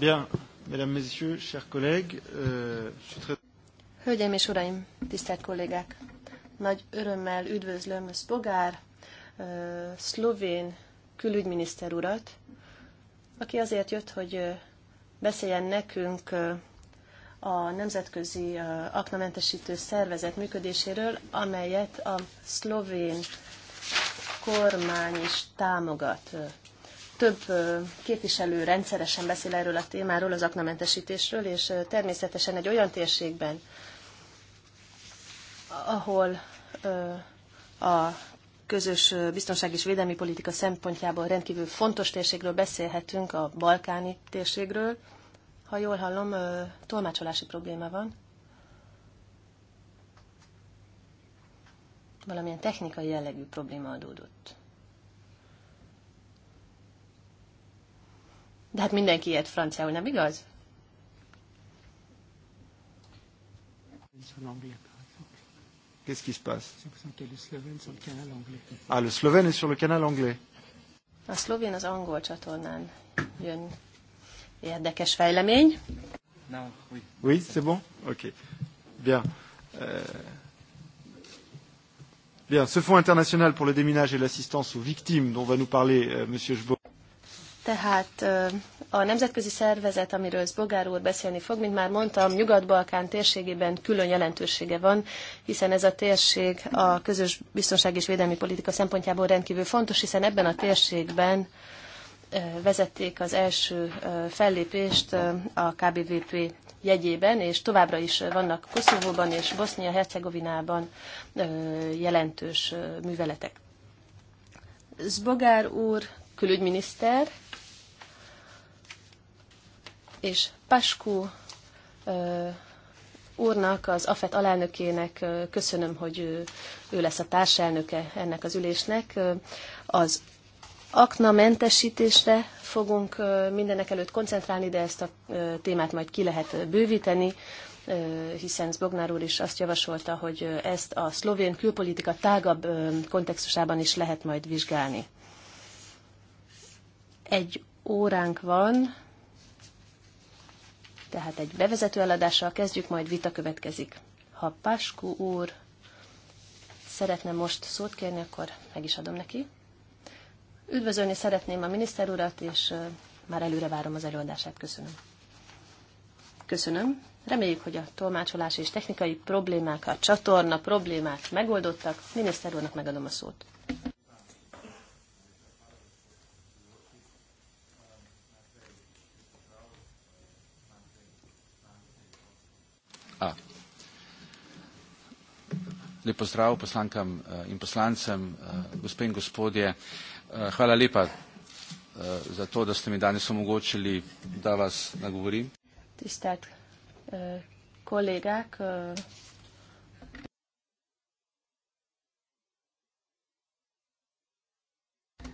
Bien, mesdames, messieurs, chers collègues, euh, je suis très... Hölgyeim és uraim, tisztelt kollégák! Nagy örömmel üdvözlöm Spogár, uh, szlovén külügyminiszter urat, aki azért jött, hogy beszéljen nekünk a Nemzetközi Aknamentesítő Szervezet működéséről, amelyet a szlovén kormány is támogat több képviselő rendszeresen beszél erről a témáról, az aknamentesítésről, és természetesen egy olyan térségben, ahol a közös biztonság és védelmi politika szempontjából rendkívül fontos térségről beszélhetünk, a balkáni térségről. Ha jól hallom, tolmácsolási probléma van. Valamilyen technikai jellegű probléma adódott. De hát mindenki ilyet franciául, nem igaz? Qu'est-ce qui se passe Ah, le Slovène est sur le canal anglais. A szlovén az angol csatornán jön érdekes fejlemény. No, oui. Oui, c'est bon Ok. Bien. Euh... Bien, ce Fonds international pour le déminage et l'assistance aux victimes dont va nous parler euh, M. Jebon. Tehát a nemzetközi szervezet, amiről Bogár úr beszélni fog, mint már mondtam, Nyugat-Balkán térségében külön jelentősége van, hiszen ez a térség a közös biztonság és védelmi politika szempontjából rendkívül fontos, hiszen ebben a térségben vezették az első fellépést a KBVP jegyében, és továbbra is vannak Koszovóban és Bosznia-Hercegovinában jelentős műveletek. Zbogár úr külügyminiszter, és Pascu úrnak, az AFET alelnökének köszönöm, hogy ő, ő lesz a társelnöke ennek az ülésnek. Az akna mentesítésre fogunk mindenek előtt koncentrálni, de ezt a témát majd ki lehet bővíteni, hiszen Zbognár úr is azt javasolta, hogy ezt a szlovén külpolitika tágabb kontextusában is lehet majd vizsgálni. Egy óránk van, tehát egy bevezető eladással kezdjük, majd vita következik. Ha Pásku úr szeretne most szót kérni, akkor meg is adom neki. Üdvözölni szeretném a miniszter urat, és már előre várom az előadását. Köszönöm. Köszönöm. Reméljük, hogy a tolmácsolás és technikai problémák, a csatorna problémák megoldottak. Miniszter úrnak megadom a szót. Lep pozdrav poslankam eh, in poslancem, eh, gospe in gospodje. Eh, hvala lepa za to, da ste mi danes omogočili, da vas nagovorim. Tisztelt kollégák,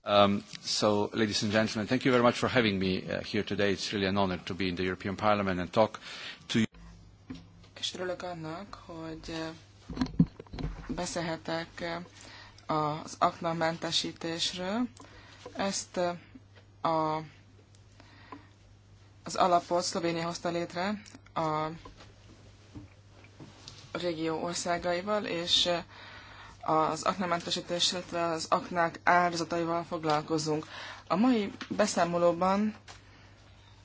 Um, so, ladies and gentlemen, thank you very much for having me uh, here today. It's really an honor to be in the European Parliament and talk to you. És annak, hogy beszélhetek eh, az aknamentesítésről. Ezt eh, a, az alapot Szlovénia hozta létre a régió országaival, és eh, az aknamentesítés, illetve az aknák áldozataival foglalkozunk. A mai beszámolóban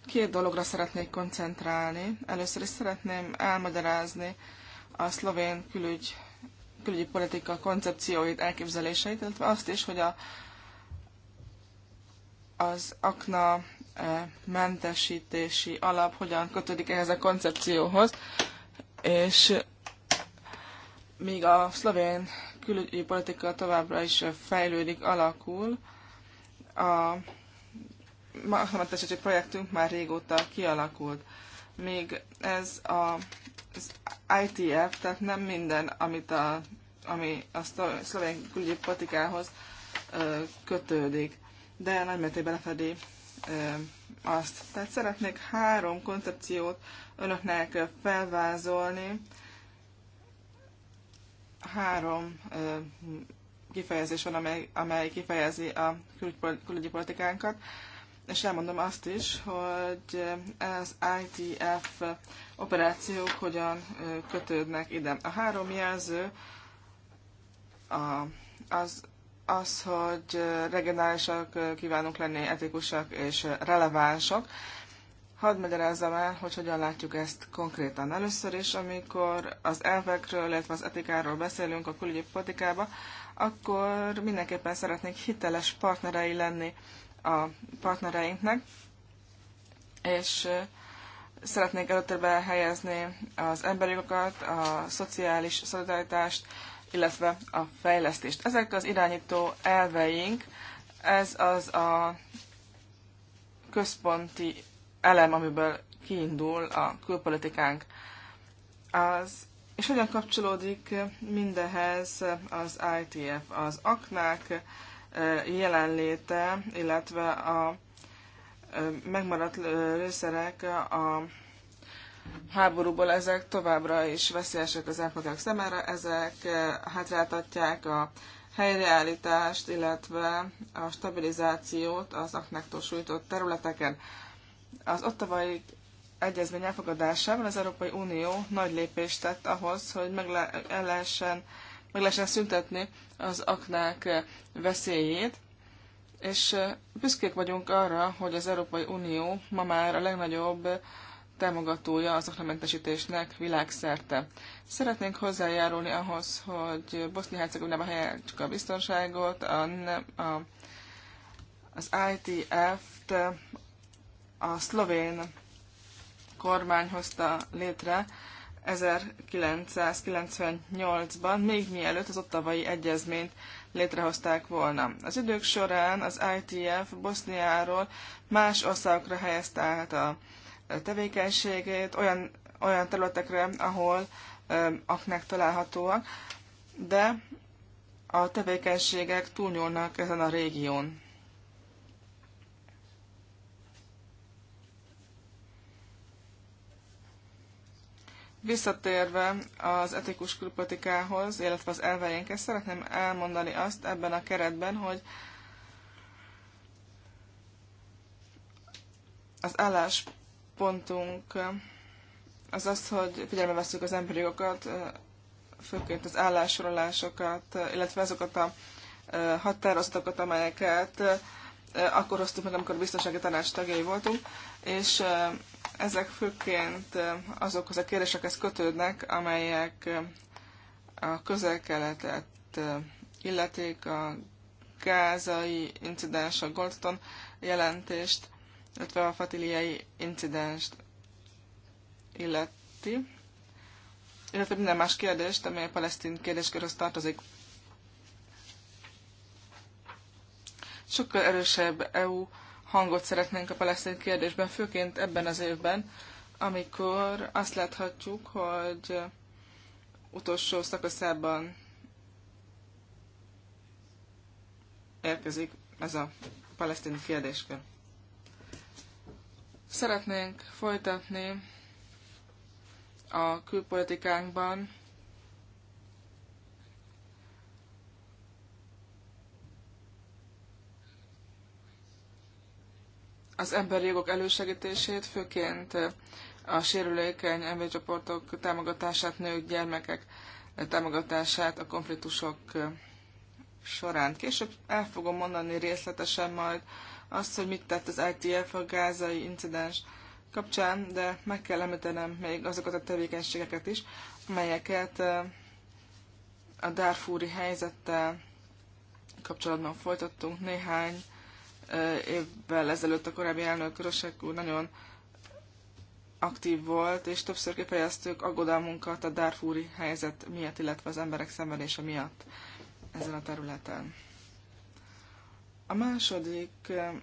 két dologra szeretnék koncentrálni. Először is szeretném elmagyarázni a szlovén külügy külügyi politika koncepcióit, elképzeléseit, illetve azt is, hogy a, az akna e, mentesítési alap hogyan kötődik ehhez a koncepcióhoz, és míg a szlovén külügyi politika továbbra is fejlődik, alakul, a mentesítési projektünk már régóta kialakult. Még ez a ITF, tehát nem minden, amit a, ami a szlovén külügyi politikához kötődik, de mértékben lefedi azt. Tehát szeretnék három koncepciót önöknek felvázolni, három kifejezés van, amely, amely kifejezi a külügyi politikánkat és elmondom azt is, hogy az ITF operációk hogyan kötődnek ide. A három jelző az, az, hogy regionálisak kívánunk lenni, etikusak és relevánsak. Hadd magyarázzam el, hogy hogyan látjuk ezt konkrétan. Először is, amikor az elvekről, illetve az etikáról beszélünk a külügyi politikába, akkor mindenképpen szeretnénk hiteles partnerei lenni a partnereinknek, és szeretnék előtérbe helyezni az emberi jogokat, a szociális szolidaritást, illetve a fejlesztést. Ezek az irányító elveink, ez az a központi elem, amiből kiindul a külpolitikánk. Az, és hogyan kapcsolódik mindehez az ITF, az aknák, jelenléte, illetve a megmaradt lőszerek a háborúból ezek továbbra is veszélyesek az emberek szemére, ezek hátráltatják a helyreállítást, illetve a stabilizációt az aknektól sújtott területeken. Az ottavai egyezmény elfogadásával az Európai Unió nagy lépést tett ahhoz, hogy meg, le, meg lehessen szüntetni az aknák veszélyét, és büszkék vagyunk arra, hogy az Európai Unió ma már a legnagyobb támogatója az aknamentesítésnek világszerte. Szeretnénk hozzájárulni ahhoz, hogy Bosznia-Hercegovinában csak a biztonságot, a, a, az ITF-t, a szlovén kormány hozta létre 1998-ban, még mielőtt az ottavai egyezményt létrehozták volna. Az idők során az ITF Boszniáról más országokra helyezte át a tevékenységét, olyan, olyan területekre, ahol aknák találhatóak, de a tevékenységek túlnyúlnak ezen a régión. Visszatérve az etikus külpolitikához, illetve az elveinkhez, szeretném elmondani azt ebben a keretben, hogy az álláspontunk az az, hogy figyelme veszük az emberi jogokat, főként az állásorolásokat, illetve azokat a határozatokat, amelyeket Eh, akkor hoztuk meg, amikor a biztonsági tanács tagjai voltunk, és eh, ezek főként eh, azokhoz a kérdésekhez kötődnek, amelyek a közel-keletet illeték, a gázai incidens, a Goldton jelentést, illetve a fatiliai incidenst illeti, illetve minden más kérdést, amely a palesztin kérdéskörhöz tartozik. sokkal erősebb EU hangot szeretnénk a palesztin kérdésben, főként ebben az évben, amikor azt láthatjuk, hogy utolsó szakaszában érkezik ez a palesztin kérdéskör. Szeretnénk folytatni a külpolitikánkban az emberi jogok elősegítését, főként eh, a sérülékeny emberi csoportok támogatását, nők, gyermekek eh, támogatását a konfliktusok eh, során. Később el fogom mondani részletesen majd azt, hogy mit tett az ITF a gázai incidens kapcsán, de meg kell említenem még azokat a tevékenységeket is, amelyeket a Darfúri helyzettel kapcsolatban folytattunk néhány évvel ezelőtt a korábbi elnök Rosek úr nagyon aktív volt, és többször kifejeztük aggodalmunkat a Darfúri helyzet miatt, illetve az emberek szenvedése miatt ezen a területen. A második eh,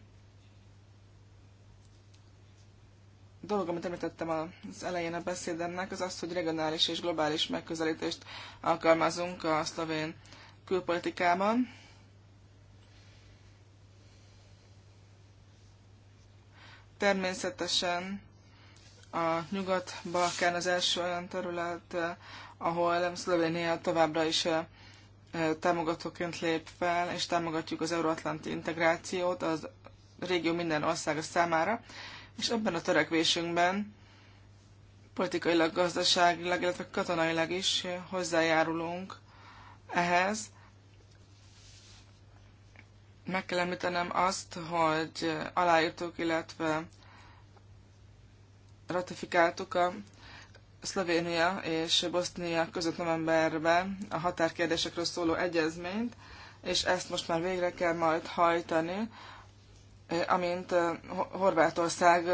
dolog, amit említettem az elején a beszédemnek, az az, hogy regionális és globális megközelítést alkalmazunk a szlovén külpolitikában. Természetesen a Nyugat-Balkán az első olyan terület, eh, ahol Szlovénia továbbra is eh, eh, támogatóként lép fel, és támogatjuk az euróatlanti integrációt az régió minden országa számára, és ebben a törekvésünkben politikailag, gazdaságilag, illetve katonailag is hozzájárulunk ehhez, meg kell említenem azt, hogy aláírtuk, illetve ratifikáltuk a Szlovénia és Bosznia között novemberben a határkérdésekről szóló egyezményt, és ezt most már végre kell majd hajtani, amint eh, Horvátország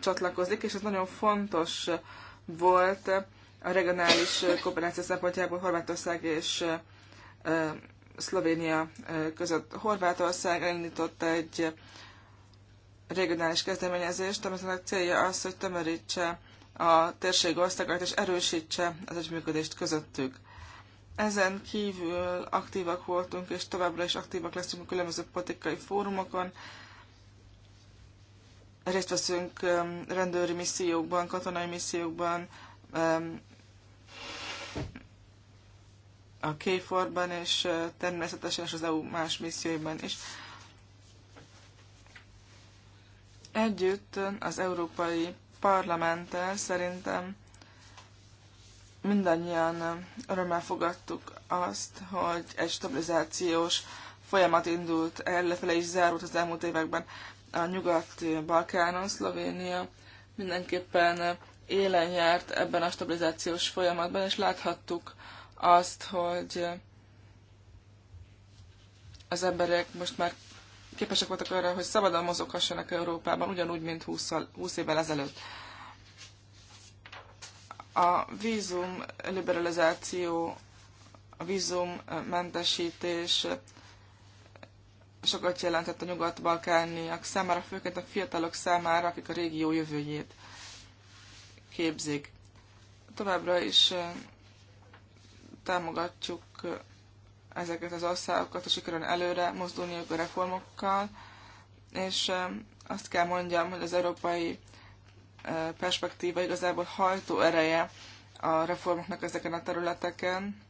csatlakozik, és ez nagyon fontos volt a regionális kooperáció szempontjából Horvátország és eh, Szlovénia között. Horvátország elindított egy regionális kezdeményezést, amelynek célja az, hogy tömörítse a térség országait és erősítse az együttműködést közöttük. Ezen kívül aktívak voltunk, és továbbra is aktívak leszünk a különböző politikai fórumokon. Részt veszünk rendőri missziókban, katonai missziókban, a KFOR-ban, és természetesen az EU más misszióiban is. Együtt az Európai Parlamenttel szerintem mindannyian örömmel fogadtuk azt, hogy egy stabilizációs folyamat indult el, lefele is zárult az elmúlt években a Nyugat-Balkánon, Szlovénia mindenképpen élen járt ebben a stabilizációs folyamatban, és láthattuk azt, hogy az emberek most már képesek voltak arra, hogy szabadon mozoghassanak Európában, ugyanúgy, mint 20, 20 évvel ezelőtt. A vízum liberalizáció, a vízum mentesítés sokat jelentett a nyugat-balkániak számára, főként a fiatalok számára, akik a régió jövőjét képzik. Továbbra is támogatjuk ezeket az országokat, a sikerül előre mozdulniuk a reformokkal, és azt kell mondjam, hogy az európai perspektíva igazából hajtó ereje a reformoknak ezeken a területeken.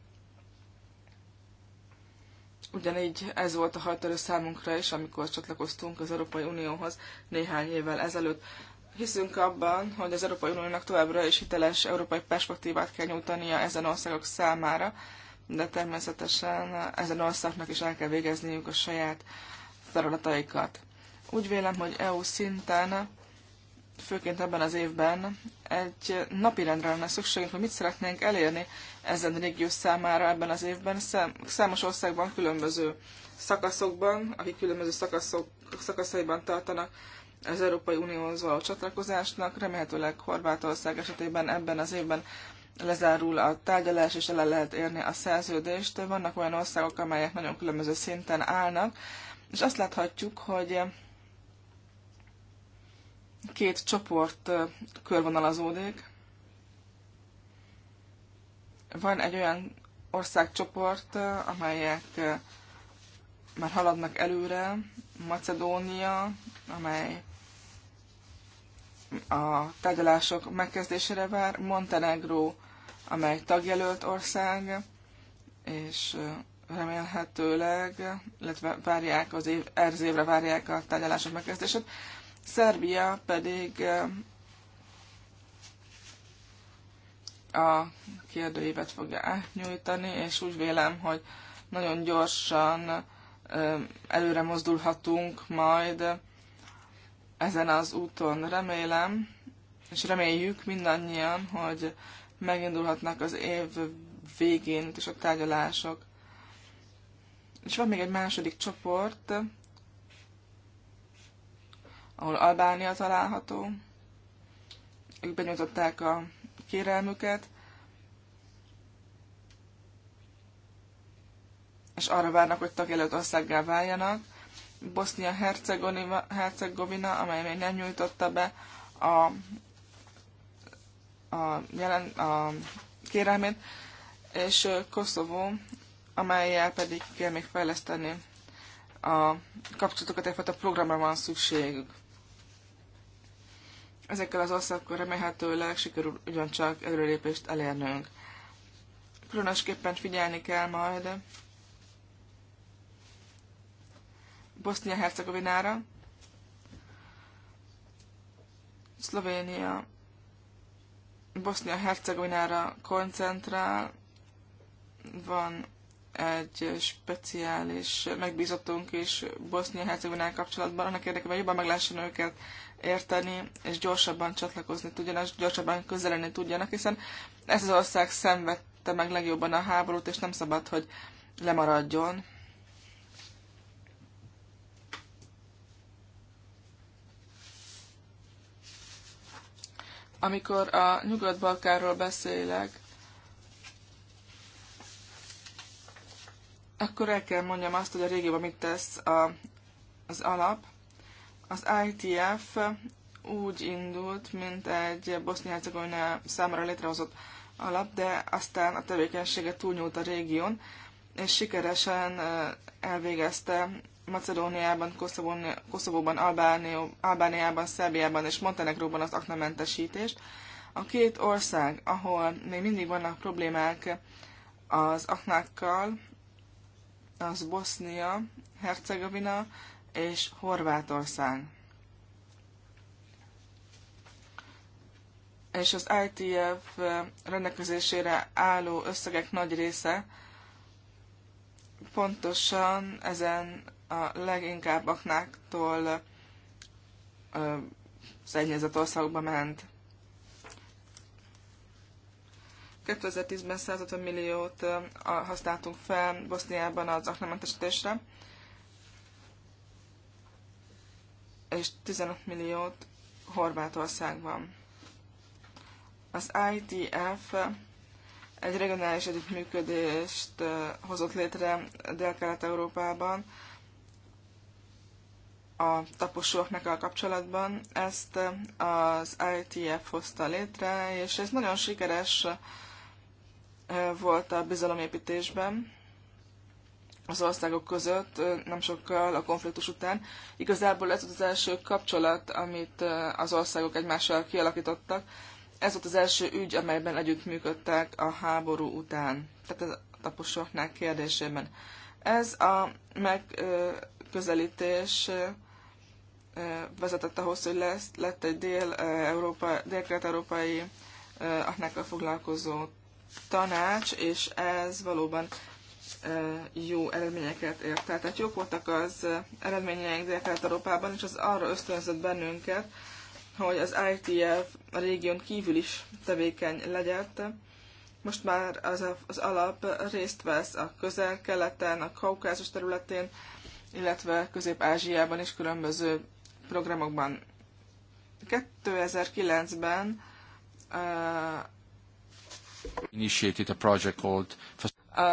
Ugyanígy ez volt a hajtó számunkra is, amikor csatlakoztunk az Európai Unióhoz néhány évvel ezelőtt. Hiszünk abban, hogy az Európai Uniónak továbbra is hiteles európai perspektívát kell nyújtania ezen országok számára, de természetesen ezen országnak is el kell végezniük a saját feladataikat. Úgy vélem, hogy EU szinten, főként ebben az évben egy napirendre lenne szükségünk, hogy mit szeretnénk elérni ezen a régió számára ebben az évben. Számos országban, különböző szakaszokban, akik különböző szakaszok, szakaszaiban tartanak az Európai Unióhoz való csatlakozásnak. Remélhetőleg Horvátország esetében ebben az évben lezárul a tárgyalás, és el lehet érni a szerződést. Vannak olyan országok, amelyek nagyon különböző szinten állnak, és azt láthatjuk, hogy két csoport körvonalazódik. Van egy olyan országcsoport, amelyek már haladnak előre, Macedónia, amely a tárgyalások megkezdésére vár. Montenegró, amely tagjelölt ország, és remélhetőleg, illetve várják az év, erz évre várják a tárgyalások megkezdését. Szerbia pedig a kérdőívet fogja átnyújtani, és úgy vélem, hogy nagyon gyorsan előre mozdulhatunk majd ezen az úton. Remélem, és reméljük mindannyian, hogy megindulhatnak az év végén és a tárgyalások. És van még egy második csoport, ahol Albánia található. Ők benyújtották a kérelmüket, és arra várnak, hogy tagjelölt országgá váljanak. Bosznia-Hercegovina, amely még nem nyújtotta be a, a, jelen, a kérelmét, és Koszovó, amelyel pedig kell még fejleszteni a kapcsolatokat, egyfajta programra van szükségük. Ezekkel az országokkal remélhetőleg sikerül ugyancsak előrelépést elérnünk. Különösképpen figyelni kell majd Bosznia-Hercegovinára. Szlovénia Bosznia-Hercegovinára koncentrál, van egy speciális megbízottunk is bosznia hercegovinára kapcsolatban, annak érdekében jobban meg lehessen őket érteni, és gyorsabban csatlakozni tudjanak, gyorsabban közelenni tudjanak, hiszen ez az ország szenvedte meg legjobban a háborút, és nem szabad, hogy lemaradjon. amikor a Nyugat-Balkáról beszélek, akkor el kell mondjam azt, hogy a régióban mit tesz a, az alap. Az ITF úgy indult, mint egy Bosznia-Hercegovina számára létrehozott alap, de aztán a tevékenysége túlnyúlt a régión, és sikeresen elvégezte Macedóniában, Koszovón, Koszovóban, Albánió, Albániában, Szerbiában és Montenegróban az aknamentesítést. A két ország, ahol még mindig vannak problémák az aknákkal, az Bosznia, Hercegovina és Horvátország. És az ITF rendelkezésére álló összegek nagy része pontosan ezen a leginkább aknáktól szennyezett országokba ment. 2010-ben 150 milliót használtunk fel Boszniában az aknamentesítésre, és 15 milliót Horvátországban. Az ITF egy regionális együttműködést hozott létre Dél-Kelet-Európában, a a kapcsolatban. Ezt az ITF hozta létre, és ez nagyon sikeres volt a bizalomépítésben az országok között, nem sokkal a konfliktus után. Igazából ez volt az első kapcsolat, amit az országok egymással kialakítottak. Ez volt az első ügy, amelyben együttműködtek a háború után, tehát a taposoknál kérdésében. Ez a megközelítés vezetett ahhoz, hogy lesz, lett egy dél-európai, dél-kelet-európai aknákkal foglalkozó tanács, és ez valóban jó eredményeket ért Tehát jók voltak az eredményeink Dél-Kelet-Európában, és az arra ösztönzött bennünket, hogy az ITF a régión kívül is tevékeny legyen. Most már az, a, az alap részt vesz a közel-keleten, a kaukázus területén, illetve Közép-Ázsiában is különböző programokban. 2009-ben initiated a project called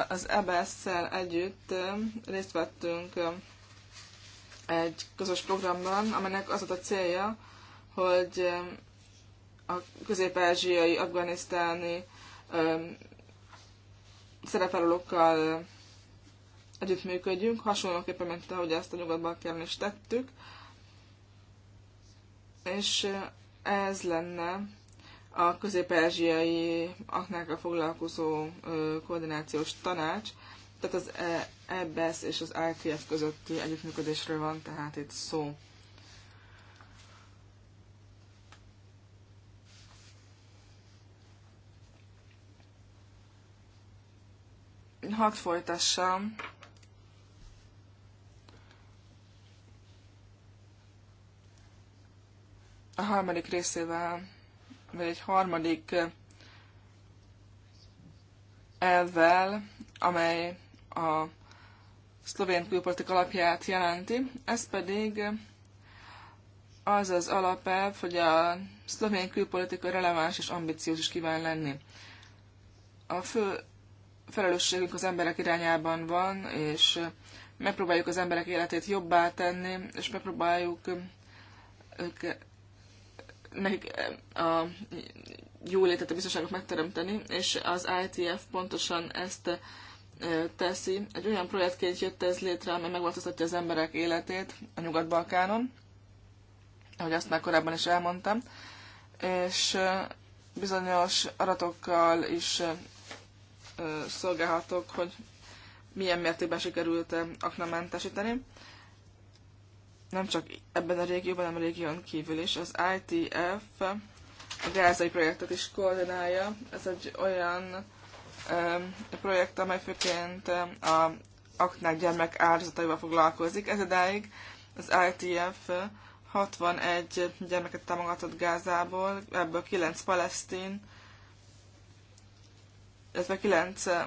az EBS-szel együtt részt vettünk egy közös programban, amelynek az volt a célja, hogy a közép-ázsiai, afganisztáni szerepelőkkel együttműködjünk, hasonlóképpen, mint ahogy ezt a nyugatban is tettük és ez lenne a közép-ázsiai aknákkal foglalkozó koordinációs tanács, tehát az EBS e e és az IKF közötti együttműködésről van tehát itt szó. Hadd folytassam a harmadik részével, vagy egy harmadik elvvel, amely a szlovén külpolitik alapját jelenti. Ez pedig az az alapelv, hogy a szlovén külpolitika releváns és ambiciózus kíván lenni. A fő felelősségünk az emberek irányában van, és megpróbáljuk az emberek életét jobbá tenni, és megpróbáljuk őket nekik eh, a jólétet, a biztonságot megteremteni, és az ITF pontosan ezt eh, teszi. Egy olyan projektként jött ez létre, amely megváltoztatja az emberek életét a Nyugat-Balkánon, ahogy azt már korábban is elmondtam, és eh, bizonyos aratokkal is szolgálhatok, hogy milyen mértékben sikerült aknamentesíteni nem csak ebben a régióban, hanem a régión kívül is. Az ITF a gázai projektet is koordinálja. Ez egy olyan um, projekt, amely főként a aknák gyermek áldozataival foglalkozik. Ez idáig az ITF 61 gyermeket támogatott Gázából, ebből 9 palesztin, illetve 9 um,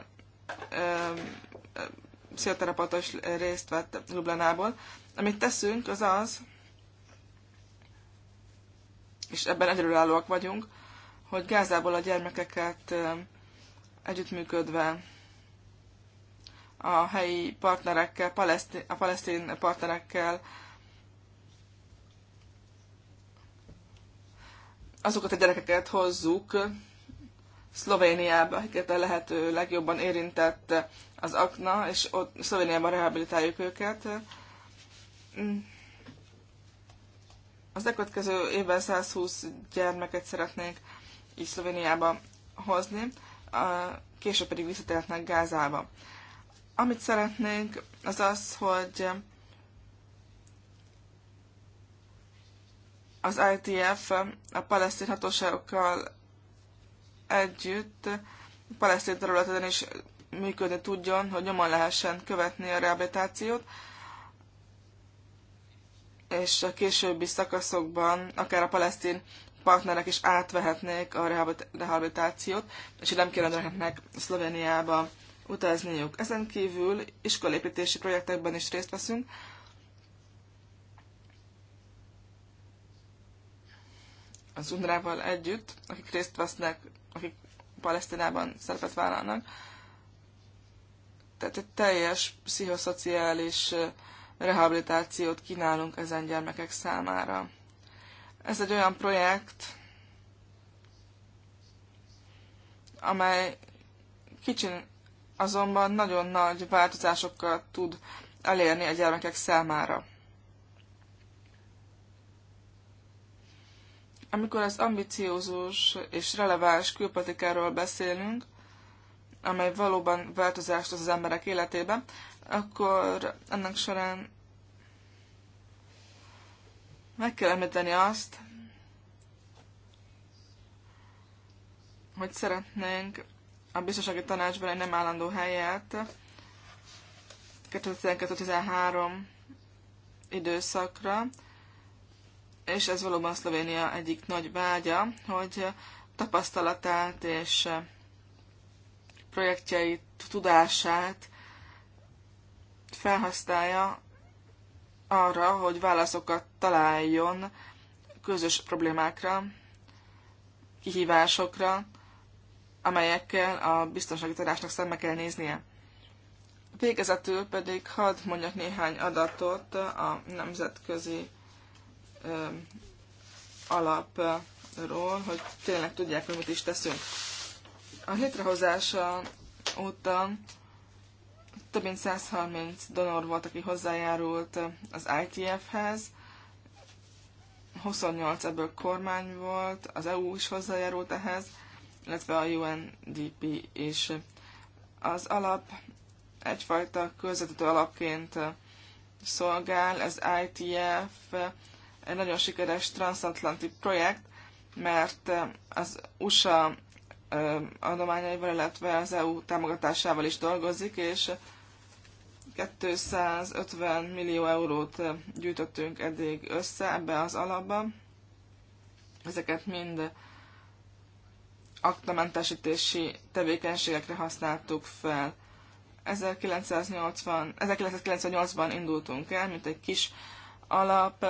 pszichoterapeuta is részt vett Lublanából. Amit teszünk, az az, és ebben egyedülállóak vagyunk, hogy Gázából a gyermekeket együttműködve a helyi partnerekkel, a palesztin partnerekkel, azokat a gyerekeket hozzuk Szlovéniába, akiket a lehető legjobban érintett az akna, és ott Szlovéniában rehabilitáljuk őket. Mm. Az elkövetkező évben 120 gyermeket szeretnénk így Szlovéniába hozni, később pedig visszatérhetnek Gázába. Amit szeretnénk, az az, hogy az ITF a palesztin hatóságokkal együtt palesztin területen is működni tudjon, hogy nyomon lehessen követni a rehabilitációt, és a későbbi szakaszokban akár a palesztin partnerek is átvehetnék a rehabilitációt, és nem kellene Szlovéniába utazniuk. Ezen kívül iskolépítési projektekben is részt veszünk, az UNRWA-val együtt, akik részt vesznek, akik Palesztinában szerepet vállalnak tehát egy teljes pszichoszociális rehabilitációt kínálunk ezen gyermekek számára. Ez egy olyan projekt, amely kicsin azonban nagyon nagy változásokat tud elérni a gyermekek számára. Amikor az ambiciózus és releváns külpolitikáról beszélünk, amely valóban változást az, az emberek életében, akkor annak során meg kell említeni azt, hogy szeretnénk a biztonsági tanácsban egy nem állandó helyet 2012-13 időszakra, és ez valóban Szlovénia egyik nagy vágya, hogy tapasztalatát és projektjeit, tudását felhasználja arra, hogy válaszokat találjon közös problémákra, kihívásokra, amelyekkel a biztonsági tanácsnak szembe kell néznie. Végezetül pedig hadd mondjak néhány adatot a nemzetközi ö, alapról, hogy tényleg tudják, hogy mit is teszünk. A létrehozása óta több mint 130 donor volt, aki hozzájárult az ITF-hez, 28 ebből kormány volt, az EU is hozzájárult ehhez, illetve a UNDP is. Az alap egyfajta közvetítő alapként szolgál, az ITF egy nagyon sikeres transatlanti projekt, mert az USA adományaival, illetve az EU támogatásával is dolgozik, és 250 millió eurót gyűjtöttünk eddig össze ebbe az alapba. Ezeket mind aktamentesítési tevékenységekre használtuk fel. 1980, 1998-ban indultunk el, mint egy kis alap,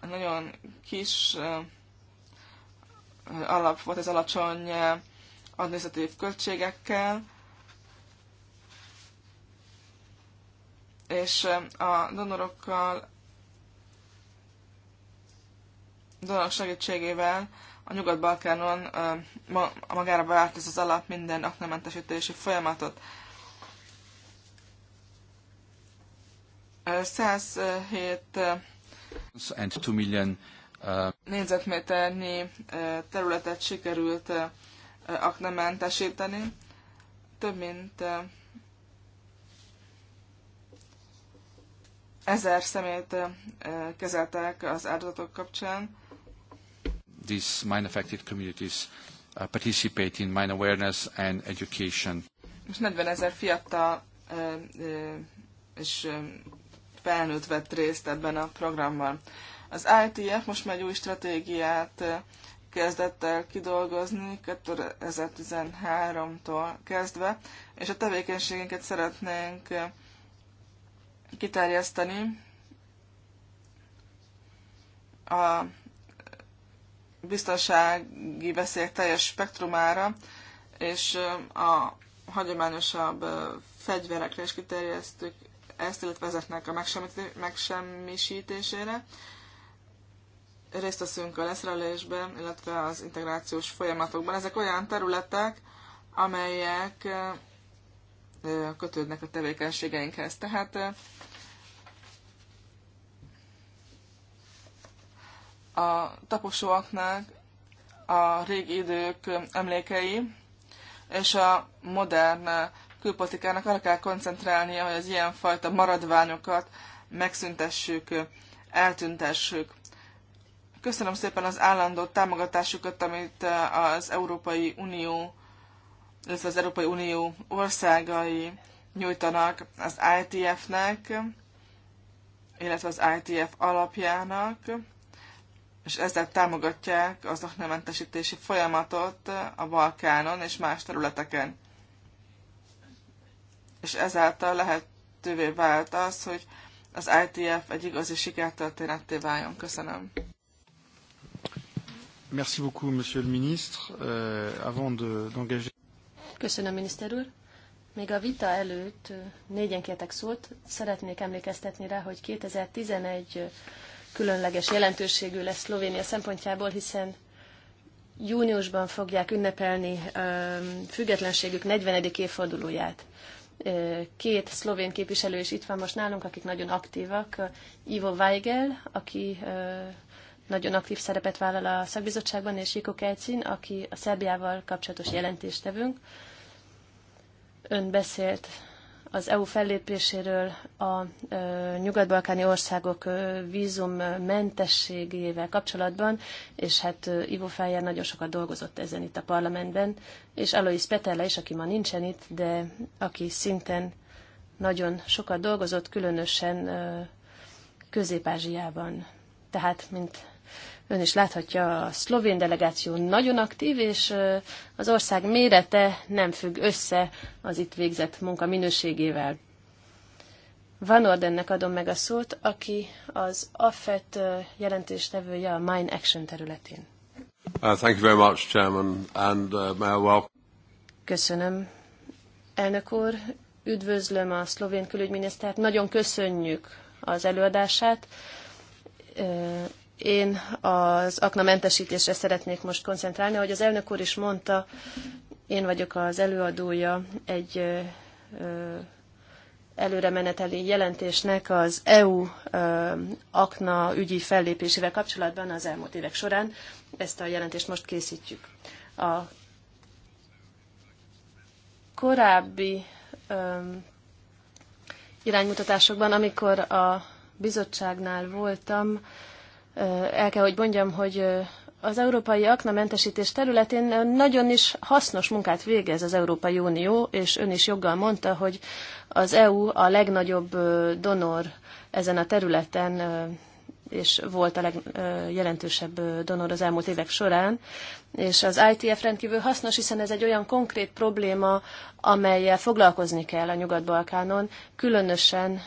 nagyon kis alap volt, ez alacsony administratív költségekkel, és a donorokkal, donorok segítségével a Nyugat-Balkánon magára vált ez az alap minden aknamentesítési folyamatot. 107 and 2 million uh, négyzetméternyi területet sikerült aknamentesíteni. Több mint ezer szemét kezeltek az áldozatok kapcsán. These mine affected communities uh, participate in mine awareness and education. Most 40 ezer fiatal és felnőtt vett részt ebben a programban. Az ITF most már egy új stratégiát kezdett el kidolgozni 2013-tól kezdve, és a tevékenységünket szeretnénk eh, kiterjeszteni a biztonsági veszélyek teljes spektrumára, és eh, a hagyományosabb eh, fegyverekre is kiterjesztük ezt, illetve ezeknek a megsemmisítésére részt veszünk a leszerelésben, illetve az integrációs folyamatokban. Ezek olyan területek, amelyek kötődnek a tevékenységeinkhez. Tehát a taposóaknak a régi idők emlékei és a modern külpolitikának arra kell koncentrálnia, hogy az ilyenfajta maradványokat megszüntessük, eltüntessük. Köszönöm szépen az állandó támogatásukat, amit eh, az Európai Unió, illetve az Európai Unió országai nyújtanak az ITF-nek, illetve az ITF alapjának, és ezzel támogatják az aknamentesítési folyamatot a Balkánon és más területeken. És ezáltal lehetővé vált az, hogy az ITF egy igazi sikertörténetté váljon. Köszönöm. Merci beaucoup, Monsieur le Ministre. Euh, avant d'engager... De, Köszönöm, miniszter úr. Még a vita előtt négyen kértek szót. Szeretnék emlékeztetni rá, hogy 2011 különleges jelentőségű lesz Szlovénia szempontjából, hiszen júniusban fogják ünnepelni függetlenségük 40. évfordulóját. Két szlovén képviselő is itt van most nálunk, akik nagyon aktívak. Ivo Weigel, aki nagyon aktív szerepet vállal a szakbizottságban, és Iko Kejcin, aki a Szerbiával kapcsolatos jelentéstevünk. Ön beszélt az EU fellépéséről a nyugat-balkáni országok ö, mentességével kapcsolatban, és hát ö, Ivo Fájer nagyon sokat dolgozott ezen itt a parlamentben, és Alois Petella is, aki ma nincsen itt, de aki szinten nagyon sokat dolgozott, különösen Közép-Ázsiában. Tehát, mint Ön is láthatja, a szlovén delegáció nagyon aktív, és az ország mérete nem függ össze az itt végzett munka minőségével. Van Ordennek adom meg a szót, aki az AFET jelentéstevője a Mine Action területén. Uh, thank you very much, Chairman, and uh, Mayor Welcome. Köszönöm, elnök úr. Üdvözlöm a szlovén külügyminisztert. Nagyon köszönjük az előadását. Én az akna mentesítésre szeretnék most koncentrálni. Ahogy az elnök úr is mondta, én vagyok az előadója egy előre meneteli jelentésnek az EU akna ügyi fellépésével kapcsolatban az elmúlt évek során. Ezt a jelentést most készítjük. A korábbi iránymutatásokban, amikor a bizottságnál voltam, el kell, hogy mondjam, hogy az európai aknamentesítés területén nagyon is hasznos munkát végez az Európai Unió, és ön is joggal mondta, hogy az EU a legnagyobb donor ezen a területen, és volt a legjelentősebb donor az elmúlt évek során. És az ITF rendkívül hasznos, hiszen ez egy olyan konkrét probléma, amelyel foglalkozni kell a Nyugat-Balkánon, különösen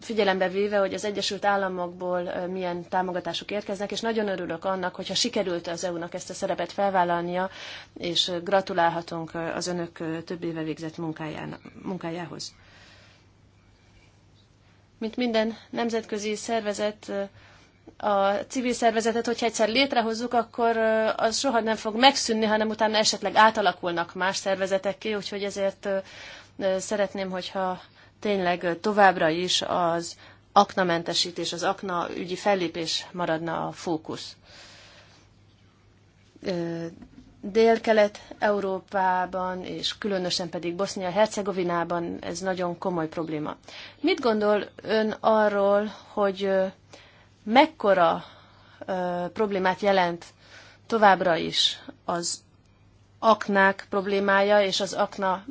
figyelembe véve, hogy az Egyesült Államokból milyen támogatások érkeznek, és nagyon örülök annak, hogyha sikerült az EU-nak ezt a szerepet felvállalnia, és gratulálhatunk az önök több éve végzett munkájához. Mint minden nemzetközi szervezet, a civil szervezetet, hogyha egyszer létrehozzuk, akkor az soha nem fog megszűnni, hanem utána esetleg átalakulnak más szervezetekké, úgyhogy ezért szeretném, hogyha tényleg továbbra is az aknamentesítés, az akna ügyi fellépés maradna a fókusz. Dél-Kelet-Európában, és különösen pedig Bosznia-Hercegovinában ez nagyon komoly probléma. Mit gondol ön arról, hogy mekkora problémát jelent továbbra is az aknák problémája és az akna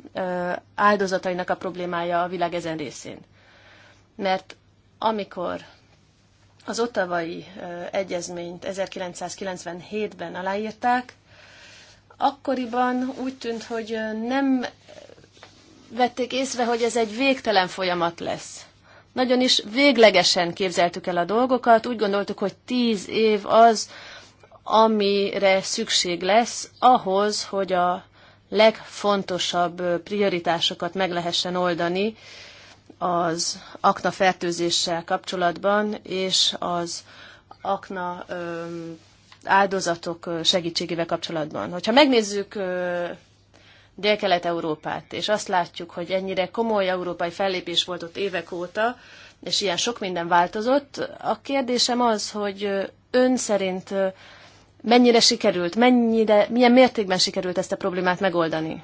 áldozatainak a problémája a világ ezen részén. Mert amikor az ottavai egyezményt 1997-ben aláírták, akkoriban úgy tűnt, hogy nem vették észre, hogy ez egy végtelen folyamat lesz. Nagyon is véglegesen képzeltük el a dolgokat, úgy gondoltuk, hogy tíz év az, amire szükség lesz ahhoz, hogy a legfontosabb prioritásokat meg lehessen oldani az akna fertőzéssel kapcsolatban, és az akna áldozatok segítségével kapcsolatban. Hogyha megnézzük Dél-Kelet-Európát, és azt látjuk, hogy ennyire komoly európai fellépés volt ott évek óta, és ilyen sok minden változott, a kérdésem az, hogy ön szerint mennyire sikerült, mennyire, milyen mértékben sikerült ezt a problémát megoldani.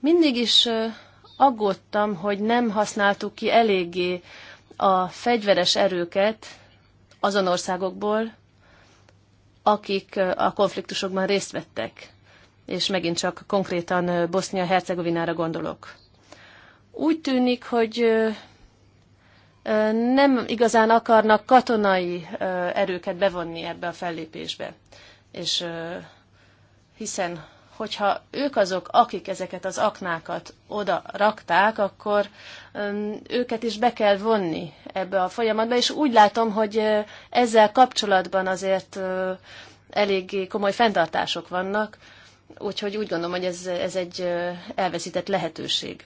Mindig is aggódtam, hogy nem használtuk ki eléggé a fegyveres erőket azon országokból, akik a konfliktusokban részt vettek. És megint csak konkrétan Bosznia-Hercegovinára gondolok. Úgy tűnik, hogy nem igazán akarnak katonai erőket bevonni ebbe a fellépésbe. És hiszen, hogyha ők azok, akik ezeket az aknákat oda rakták, akkor őket is be kell vonni ebbe a folyamatba, és úgy látom, hogy ezzel kapcsolatban azért eléggé komoly fenntartások vannak, úgyhogy úgy gondolom, hogy ez, ez egy elveszített lehetőség.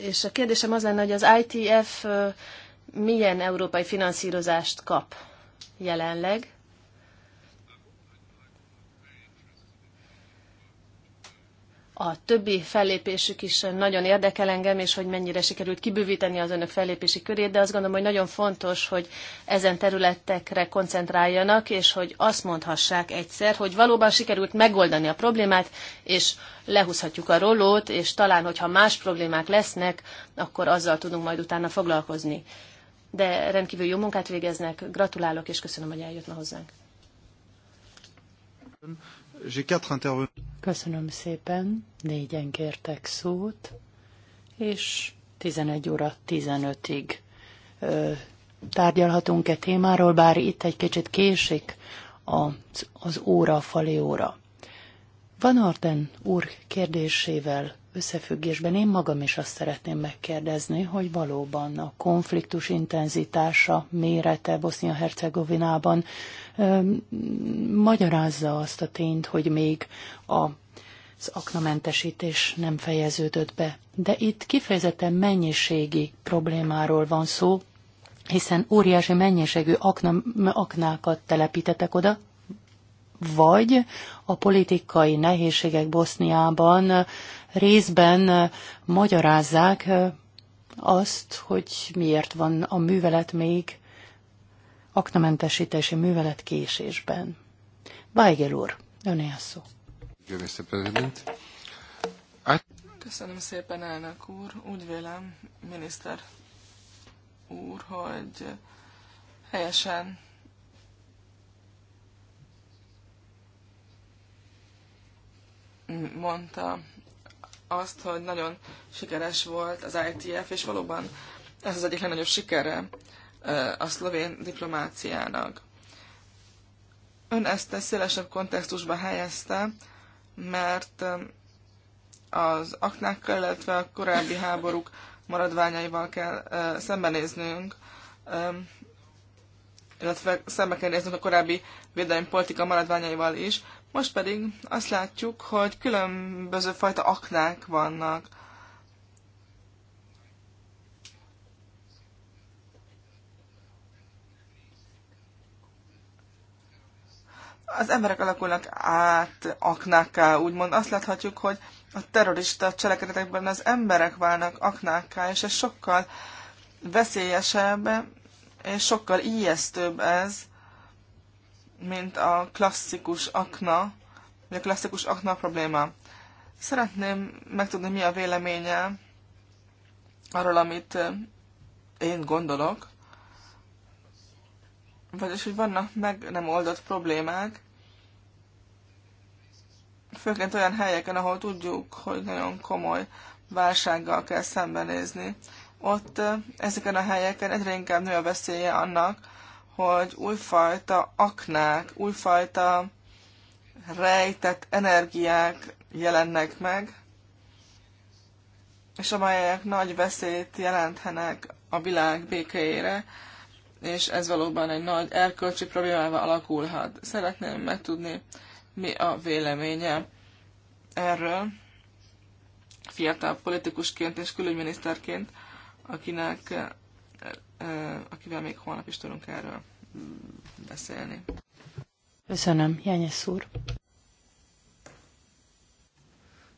És a kérdésem az lenne, hogy az ITF milyen európai finanszírozást kap jelenleg, a többi fellépésük is nagyon érdekel engem, és hogy mennyire sikerült kibővíteni az önök fellépési körét, de azt gondolom, hogy nagyon fontos, hogy ezen területekre koncentráljanak, és hogy azt mondhassák egyszer, hogy valóban sikerült megoldani a problémát, és lehúzhatjuk a rolót, és talán, hogyha más problémák lesznek, akkor azzal tudunk majd utána foglalkozni. De rendkívül jó munkát végeznek, gratulálok, és köszönöm, hogy eljött ma hozzánk. Köszönöm szépen, négyen kértek szót, és 11 óra 15-ig tárgyalhatunk-e témáról, bár itt egy kicsit késik az, az óra, a fali óra. Van Arden úr kérdésével összefüggésben én magam is azt szeretném megkérdezni, hogy valóban a konfliktus intenzitása, mérete Bosznia-Hercegovinában magyarázza azt a tényt, hogy még a az aknamentesítés nem fejeződött be. De itt kifejezetten mennyiségi problémáról van szó, hiszen óriási mennyiségű akna, aknákat telepítettek oda, vagy a politikai nehézségek Boszniában részben magyarázzák azt, hogy miért van a művelet még aknamentesítési művelet késésben. Weigel úr, öné a szó. Köszönöm szépen, elnök úr. Úgy vélem, miniszter úr, hogy helyesen mondta azt, hogy nagyon sikeres volt az ITF, és valóban ez az egyik legnagyobb sikere a szlovén diplomáciának. Ön ezt egy szélesebb kontextusba helyezte, mert az aknákkal, illetve a korábbi háborúk maradványaival kell szembenéznünk, illetve szembe kell néznünk a korábbi védelmi politika maradványaival is, most pedig azt látjuk, hogy különböző fajta aknák vannak. az emberek alakulnak át aknákká, úgymond azt láthatjuk, hogy a terrorista cselekedetekben az emberek válnak aknákká, és ez sokkal veszélyesebb, és sokkal ijesztőbb ez, mint a klasszikus akna, vagy a klasszikus akna probléma. Szeretném megtudni, mi a véleménye arról, amit én gondolok, vagyis, hogy vannak meg nem oldott problémák, főként olyan helyeken, ahol tudjuk, hogy nagyon komoly válsággal kell szembenézni. Ott ezeken a helyeken egyre inkább nő a veszélye annak, hogy újfajta aknák, újfajta rejtett energiák jelennek meg, és amelyek nagy veszélyt jelenthenek a világ békéjére, és ez valóban egy nagy erkölcsi problémával alakulhat. Szeretném megtudni, mi a véleménye erről, fiatal politikusként és külügyminiszterként, akinek akivel még holnap is tudunk erről beszélni. Köszönöm, Jányes úr.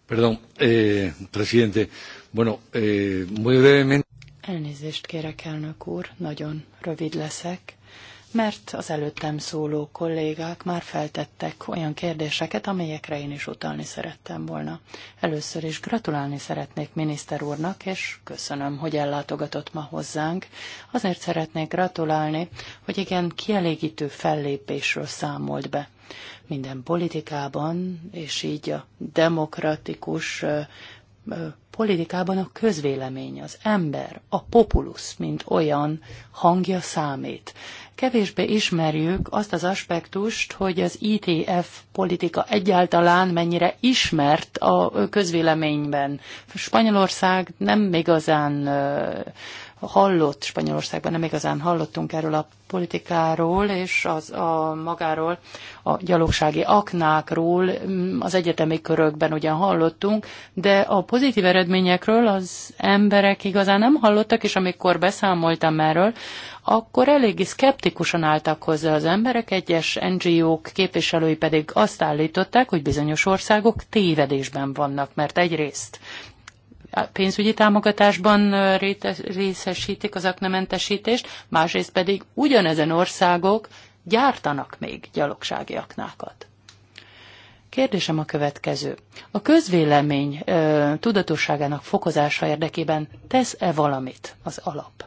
Perdón, eh, presidente. Bueno, eh, muy brevemente. Elnézést kérek, elnök úr, nagyon rövid leszek mert az előttem szóló kollégák már feltettek olyan kérdéseket, amelyekre én is utalni szerettem volna. Először is gratulálni szeretnék miniszter úrnak, és köszönöm, hogy ellátogatott ma hozzánk. Azért szeretnék gratulálni, hogy igen, kielégítő fellépésről számolt be. Minden politikában, és így a demokratikus politikában a közvélemény, az ember, a populusz, mint olyan hangja számít kevésbé ismerjük azt az aspektust, hogy az ITF politika egyáltalán mennyire ismert a közvéleményben. Spanyolország nem igazán hallott Spanyolországban, nem igazán hallottunk erről a politikáról, és az, a magáról, a gyalogsági aknákról mm, az egyetemi körökben ugyan hallottunk, de a pozitív eredményekről az emberek igazán nem hallottak, és amikor beszámoltam erről, akkor eléggé szkeptikusan álltak hozzá az emberek, egyes NGO-k képviselői pedig azt állították, hogy bizonyos országok tévedésben vannak, mert egyrészt pénzügyi támogatásban részesítik az aknamentesítést, másrészt pedig ugyanezen országok gyártanak még gyalogsági aknákat. Kérdésem a következő. A közvélemény ö, tudatosságának fokozása érdekében tesz-e valamit az alap?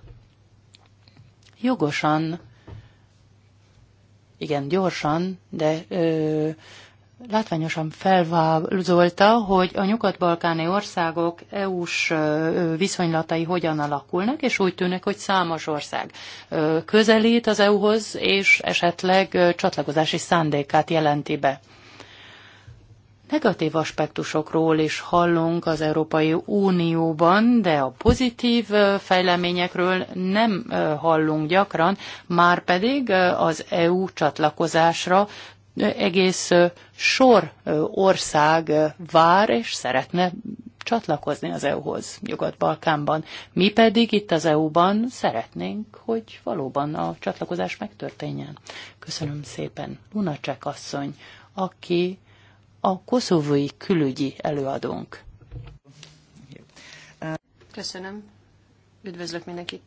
Jogosan, igen, gyorsan, de ö, látványosan felvázolta, hogy a nyugat-balkáni országok EU-s viszonylatai hogyan alakulnak, és úgy tűnik, hogy számos ország közelít az EU-hoz, és esetleg csatlakozási szándékát jelenti be. Negatív aspektusokról is hallunk az Európai Unióban, de a pozitív fejleményekről nem hallunk gyakran, már pedig az EU csatlakozásra egész sor ország vár és szeretne csatlakozni az EU-hoz Nyugat-Balkánban. Mi pedig itt az EU-ban szeretnénk, hogy valóban a csatlakozás megtörténjen. Köszönöm szépen Lunacek asszony, aki a koszovói külügyi előadónk. Köszönöm. Üdvözlök mindenkit.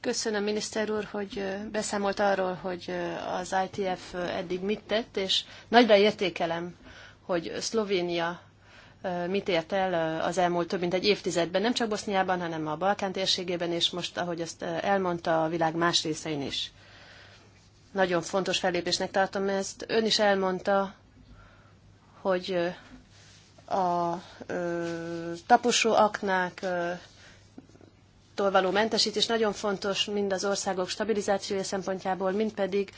Köszönöm, miniszter úr, hogy beszámolt arról, hogy az ITF eddig mit tett, és nagyra értékelem, hogy Szlovénia mit ért el az elmúlt több mint egy évtizedben, nem csak Boszniában, hanem a Balkán térségében, és most, ahogy azt elmondta, a világ más részein is. Nagyon fontos fellépésnek tartom ezt. Ön is elmondta, hogy a taposó aknák adótól való mentesítés nagyon fontos mind az országok stabilizációja szempontjából, mind pedig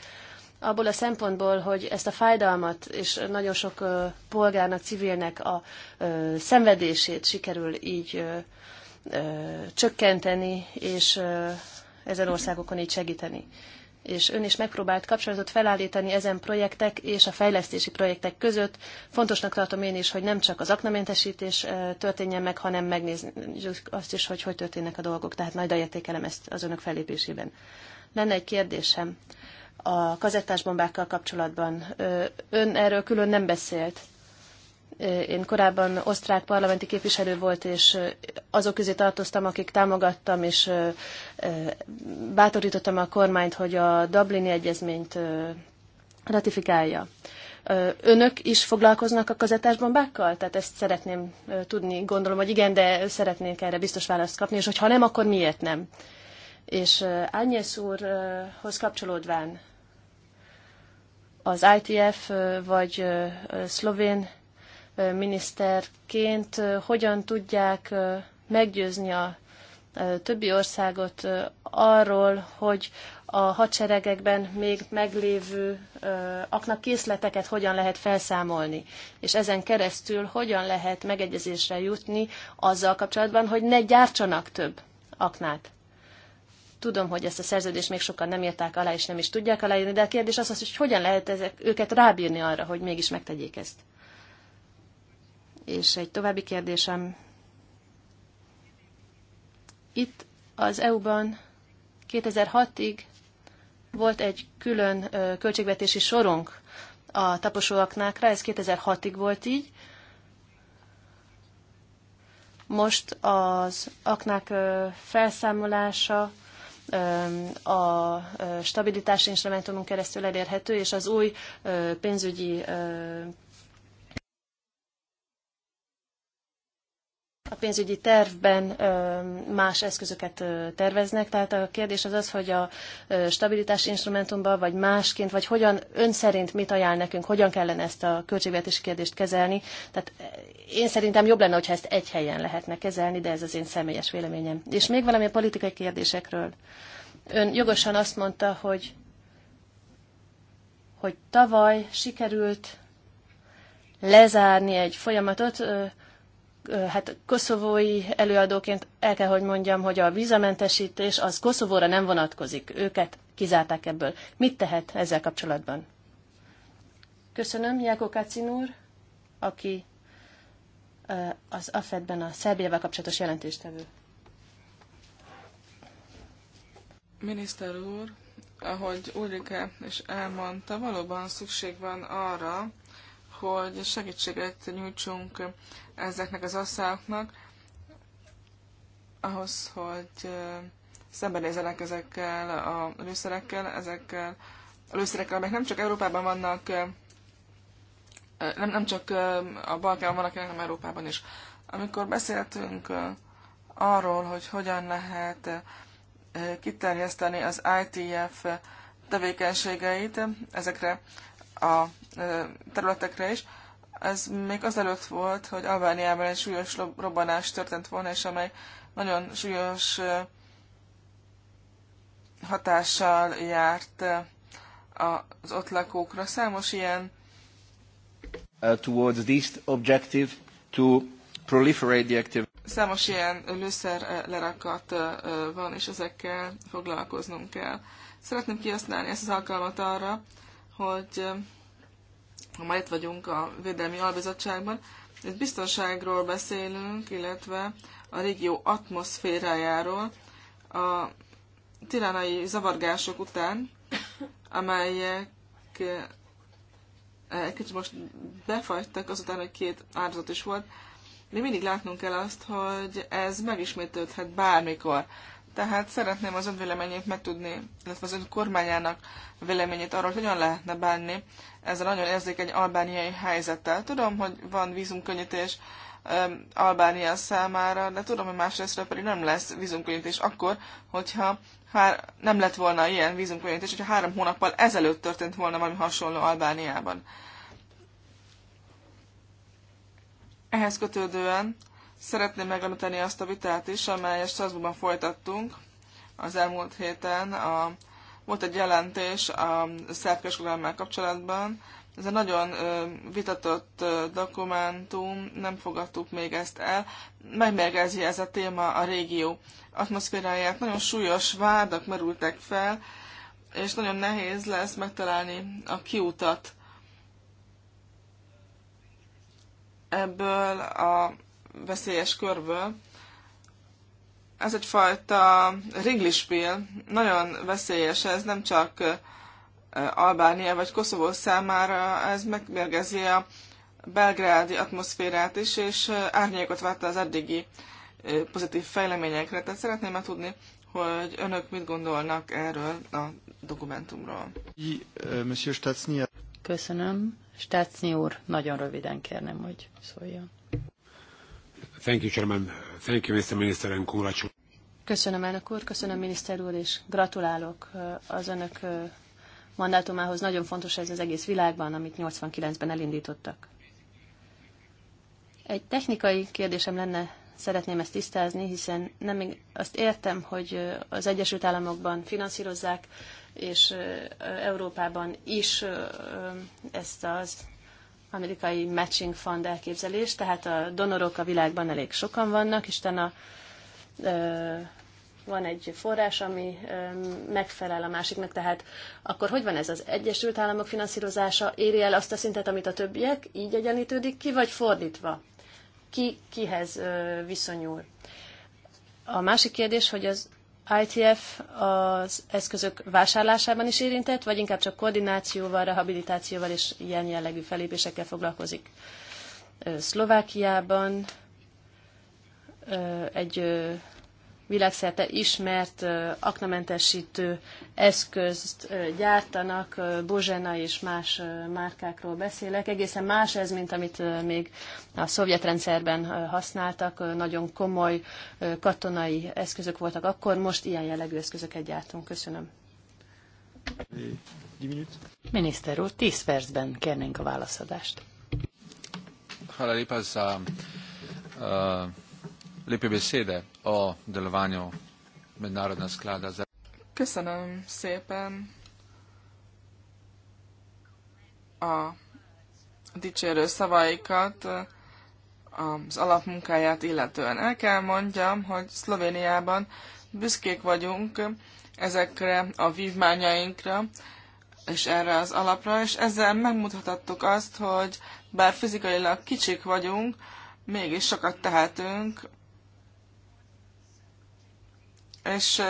abból a szempontból, hogy ezt a fájdalmat és nagyon sok polgárnak, civilnek a szenvedését sikerül így csökkenteni, és ezen országokon így segíteni és ön is megpróbált kapcsolatot felállítani ezen projektek és a fejlesztési projektek között. Fontosnak tartom én is, hogy nem csak az aknamentesítés történjen meg, hanem megnézzük azt is, hogy hogy történnek a dolgok. Tehát nagy értékelem ezt az önök fellépésében. Lenne egy kérdésem a kazettás bombákkal kapcsolatban. Ön erről külön nem beszélt. Én korábban osztrák parlamenti képviselő volt, és azok közé tartoztam, akik támogattam, és bátorítottam a kormányt, hogy a Dublini Egyezményt ratifikálja. Önök is foglalkoznak a kazetásbombákkal? Tehát ezt szeretném tudni, gondolom, hogy igen, de szeretnék erre biztos választ kapni, és hogyha nem, akkor miért nem? És Ányész úrhoz kapcsolódván az ITF vagy szlovén miniszterként hogyan tudják meggyőzni a többi országot arról, hogy a hadseregekben még meglévő aknak készleteket hogyan lehet felszámolni, és ezen keresztül hogyan lehet megegyezésre jutni azzal kapcsolatban, hogy ne gyártsanak több aknát. Tudom, hogy ezt a szerződést még sokan nem írták alá, és nem is tudják aláírni, de a kérdés az, hogy hogyan lehet ezek, őket rábírni arra, hogy mégis megtegyék ezt. És egy további kérdésem. Itt az EU-ban 2006-ig volt egy külön költségvetési sorunk a taposóaknákra, ez 2006-ig volt így. Most az aknák felszámolása a stabilitási instrumentumon keresztül elérhető, és az új pénzügyi a pénzügyi tervben más eszközöket terveznek, tehát a kérdés az az, hogy a stabilitás instrumentumban, vagy másként, vagy hogyan ön szerint mit ajánl nekünk, hogyan kellene ezt a költségvetési kérdést kezelni. Tehát én szerintem jobb lenne, hogyha ezt egy helyen lehetne kezelni, de ez az én személyes véleményem. És még valami a politikai kérdésekről. Ön jogosan azt mondta, hogy hogy tavaly sikerült lezárni egy folyamatot, hát koszovói előadóként el kell, hogy mondjam, hogy a vízamentesítés az Koszovóra nem vonatkozik. Őket kizárták ebből. Mit tehet ezzel kapcsolatban? Köszönöm, Jákó Kacin úr, aki az AFED-ben a Szerbiával kapcsolatos jelentéstevő. Miniszter úr, ahogy Ulrike is elmondta, valóban szükség van arra, hogy segítséget nyújtsunk ezeknek az országoknak, ahhoz, hogy szembenézenek ezekkel a lőszerekkel, ezekkel a lőszerekkel, amelyek nem csak Európában vannak, nem, nem csak a Balkán vannak, hanem Európában is. Amikor beszéltünk arról, hogy hogyan lehet kiterjeszteni az ITF tevékenységeit ezekre a területekre is. Ez még azelőtt volt, hogy Albániában egy súlyos robbanás történt volna, és amely nagyon súlyos hatással járt az ott lakókra. Számos ilyen uh, towards this objective to proliferate the active. Számos ilyen lőszer lerakat van, és ezekkel foglalkoznunk kell. Szeretném kihasználni ezt az alkalmat arra, hogy ha már itt vagyunk a Védelmi Albizottságban, itt biztonságról beszélünk, illetve a régió atmoszférájáról a tiránai zavargások után, amelyek egy kicsit most befagytak, azután, hogy két áldozat is volt, de mindig látnunk kell azt, hogy ez megismétlődhet bármikor. Tehát szeretném az ön véleményét megtudni, illetve az ön kormányának véleményét arról, hogy hogyan lehetne bánni ezzel nagyon érzékeny albániai helyzettel. Tudom, hogy van vízumkönnyítés um, Albánia számára, de tudom, hogy másrésztről pedig nem lesz vízumkönnyítés akkor, hogyha hár, nem lett volna ilyen vízumkönnyítés, hogyha három hónappal ezelőtt történt volna valami hasonló Albániában. Ehhez kötődően Szeretném megemlíteni azt a vitát is, amelyet Strasbourgban folytattunk az elmúlt héten. A, volt egy jelentés a szerb kapcsolatban. Ez egy nagyon vitatott dokumentum, nem fogadtuk még ezt el. Megmérgezi ez a téma a régió atmoszféráját. Nagyon súlyos vádak merültek fel, és nagyon nehéz lesz megtalálni a kiutat ebből a veszélyes körből. Ez egyfajta ringlispél, nagyon veszélyes ez, nem csak Albánia vagy Koszovó számára, ez megmérgezi a belgrádi atmoszférát is, és árnyékot várta az eddigi pozitív fejleményekre. Tehát szeretném már tudni, hogy önök mit gondolnak erről a dokumentumról. Köszönöm. Stácni úr, nagyon röviden kérnem, hogy szóljon. Thank you, Chairman. Thank you, Mr. Minister, and congratulations. Köszönöm, elnök úr, köszönöm, miniszter úr, és gratulálok az önök mandátumához. Nagyon fontos ez az egész világban, amit 89-ben elindítottak. Egy technikai kérdésem lenne, szeretném ezt tisztázni, hiszen nem azt értem, hogy az Egyesült Államokban finanszírozzák, és Európában is ezt az amerikai matching fund elképzelés, tehát a donorok a világban elég sokan vannak, és a van egy forrás, ami megfelel a másiknak, tehát akkor hogy van ez az Egyesült Államok finanszírozása, éri el azt a szintet, amit a többiek, így egyenlítődik ki, vagy fordítva? Ki kihez viszonyul? A másik kérdés, hogy az ITF az eszközök vásárlásában is érintett, vagy inkább csak koordinációval, rehabilitációval és ilyen jellegű felépésekkel foglalkozik. Szlovákiában egy világszerte ismert aknamentesítő eszközt gyártanak, Bozsena és más márkákról beszélek. Egészen más ez, mint amit még a szovjet rendszerben használtak. Nagyon komoly katonai eszközök voltak akkor, most ilyen jellegű eszközöket gyártunk. Köszönöm. Miniszter úr, 10 percben kérnénk a válaszadást. Hvala lepa za uh, lepe besede o delovanju Mednarodna sklada za. Köszönöm szépen a dicsérő szavaikat az alapmunkáját illetően. El kell mondjam, hogy Szlovéniában büszkék vagyunk ezekre a vívmányainkra, és erre az alapra, és ezzel megmutathattuk azt, hogy bár fizikailag kicsik vagyunk, mégis sokat tehetünk és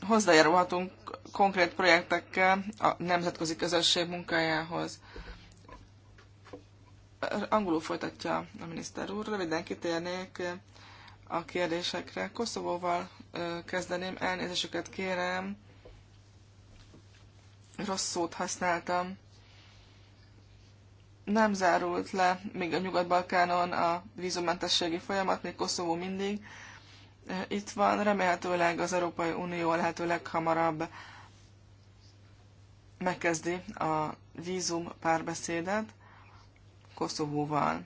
hozzájárulhatunk konkrét projektekkel a nemzetközi közösség munkájához. Angolul folytatja a miniszter úr, röviden kitérnék a kérdésekre. Koszovóval kezdeném, elnézésüket kérem, rossz szót használtam. Nem zárult le még a Nyugat-Balkánon a vízumentességi folyamat, még Koszovó mindig itt van, remélhetőleg az Európai Unió a lehető leghamarabb megkezdi a vízum párbeszédet Koszovóval.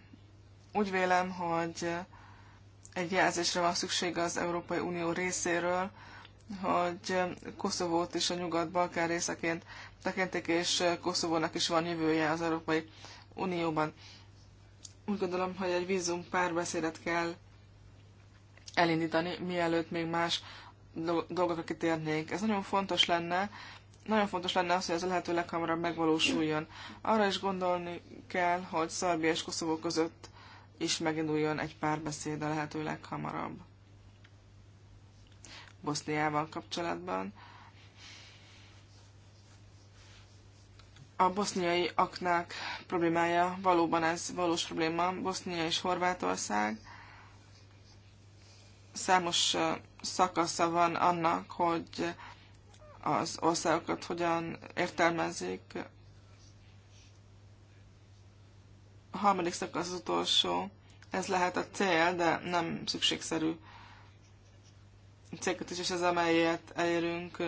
Úgy vélem, hogy egy jelzésre van szüksége az Európai Unió részéről, hogy Koszovót is a nyugat-balkán részeként tekintik, és Koszovónak is van jövője az Európai Unióban. Úgy gondolom, hogy egy vízum párbeszédet kell elindítani, mielőtt még más dolgokra kitérnénk. Ez nagyon fontos lenne, nagyon fontos lenne az, hogy ez a lehető leghamarabb megvalósuljon. Arra is gondolni kell, hogy Szerbia és Koszovó között is meginduljon egy párbeszéd a lehető leghamarabb. Boszniával kapcsolatban. A boszniai aknák problémája valóban ez valós probléma. Bosznia és Horvátország számos szakasza van annak, hogy az országokat hogyan értelmezik. A harmadik szakasz az utolsó. Ez lehet a cél, de nem szükségszerű. A célkötés és ez amelyet elérünk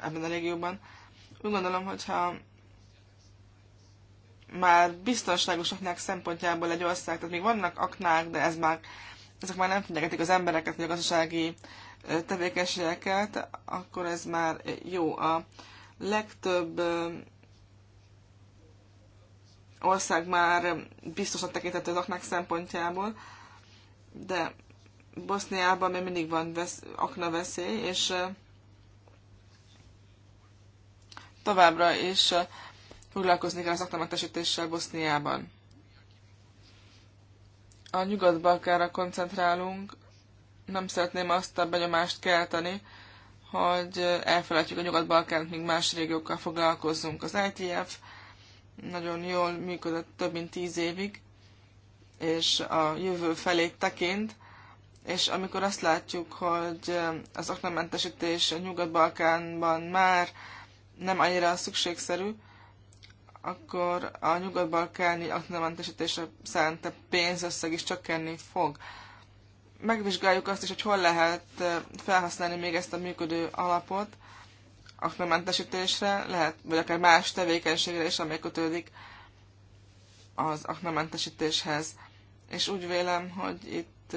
ebben a régióban. Úgy gondolom, hogyha már biztonságosaknak szempontjából egy ország, tehát még vannak aknák, de ez már, ezek már nem fenyegetik az embereket, vagy a gazdasági tevékenységeket, akkor ez már jó. A legtöbb ország már biztosan tekintető az aknák szempontjából, de Boszniában még mindig van vesz, akna veszély, és továbbra is foglalkozni kell az aktamentesítéssel Boszniában. A Nyugat-Balkára koncentrálunk, nem szeretném azt a benyomást kelteni, hogy elfelejtjük a Nyugat-Balkánt, míg más régiókkal foglalkozzunk. Az ITF nagyon jól működött több mint tíz évig, és a jövő felé tekint, és amikor azt látjuk, hogy az aknamentesítés a Nyugat-Balkánban már nem annyira szükségszerű, akkor a nyugat-balkáni aknamentesítésre szánt pénzösszeg is csökkenni fog. Megvizsgáljuk azt is, hogy hol lehet felhasználni még ezt a működő alapot aknamentesítésre, lehet, vagy akár más tevékenységre is, amely kötődik az aknamentesítéshez. És úgy vélem, hogy itt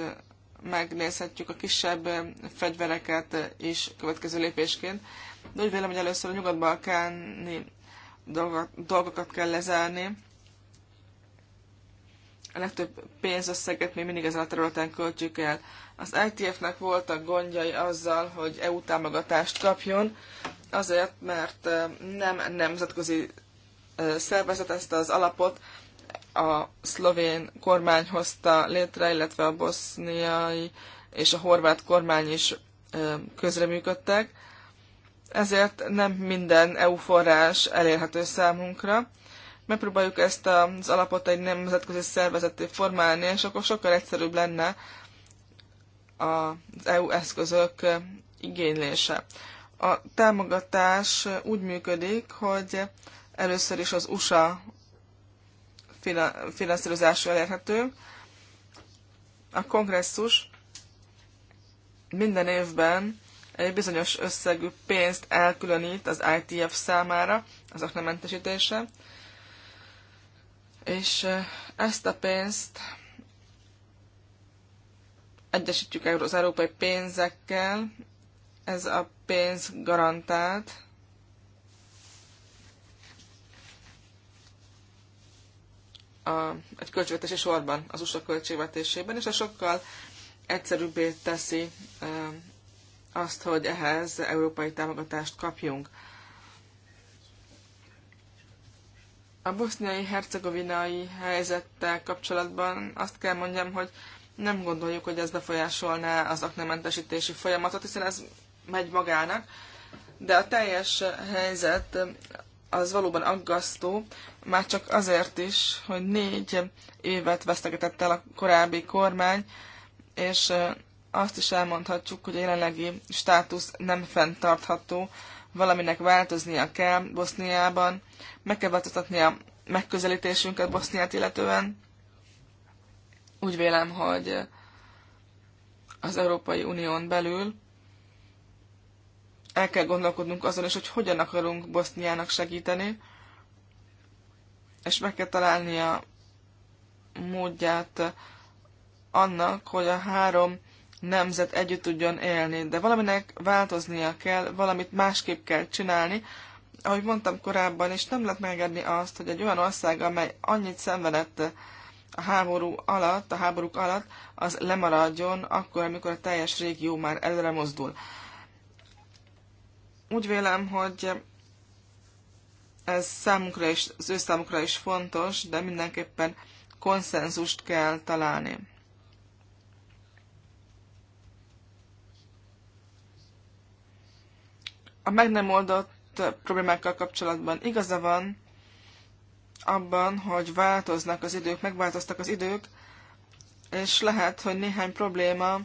megnézhetjük a kisebb fegyvereket is következő lépésként, de úgy vélem, hogy először a nyugat-balkáni dolgokat kell lezárni. A legtöbb pénzösszeget még mindig ezen a területen költjük el. Az ITF-nek voltak gondjai azzal, hogy EU támogatást kapjon, azért, mert nem nemzetközi szervezet ezt az alapot a szlovén kormány hozta létre, illetve a boszniai és a horvát kormány is közreműködtek ezért nem minden EU forrás elérhető számunkra. Megpróbáljuk ezt az alapot egy nemzetközi szervezeté formálni, és akkor sokkal egyszerűbb lenne az EU eszközök igénylése. A támogatás úgy működik, hogy először is az USA finanszírozása elérhető. A kongresszus minden évben egy bizonyos összegű pénzt elkülönít az ITF számára, az aknamentesítése, és ezt a pénzt egyesítjük az európai pénzekkel, ez a pénz garantált, a, egy költségvetési sorban, az USA költségvetésében, és ez sokkal egyszerűbbé teszi azt, hogy ehhez európai támogatást kapjunk. A boszniai hercegovinai helyzettel kapcsolatban azt kell mondjam, hogy nem gondoljuk, hogy ez befolyásolná az aknamentesítési folyamatot, hiszen ez megy magának, de a teljes helyzet az valóban aggasztó, már csak azért is, hogy négy évet vesztegetett el a korábbi kormány, és azt is elmondhatjuk, hogy a jelenlegi státusz nem fenntartható, valaminek változnia kell Boszniában, meg kell változtatni a megközelítésünket Boszniát illetően. Úgy vélem, hogy az Európai Unión belül el kell gondolkodnunk azon is, hogy hogyan akarunk Boszniának segíteni, és meg kell találni a módját annak, hogy a három nemzet együtt tudjon élni, de valaminek változnia kell, valamit másképp kell csinálni. Ahogy mondtam korábban, és nem lehet megengedni azt, hogy egy olyan ország, amely annyit szenvedett a háború alatt, a háborúk alatt, az lemaradjon akkor, amikor a teljes régió már előre mozdul. Úgy vélem, hogy ez számunkra is, az ő számukra is fontos, de mindenképpen konszenzust kell találni. a meg nem oldott problémákkal kapcsolatban igaza van abban, hogy változnak az idők, megváltoztak az idők, és lehet, hogy néhány probléma,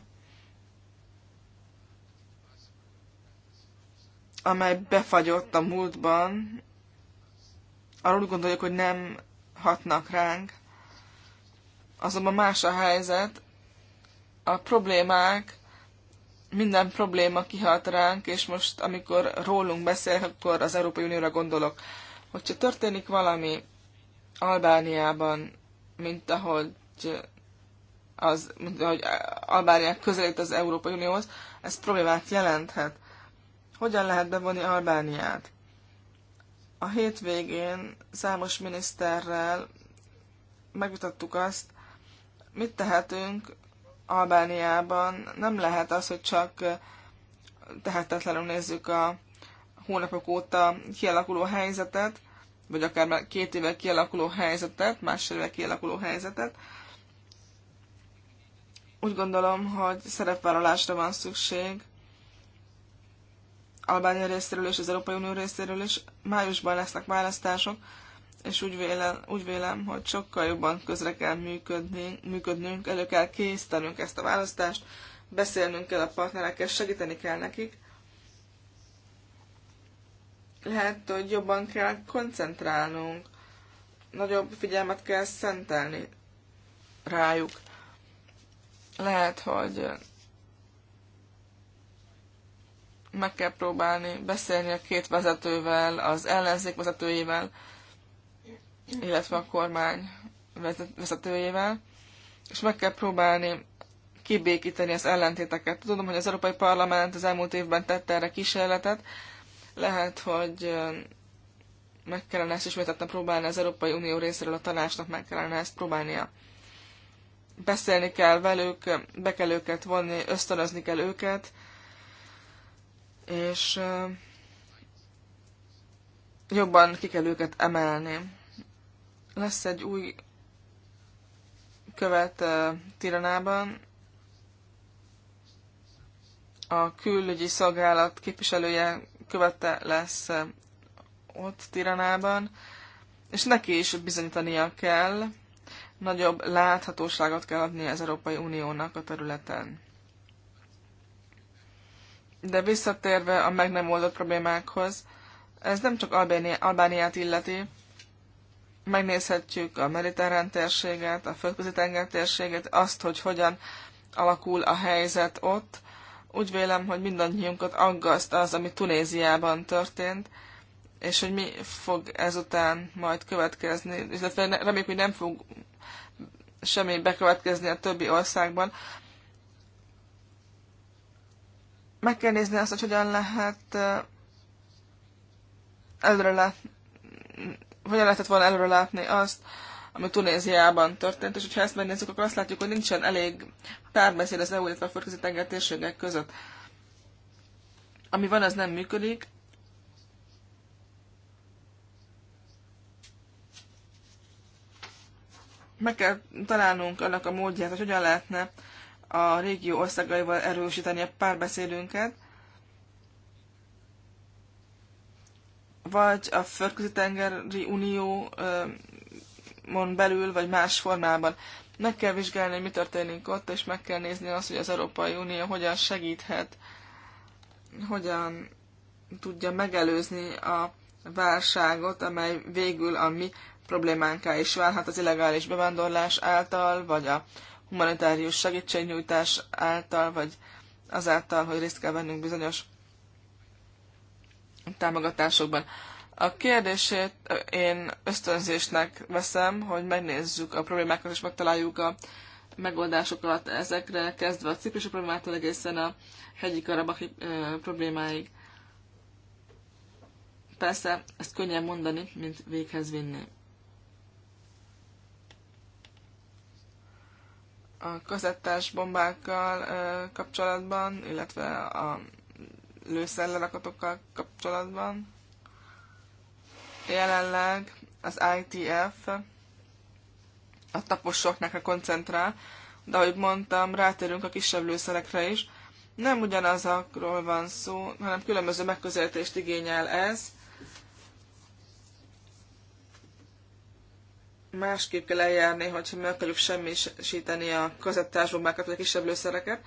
amely befagyott a múltban, arról úgy gondoljuk, hogy nem hatnak ránk. Azonban más a helyzet, a problémák minden probléma kihat ránk, és most, amikor rólunk beszél, akkor az Európai Unióra gondolok. Hogyha történik valami Albániában, mint ahogy az, mint ahogy Albánia közelít az Európai Unióhoz, ez problémát jelenthet. Hogyan lehet bevonni Albániát? A hétvégén számos miniszterrel megvitattuk azt, mit tehetünk Albániában nem lehet az, hogy csak tehetetlenül nézzük a hónapok óta kialakuló helyzetet, vagy akár már két éve kialakuló helyzetet, másfél éve kialakuló helyzetet. Úgy gondolom, hogy szerepvállalásra van szükség Albánia részéről és az Európai Unió részéről is. Májusban lesznek választások, és úgy vélem, úgy vélem, hogy sokkal jobban közre kell működni, működnünk, elő kell készítenünk ezt a választást, beszélnünk kell a partnerekkel, segíteni kell nekik. Lehet, hogy jobban kell koncentrálnunk, nagyobb figyelmet kell szentelni rájuk. Lehet, hogy meg kell próbálni beszélni a két vezetővel, az ellenzék vezetőjével, illetve a kormány vezetőjével, és meg kell próbálni kibékíteni az ellentéteket. Tudom, hogy az Európai Parlament az elmúlt évben tette erre kísérletet, lehet, hogy meg kellene ezt ismételten próbálni az Európai Unió részéről, a tanácsnak meg kellene ezt próbálnia. Beszélni kell velük, be kell őket vonni, ösztönözni kell őket, és jobban ki kell őket emelni lesz egy új követ Tiranában. A külügyi szolgálat képviselője követe lesz ott Tiranában, és neki is bizonyítania kell, nagyobb láthatóságot kell adni az Európai Uniónak a területen. De visszatérve a meg nem oldott problémákhoz, ez nem csak Albániát illeti, megnézhetjük a mediterrán térséget, a földközi tenger térséget, azt, hogy hogyan alakul a helyzet ott. Úgy vélem, hogy mindannyiunkat aggaszt az, ami Tunéziában történt, és hogy mi fog ezután majd következni, illetve reméljük, hogy nem fog semmi bekövetkezni a többi országban. Meg kell nézni azt, hogy hogyan lehet előre hogyan lehetett volna előre látni azt, ami Tunéziában történt, és hogyha ezt megnézzük, akkor azt látjuk, hogy nincsen elég párbeszéd az EU, illetve a földközi tenger térségek között. Ami van, az nem működik. Meg kell találnunk annak a módját, hogy hogyan lehetne a régió országaival erősíteni a párbeszédünket, vagy a Földközi-tengeri Uniómon belül, vagy más formában. Meg kell vizsgálni, mi történik ott, és meg kell nézni azt, hogy az Európai Unió hogyan segíthet, hogyan tudja megelőzni a válságot, amely végül a mi problémánká is válhat az illegális bevándorlás által, vagy a humanitárius segítségnyújtás által, vagy azáltal, hogy részt kell vennünk bizonyos támogatásokban. A kérdését én ösztönzésnek veszem, hogy megnézzük a problémákat, és megtaláljuk a megoldásokat ezekre, kezdve a ciprusi problémától egészen a hegyi karabaki problémáig. Persze, ezt könnyen mondani, mint véghez vinni. A kazettás bombákkal kapcsolatban, illetve a lőszerlerakatokkal kapcsolatban. Jelenleg az ITF a taposoknak koncentrál, de ahogy mondtam, rátérünk a kisebb lőszerekre is. Nem ugyanazakról van szó, hanem különböző megközelítést igényel ez. Másképp kell eljárni, hogyha meg akarjuk semmisíteni a közeptársadalmákat vagy a kisebb lőszereket.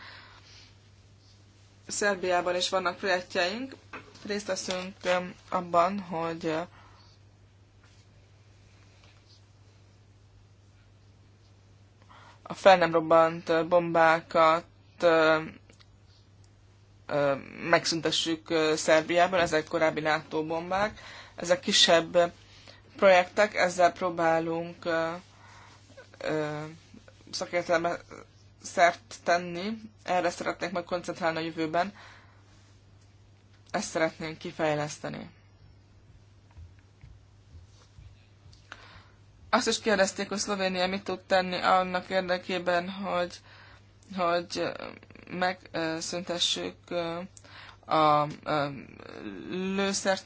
Szerbiában is vannak projektjeink. Részt veszünk abban, hogy a fel nem robbant bombákat megszüntessük Szerbiában, ezek korábbi NATO bombák, ezek kisebb projektek, ezzel próbálunk szakértelmet szert tenni, erre szeretnék majd koncentrálni a jövőben, ezt szeretnénk kifejleszteni. Azt is kérdezték, hogy Szlovénia mit tud tenni annak érdekében, hogy, hogy megszüntessük a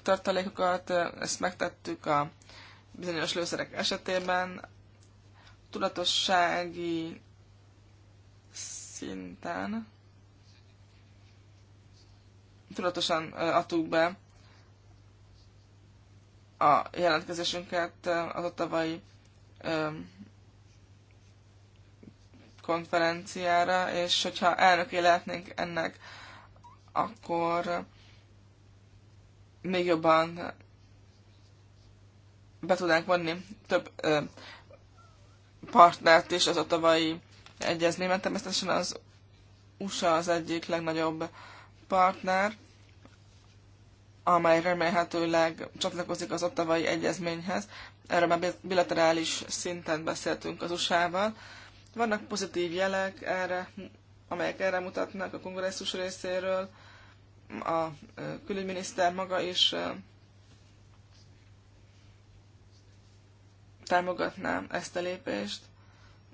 tartalékokat. ezt megtettük a bizonyos lőszerek esetében, tudatossági szinten tudatosan adtuk be a jelentkezésünket az a tavalyi konferenciára, és hogyha elnöké lehetnénk ennek, akkor még jobban be tudnánk vonni több partnert is az a tavalyi egyezni, mert természetesen az USA az egyik legnagyobb partner, amely remélhetőleg csatlakozik az ottavai egyezményhez. Erről már bilaterális szinten beszéltünk az USA-val. Vannak pozitív jelek erre, amelyek erre mutatnak a kongresszus részéről. A külügyminiszter maga is támogatná ezt a lépést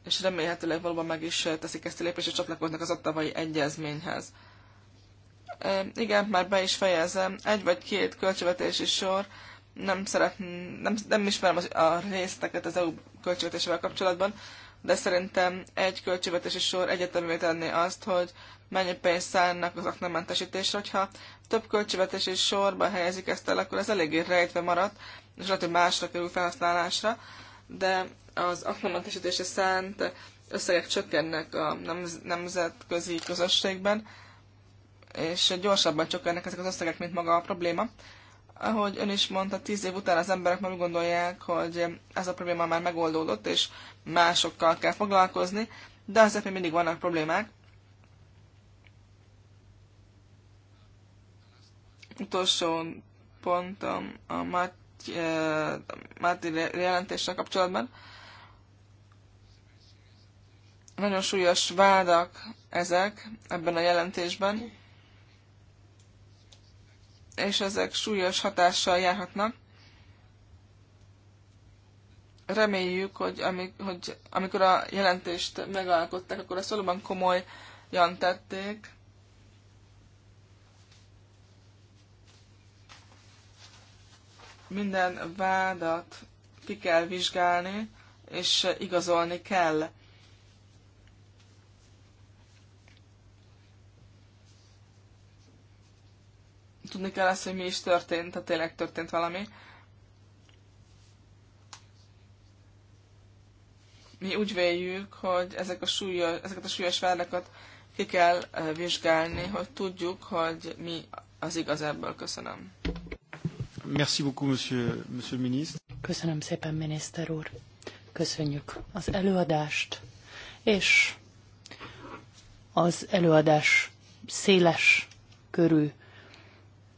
és remélhetőleg valóban meg is eh, teszik ezt a lépést, és csatlakoznak az ottavai egyezményhez. E, igen, már be is fejezem. Egy vagy két költségvetési sor, nem, szeret, nem, nem ismerem az, a részteket az EU költségvetésével kapcsolatban, de szerintem egy költségvetési sor egyetemű tenni azt, hogy mennyi pénzt szállnak az aknamentesítésre, hogyha több költségvetési sorba helyezik ezt el, akkor ez eléggé rejtve maradt, és lehet, hogy másra kerül felhasználásra de az aknamentesítése szánt összegek csökkennek a nemzetközi közösségben, és gyorsabban csökkennek ezek az összegek, mint maga a probléma. Ahogy ön is mondta, tíz év után az emberek már úgy gondolják, hogy ez a probléma már megoldódott, és másokkal kell foglalkozni, de azért még mindig vannak problémák. Utolsó pontom a Mark uh, Máti jelentéssel kapcsolatban. Nagyon súlyos vádak ezek ebben a jelentésben, és ezek súlyos hatással járhatnak. Reméljük, hogy, amik, hogy amikor a jelentést megalkották, akkor ezt valóban komolyan tették, minden vádat ki kell vizsgálni, és igazolni kell. Tudni kell azt, hogy mi is történt, ha tényleg történt valami. Mi úgy véljük, hogy ezek a súlyos, ezeket a súlyos vádakat ki kell eh, vizsgálni, hogy tudjuk, hogy mi az igaz ebből. Köszönöm. Merci beaucoup, monsieur, monsieur le ministre. Köszönöm szépen, miniszter úr. Köszönjük az előadást, és az előadás széles körű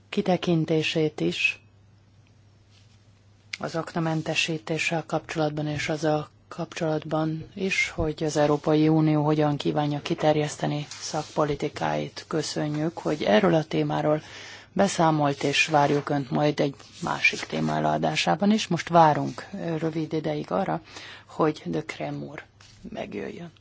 kitekintését is az aknamentesítéssel kapcsolatban és az a kapcsolatban is, hogy az Európai Unió hogyan kívánja kiterjeszteni szakpolitikáit. Köszönjük, hogy erről a témáról beszámolt, és várjuk Önt majd egy másik téma eladásában is. Most várunk rövid ideig arra, hogy de Krem úr megjöjjön.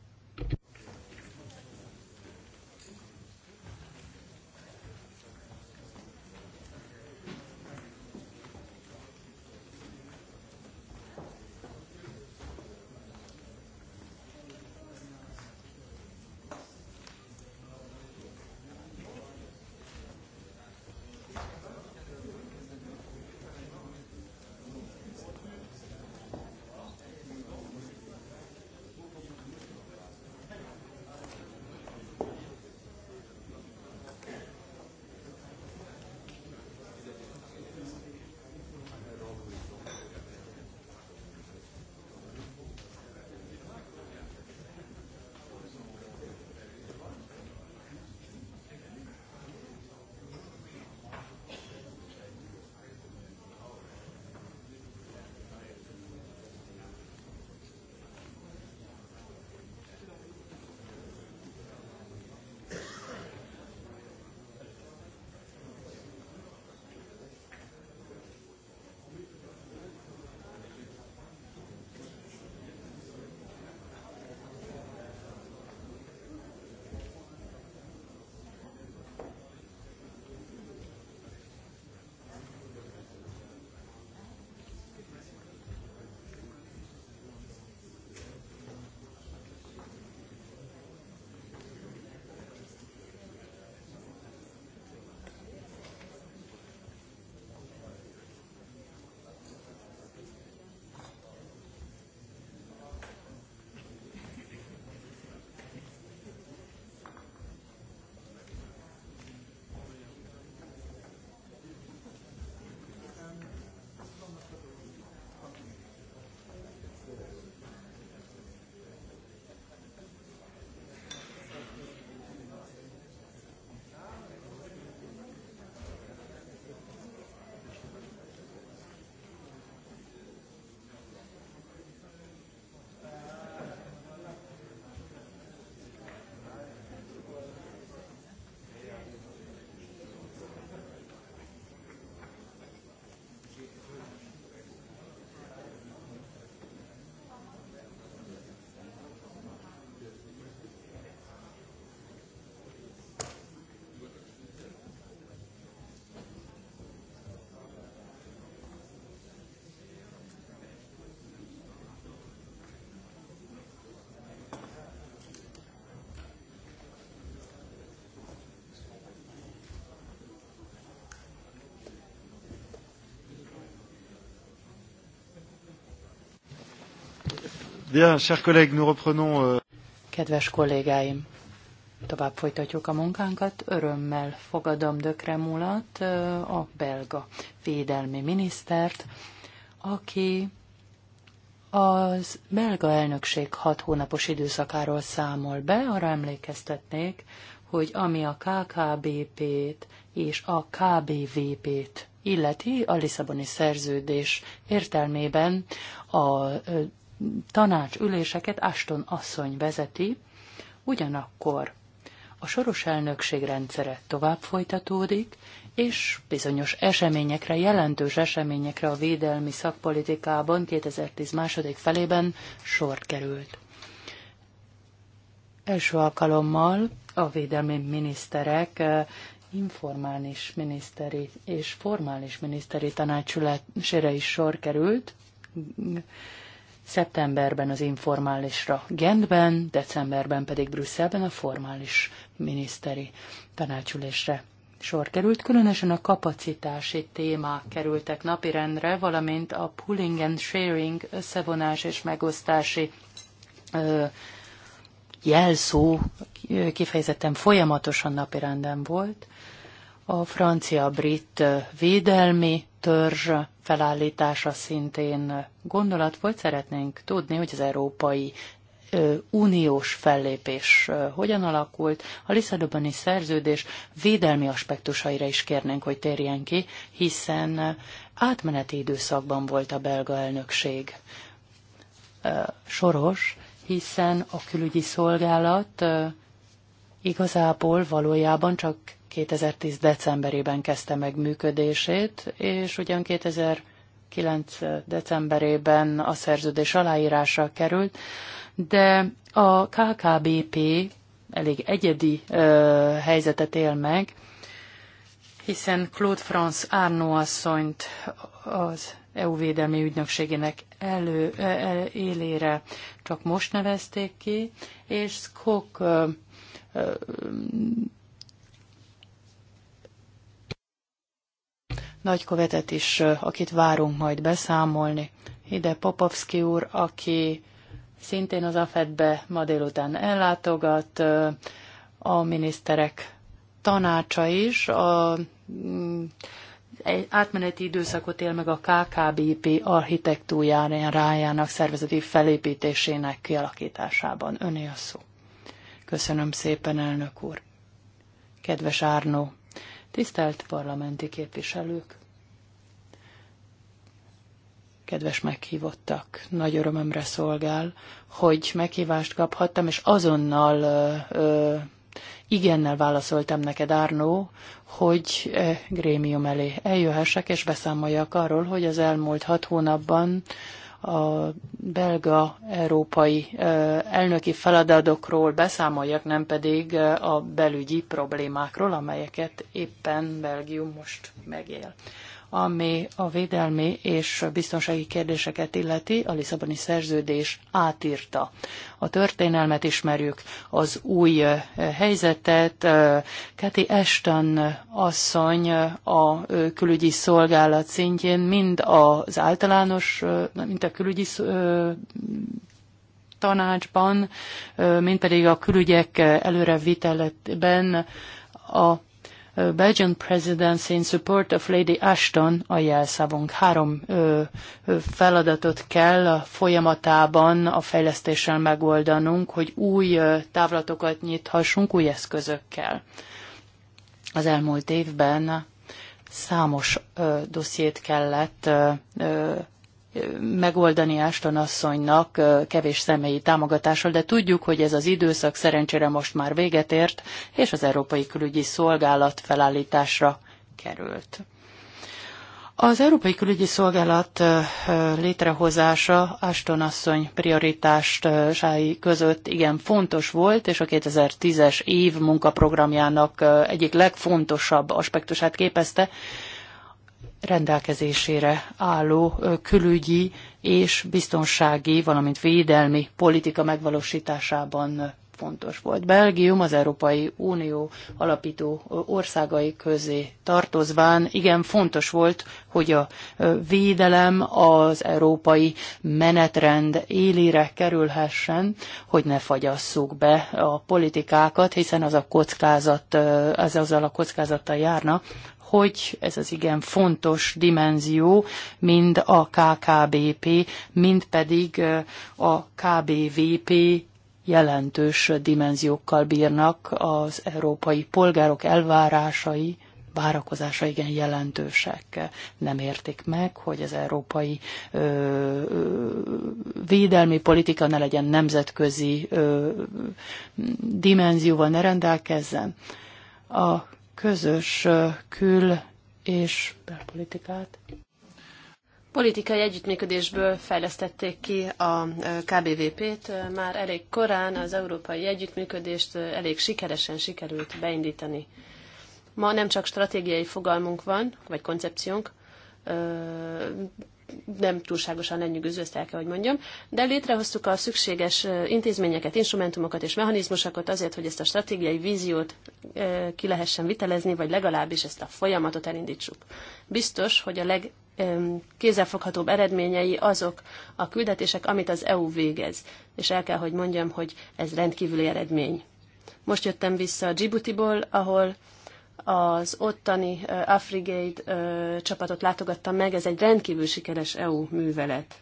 Bien, chers collègues, nous reprenons. Euh, Kedves kollégáim, tovább folytatjuk a munkánkat. Örömmel fogadom de Kremulat, a belga védelmi minisztert, aki az belga elnökség hat hónapos időszakáról számol be, arra emlékeztetnék, hogy ami a KKBP-t és a KBVP-t illeti, a Lisszaboni szerződés értelmében a tanácsüléseket Aston asszony vezeti, ugyanakkor a soros elnökség rendszere tovább folytatódik, és bizonyos eseményekre, jelentős eseményekre a védelmi szakpolitikában 2010 második felében sor került. Első alkalommal a védelmi miniszterek eh, informális miniszteri és formális miniszteri tanácsülésére is sor került szeptemberben az informálisra Gentben, decemberben pedig Brüsszelben a formális miniszteri tanácsülésre sor került. Különösen a kapacitási témák kerültek napirendre, valamint a pooling and sharing összevonás és megosztási ö, jelszó kifejezetten folyamatosan napirenden volt. Ö, a francia-brit védelmi törzs felállítása szintén gondolat volt. Szeretnénk tudni, hogy az Európai uniós fellépés hogyan alakult. A Lisszadobani szerződés védelmi aspektusaira is kérnénk, hogy térjen ki, hiszen átmeneti időszakban volt a belga elnökség soros, hiszen a külügyi szolgálat igazából valójában csak 2010. decemberében kezdte meg működését, és ugyan 2009. decemberében a szerződés aláírása került, de a KKBP elég egyedi ö, helyzetet él meg, hiszen Claude France Arnaud asszonyt az EU védelmi ügynökségének elő, el, élére csak most nevezték ki, és Skok nagykövetet is, akit várunk majd beszámolni. Ide Popovski úr, aki szintén az AFED-be ma délután ellátogat, a miniszterek tanácsa is, a mm, egy átmeneti időszakot él meg a KKBP architektúrájának szervezeti felépítésének kialakításában. Öné a szó. Köszönöm szépen, elnök úr. Kedves Árnó, tisztelt parlamenti képviselők! kedves meghívottak, nagy örömömre szolgál, hogy meghívást kaphattam, és azonnal ö, ö, igennel válaszoltam neked, Árnó, hogy e, grémium elé eljöhessek, és beszámoljak arról, hogy az elmúlt hat hónapban a belga európai elnöki feladatokról beszámoljak, nem pedig a belügyi problémákról, amelyeket éppen Belgium most megél ami a védelmi és biztonsági kérdéseket illeti, a Lisszaboni szerződés átírta. A történelmet ismerjük, az új eh, helyzetet. Kati eh, Ashton asszony a eh, külügyi szolgálat szintjén mind az általános, mint a külügyi tanácsban, mint pedig a külügyek előreviteletben a Belgian presidency in support of Lady Ashton a jelszavunk. Három ö, feladatot kell a folyamatában a fejlesztéssel megoldanunk, hogy új távlatokat nyithassunk új eszközökkel. Az elmúlt évben számos ö, dossziét kellett ö, ö, megoldani Ashton asszonynak kevés személyi támogatással, de tudjuk, hogy ez az időszak szerencsére most már véget ért, és az Európai Külügyi Szolgálat felállításra került. Az Európai Külügyi Szolgálat létrehozása Ashton asszony prioritásai között igen fontos volt, és a 2010-es év munkaprogramjának egyik legfontosabb aspektusát képezte, rendelkezésére álló külügyi és biztonsági, valamint védelmi politika megvalósításában fontos volt. Belgium az Európai Unió alapító országai közé tartozván igen fontos volt, hogy a védelem az európai menetrend élére kerülhessen, hogy ne fagyasszuk be a politikákat, hiszen az a kockázat, az azzal a kockázattal járna, hogy ez az igen fontos dimenzió mind a KKBP, mind pedig a KBVP jelentős dimenziókkal bírnak az európai polgárok elvárásai, várakozása igen jelentősek. Nem értik meg, hogy az európai ö, ö, védelmi politika ne legyen nemzetközi ö, dimenzióval, ne rendelkezzen. A közös kül- és belpolitikát. Politikai együttműködésből fejlesztették ki a KBVP-t. Már elég korán az európai együttműködést elég sikeresen sikerült beindítani. Ma nem csak stratégiai fogalmunk van, vagy koncepciónk, nem túlságosan lenyűgöző, ezt el kell, hogy mondjam, de létrehoztuk a szükséges intézményeket, instrumentumokat és mechanizmusokat azért, hogy ezt a stratégiai víziót ki lehessen vitelezni, vagy legalábbis ezt a folyamatot elindítsuk. Biztos, hogy a leg kézzelfoghatóbb eredményei azok a küldetések, amit az EU végez. És el kell, hogy mondjam, hogy ez rendkívüli eredmény. Most jöttem vissza a Djibouti-ból, ahol az ottani Afrigade csapatot látogattam meg, ez egy rendkívül sikeres EU művelet.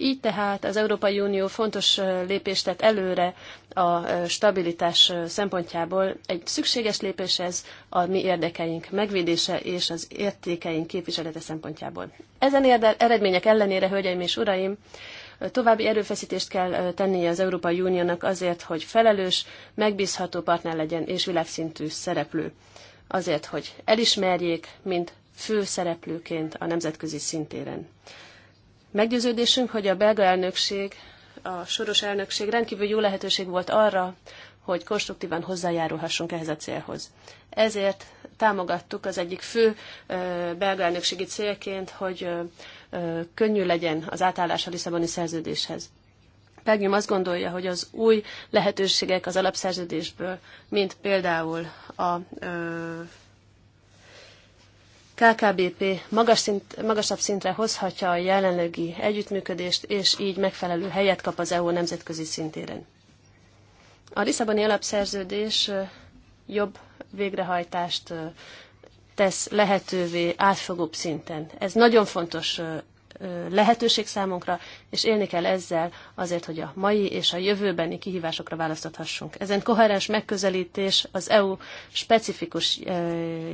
Így tehát az Európai Unió fontos lépést tett előre a stabilitás szempontjából. Egy szükséges lépés ez a mi érdekeink megvédése és az értékeink képviselete szempontjából. Ezen eredmények ellenére, hölgyeim és uraim, további erőfeszítést kell tennie az Európai Uniónak azért, hogy felelős, megbízható partner legyen és világszintű szereplő azért, hogy elismerjék, mint főszereplőként a nemzetközi szintéren. Meggyőződésünk, hogy a belga elnökség, a soros elnökség rendkívül jó lehetőség volt arra, hogy konstruktívan hozzájárulhassunk ehhez a célhoz. Ezért támogattuk az egyik fő belga elnökségi célként, hogy könnyű legyen az átállás a Lisszaboni szerződéshez. Belgium azt gondolja, hogy az új lehetőségek az alapszerződésből, mint például a KKBP magas szint, magasabb szintre hozhatja a jelenlegi együttműködést, és így megfelelő helyet kap az EU nemzetközi szintéren. A Lisszaboni alapszerződés jobb végrehajtást tesz lehetővé átfogóbb szinten. Ez nagyon fontos lehetőség számunkra, és élni kell ezzel azért, hogy a mai és a jövőbeni kihívásokra választathassunk. Ezen koherens megközelítés az EU specifikus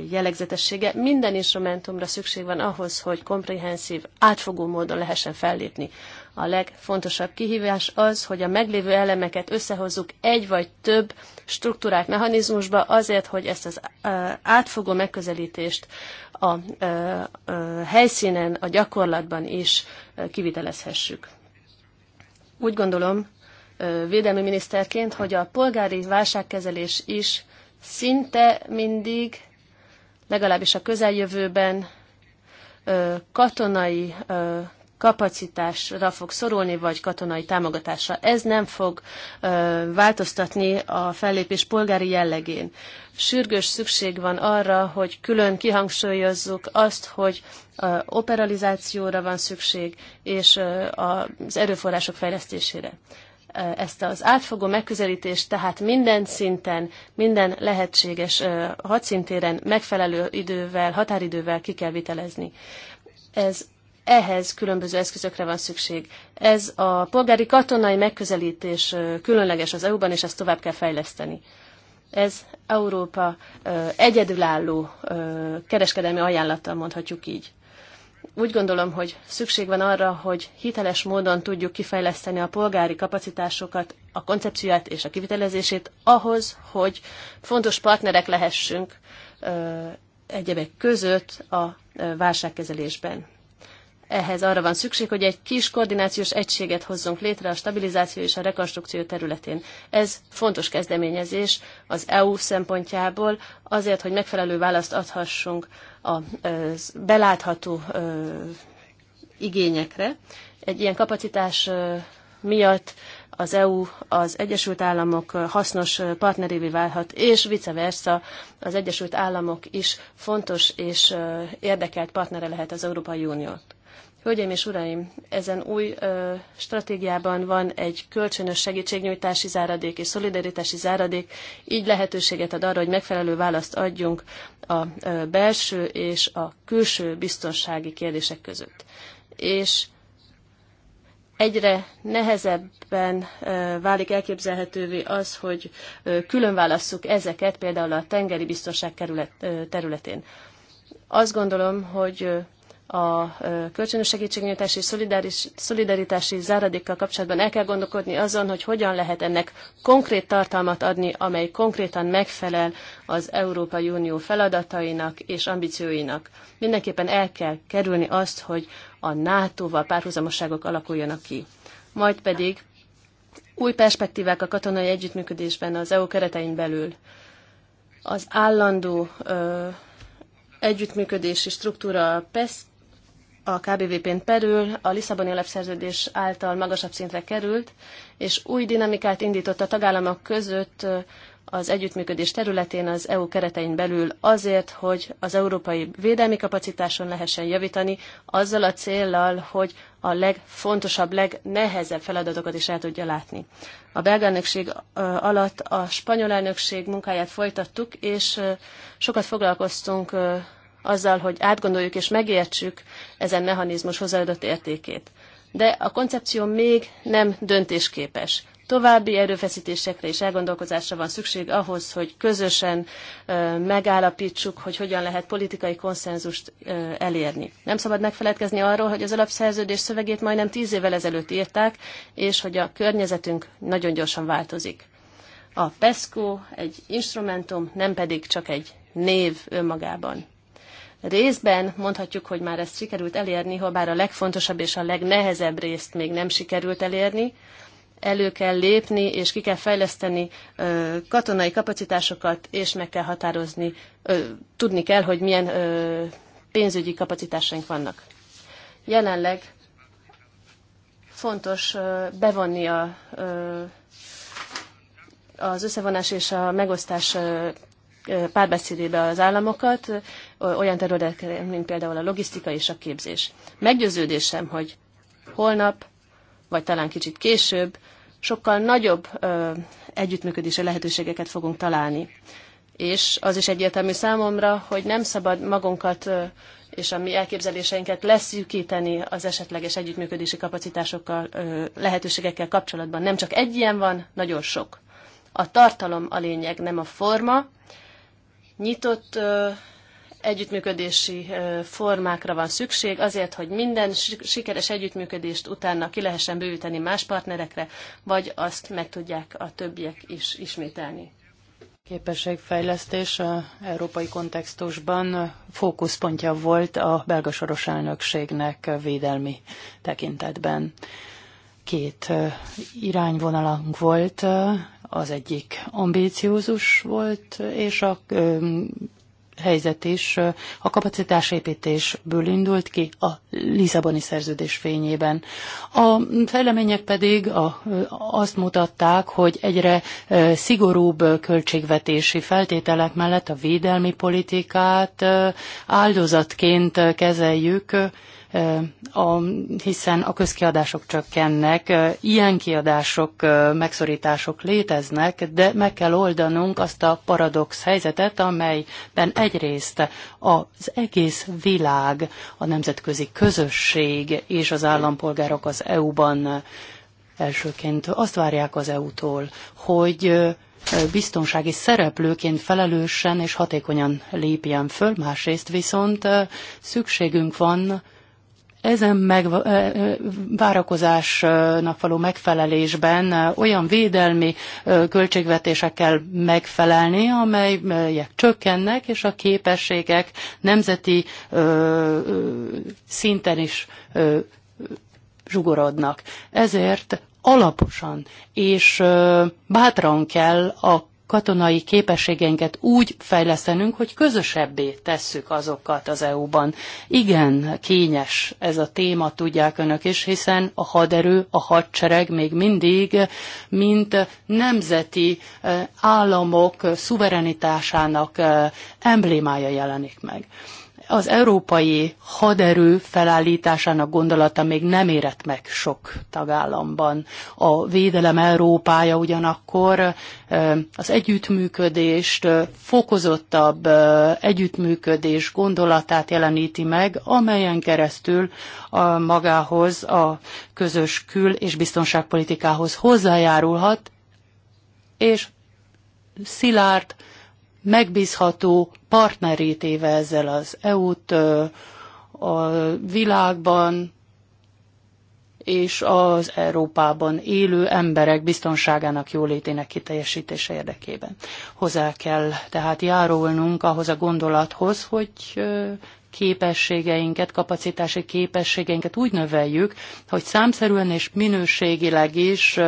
jellegzetessége. Minden instrumentumra szükség van ahhoz, hogy komprehenszív, átfogó módon lehessen fellépni a legfontosabb kihívás az, hogy a meglévő elemeket összehozzuk egy vagy több struktúrák mechanizmusba azért, hogy ezt az átfogó megközelítést a helyszínen, a gyakorlatban is kivitelezhessük. Úgy gondolom, védelmi miniszterként, hogy a polgári válságkezelés is szinte mindig, legalábbis a közeljövőben katonai kapacitásra fog szorulni, vagy katonai támogatásra. Ez nem fog ö, változtatni a fellépés polgári jellegén. Sürgős szükség van arra, hogy külön kihangsúlyozzuk azt, hogy ö, operalizációra van szükség, és ö, az erőforrások fejlesztésére. Ezt az átfogó megközelítést tehát minden szinten, minden lehetséges hadszintéren megfelelő idővel, határidővel ki kell vitelezni. Ez ehhez különböző eszközökre van szükség. Ez a polgári katonai megközelítés különleges az EU-ban, és ezt tovább kell fejleszteni. Ez Európa egyedülálló kereskedelmi ajánlata, mondhatjuk így. Úgy gondolom, hogy szükség van arra, hogy hiteles módon tudjuk kifejleszteni a polgári kapacitásokat, a koncepcióját és a kivitelezését ahhoz, hogy fontos partnerek lehessünk egyebek között a válságkezelésben ehhez arra van szükség, hogy egy kis koordinációs egységet hozzunk létre a stabilizáció és a rekonstrukció területén. Ez fontos kezdeményezés az EU szempontjából, azért, hogy megfelelő választ adhassunk a belátható igényekre. Egy ilyen kapacitás miatt az EU az Egyesült Államok hasznos partnerévé válhat, és vice versa, az Egyesült Államok is fontos és érdekelt partnere lehet az Európai Uniót. Hölgyeim és uraim, ezen új ö, stratégiában van egy kölcsönös segítségnyújtási záradék és szolidaritási záradék, így lehetőséget ad arra, hogy megfelelő választ adjunk a ö, belső és a külső biztonsági kérdések között. És egyre nehezebben válik elképzelhetővé az, hogy külön válasszuk ezeket, például a tengeri biztonság területén. Azt gondolom, hogy a kölcsönös segítségnyújtási szolidaritási záradékkal kapcsolatban el kell gondolkodni azon, hogy hogyan lehet ennek konkrét tartalmat adni, amely konkrétan megfelel az Európai Unió feladatainak és ambícióinak. Mindenképpen el kell kerülni azt, hogy a NATO-val párhuzamosságok alakuljanak ki. Majd pedig új perspektívák a katonai együttműködésben az EU keretein belül. Az állandó ö, együttműködési struktúra a PESZ a KBVP-n perül, a Lisszaboni alapszerződés által magasabb szintre került, és új dinamikát indított a tagállamok között az együttműködés területén az EU keretein belül azért, hogy az európai védelmi kapacitáson lehessen javítani, azzal a céllal, hogy a legfontosabb, legnehezebb feladatokat is el tudja látni. A belga elnökség alatt a spanyol elnökség munkáját folytattuk, és sokat foglalkoztunk azzal, hogy átgondoljuk és megértsük ezen mechanizmus hozzáadott értékét. De a koncepció még nem döntésképes. További erőfeszítésekre és elgondolkozásra van szükség ahhoz, hogy közösen ö, megállapítsuk, hogy hogyan lehet politikai konszenzust ö, elérni. Nem szabad megfeledkezni arról, hogy az alapszerződés szövegét majdnem tíz évvel ezelőtt írták, és hogy a környezetünk nagyon gyorsan változik. A PESCO egy instrumentum, nem pedig csak egy név önmagában. Részben mondhatjuk, hogy már ezt sikerült elérni, ha bár a legfontosabb és a legnehezebb részt még nem sikerült elérni. Elő kell lépni, és ki kell fejleszteni ö, katonai kapacitásokat, és meg kell határozni, ö, tudni kell, hogy milyen ö, pénzügyi kapacitásaink vannak. Jelenleg fontos ö, bevonni a, ö, az összevonás és a megosztás ö, párbeszédébe az államokat, olyan területekre, mint például a logisztika és a képzés. Meggyőződésem, hogy holnap, vagy talán kicsit később, sokkal nagyobb ö, együttműködési lehetőségeket fogunk találni. És az is egyértelmű számomra, hogy nem szabad magunkat ö, és a mi elképzeléseinket leszűkíteni az esetleges együttműködési kapacitásokkal, ö, lehetőségekkel kapcsolatban. Nem csak egy ilyen van, nagyon sok. A tartalom a lényeg, nem a forma. Nyitott ö, együttműködési formákra van szükség, azért, hogy minden sikeres együttműködést utána ki lehessen bővíteni más partnerekre, vagy azt meg tudják a többiek is ismételni. Képességfejlesztés a európai kontextusban fókuszpontja volt a belga soros elnökségnek védelmi tekintetben. Két irányvonalunk volt, az egyik ambíciózus volt, és a helyzet is a kapacitásépítésből indult ki a Lisszaboni szerződés fényében. A fejlemények pedig a, azt mutatták, hogy egyre szigorúbb költségvetési feltételek mellett a védelmi politikát áldozatként kezeljük, a, hiszen a közkiadások csökkennek, ilyen kiadások, megszorítások léteznek, de meg kell oldanunk azt a paradox helyzetet, amelyben egyrészt az egész világ, a nemzetközi közösség és az állampolgárok az EU-ban elsőként azt várják az EU-tól, hogy biztonsági szereplőként felelősen és hatékonyan lépjen föl, másrészt viszont szükségünk van ezen meg, várakozásnak való megfelelésben olyan védelmi költségvetésekkel megfelelni, amelyek csökkennek, és a képességek nemzeti szinten is zsugorodnak. Ezért alaposan és bátran kell a katonai képességeinket úgy fejlesztenünk, hogy közösebbé tesszük azokat az EU-ban. Igen, kényes ez a téma, tudják önök is, hiszen a haderő, a hadsereg még mindig, mint nemzeti eh, államok szuverenitásának eh, emblémája jelenik meg az európai haderő felállításának gondolata még nem érett meg sok tagállamban. A védelem Európája ugyanakkor az együttműködést, fokozottabb együttműködés gondolatát jeleníti meg, amelyen keresztül a magához a közös kül- és biztonságpolitikához hozzájárulhat, és szilárd, megbízható partnerét éve ezzel az EU-t a világban és az Európában élő emberek biztonságának jólétének kiteljesítése érdekében. Hozzá kell tehát járulnunk ahhoz a gondolathoz, hogy képességeinket, kapacitási képességeinket úgy növeljük, hogy számszerűen és minőségileg is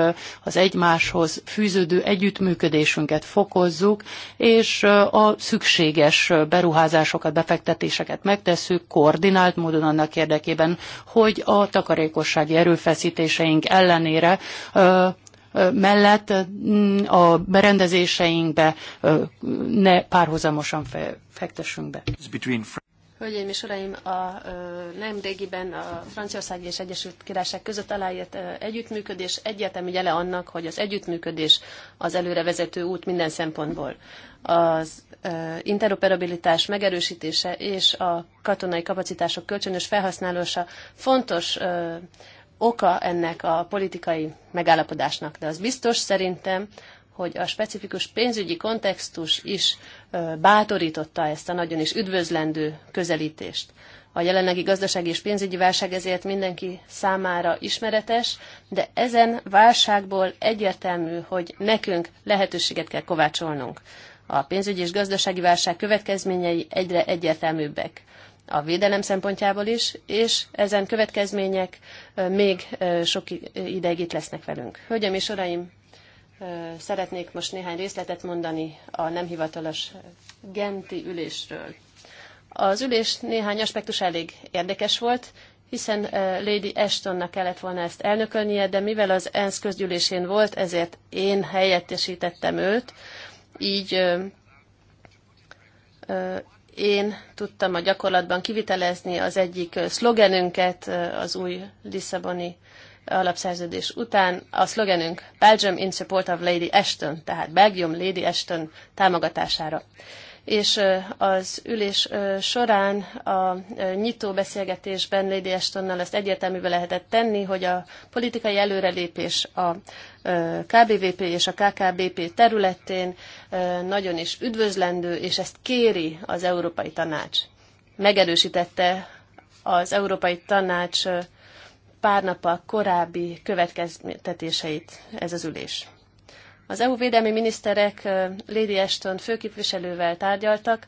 az egymáshoz fűződő együttműködésünket fokozzuk, és a szükséges beruházásokat, befektetéseket megtesszük koordinált módon annak érdekében, hogy a takarékossági erőfeszítéseink ellenére mellett mm, a berendezéseinkbe ne párhuzamosan fektessünk be. Hölgyeim és Uraim, a nemrégiben a Franciaország és Egyesült Királyság között aláírt együttműködés egyértelmű jele annak, hogy az együttműködés az előrevezető út minden szempontból. Az interoperabilitás megerősítése és a katonai kapacitások kölcsönös felhasználása fontos oka ennek a politikai megállapodásnak, de az biztos szerintem, hogy a specifikus pénzügyi kontextus is bátorította ezt a nagyon is üdvözlendő közelítést. A jelenlegi gazdasági és pénzügyi válság ezért mindenki számára ismeretes, de ezen válságból egyértelmű, hogy nekünk lehetőséget kell kovácsolnunk. A pénzügyi és gazdasági válság következményei egyre egyértelműbbek a védelem szempontjából is, és ezen következmények még sok ideig itt lesznek velünk. Hölgyeim és uraim, Szeretnék most néhány részletet mondani a nem hivatalos genti ülésről. Az ülés néhány aspektus elég érdekes volt, hiszen Lady Ashtonnak kellett volna ezt elnökölnie, de mivel az ENSZ közgyűlésén volt, ezért én helyettesítettem őt, így én tudtam a gyakorlatban kivitelezni az egyik szlogenünket, az új Lisszaboni alapszerződés után. A szlogenünk Belgium in support of Lady Ashton, tehát Belgium Lady Ashton támogatására. És az ülés során a nyitó beszélgetésben Lady Ashtonnal ezt egyértelművel lehetett tenni, hogy a politikai előrelépés a KBVP és a KKBP területén nagyon is üdvözlendő, és ezt kéri az Európai Tanács. Megerősítette az Európai Tanács pár nappal korábbi következtetéseit ez az ülés. Az EU védelmi miniszterek Lady Ashton főképviselővel tárgyaltak,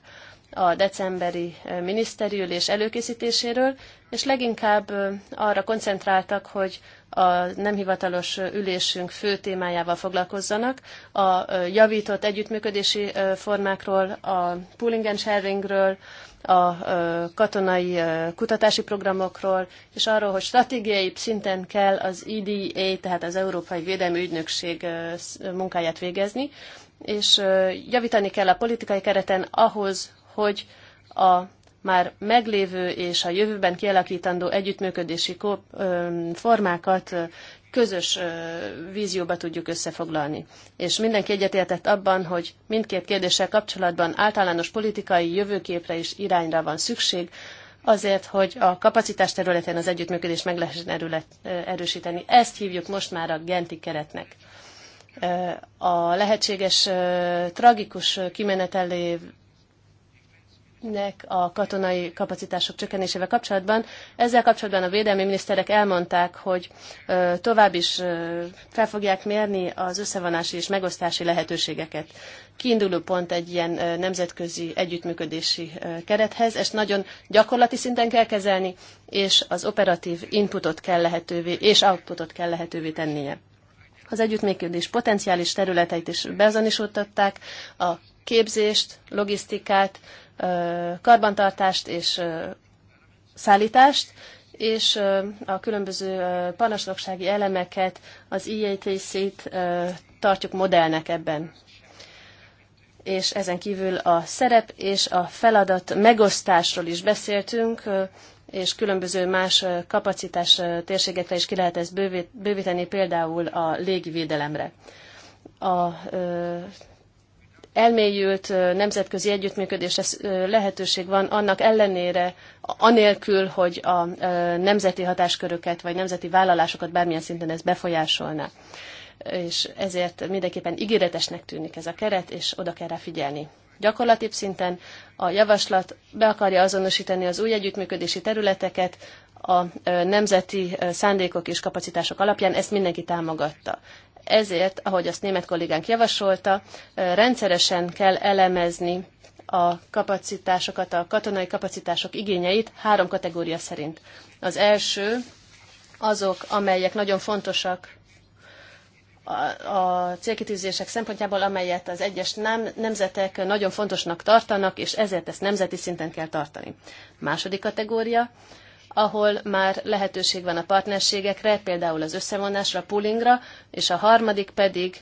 a decemberi miniszteri ülés előkészítéséről, és leginkább arra koncentráltak, hogy a nem hivatalos ülésünk fő témájával foglalkozzanak, a javított együttműködési formákról, a pooling and sharingről, a katonai kutatási programokról, és arról, hogy stratégiai szinten kell az EDA, tehát az Európai Védelmi Ügynökség munkáját végezni, és javítani kell a politikai kereten ahhoz, hogy a már meglévő és a jövőben kialakítandó együttműködési formákat közös vízióba tudjuk összefoglalni. És mindenki egyetértett abban, hogy mindkét kérdéssel kapcsolatban általános politikai jövőképre és irányra van szükség, azért, hogy a kapacitás területén az együttműködés meg lehessen erősíteni. Ezt hívjuk most már a genti keretnek. A lehetséges tragikus kimenetelé nek a katonai kapacitások csökkenésével kapcsolatban. Ezzel kapcsolatban a védelmi miniszterek elmondták, hogy tovább is fel fogják mérni az összevonási és megosztási lehetőségeket. Kiinduló pont egy ilyen nemzetközi együttműködési kerethez, ezt nagyon gyakorlati szinten kell kezelni, és az operatív inputot kell lehetővé, és outputot kell lehetővé tennie. Az együttműködés potenciális területeit is beazonosították, a képzést, logisztikát, karbantartást és szállítást, és a különböző panasnoksági elemeket, az IATC-t tartjuk modellnek ebben. És ezen kívül a szerep és a feladat megosztásról is beszéltünk, és különböző más kapacitás térségekre is ki lehet ezt bővíteni, például a légivédelemre. A elmélyült nemzetközi együttműködésre lehetőség van, annak ellenére, anélkül, hogy a nemzeti hatásköröket vagy nemzeti vállalásokat bármilyen szinten ez befolyásolná. És ezért mindenképpen ígéretesnek tűnik ez a keret, és oda kell rá figyelni. Gyakorlatibb szinten a javaslat be akarja azonosítani az új együttműködési területeket, a nemzeti szándékok és kapacitások alapján, ezt mindenki támogatta. Ezért, ahogy azt német kollégánk javasolta, rendszeresen kell elemezni a kapacitásokat, a katonai kapacitások igényeit három kategória szerint. Az első azok, amelyek nagyon fontosak a célkitűzések szempontjából, amelyet az egyes nem, nemzetek nagyon fontosnak tartanak, és ezért ezt nemzeti szinten kell tartani. Második kategória, ahol már lehetőség van a partnerségekre, például az összevonásra, poolingra, és a harmadik pedig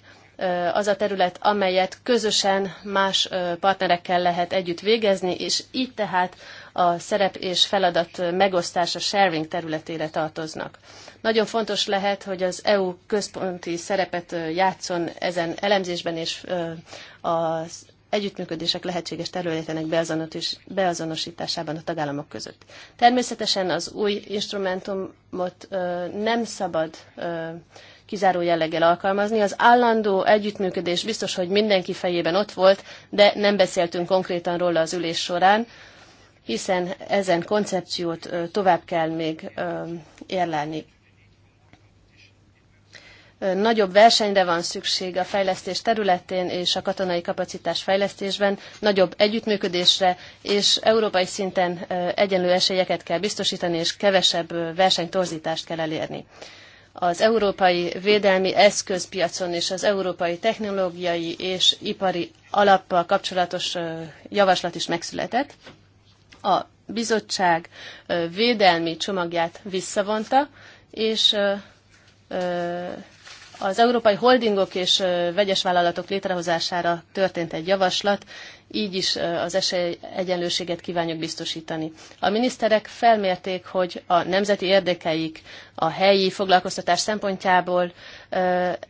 az a terület, amelyet közösen más partnerekkel lehet együtt végezni, és így tehát a szerep és feladat megosztása sharing területére tartoznak. Nagyon fontos lehet, hogy az EU központi szerepet játszon ezen elemzésben és az együttműködések lehetséges területének beazonosításában a tagállamok között. Természetesen az új instrumentumot nem szabad kizáró jelleggel alkalmazni. Az állandó együttműködés biztos, hogy mindenki fejében ott volt, de nem beszéltünk konkrétan róla az ülés során, hiszen ezen koncepciót tovább kell még érlelni nagyobb versenyre van szükség a fejlesztés területén és a katonai kapacitás fejlesztésben, nagyobb együttműködésre, és európai szinten egyenlő esélyeket kell biztosítani, és kevesebb versenytorzítást kell elérni. Az európai védelmi eszközpiacon és az európai technológiai és ipari alappal kapcsolatos javaslat is megszületett. A bizottság védelmi csomagját visszavonta, és az európai holdingok és vegyes vállalatok létrehozására történt egy javaslat, így is az esélyegyenlőséget kívánjuk biztosítani. A miniszterek felmérték, hogy a nemzeti érdekeik a helyi foglalkoztatás szempontjából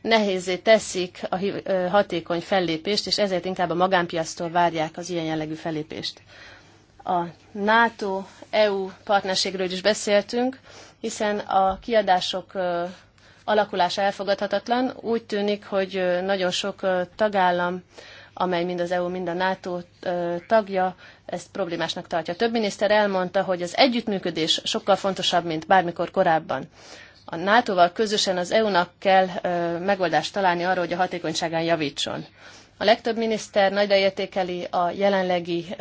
nehézé teszik a hatékony fellépést, és ezért inkább a magánpiasztól várják az ilyen jellegű fellépést. A NATO-EU partnerségről is beszéltünk, hiszen a kiadások Alakulás elfogadhatatlan. Úgy tűnik, hogy nagyon sok tagállam, amely mind az EU, mind a NATO tagja, ezt problémásnak tartja. Több miniszter elmondta, hogy az együttműködés sokkal fontosabb, mint bármikor korábban. A NATO-val közösen az EU-nak kell megoldást találni arra, hogy a hatékonyságán javítson. A legtöbb miniszter nagyra értékeli a jelenlegi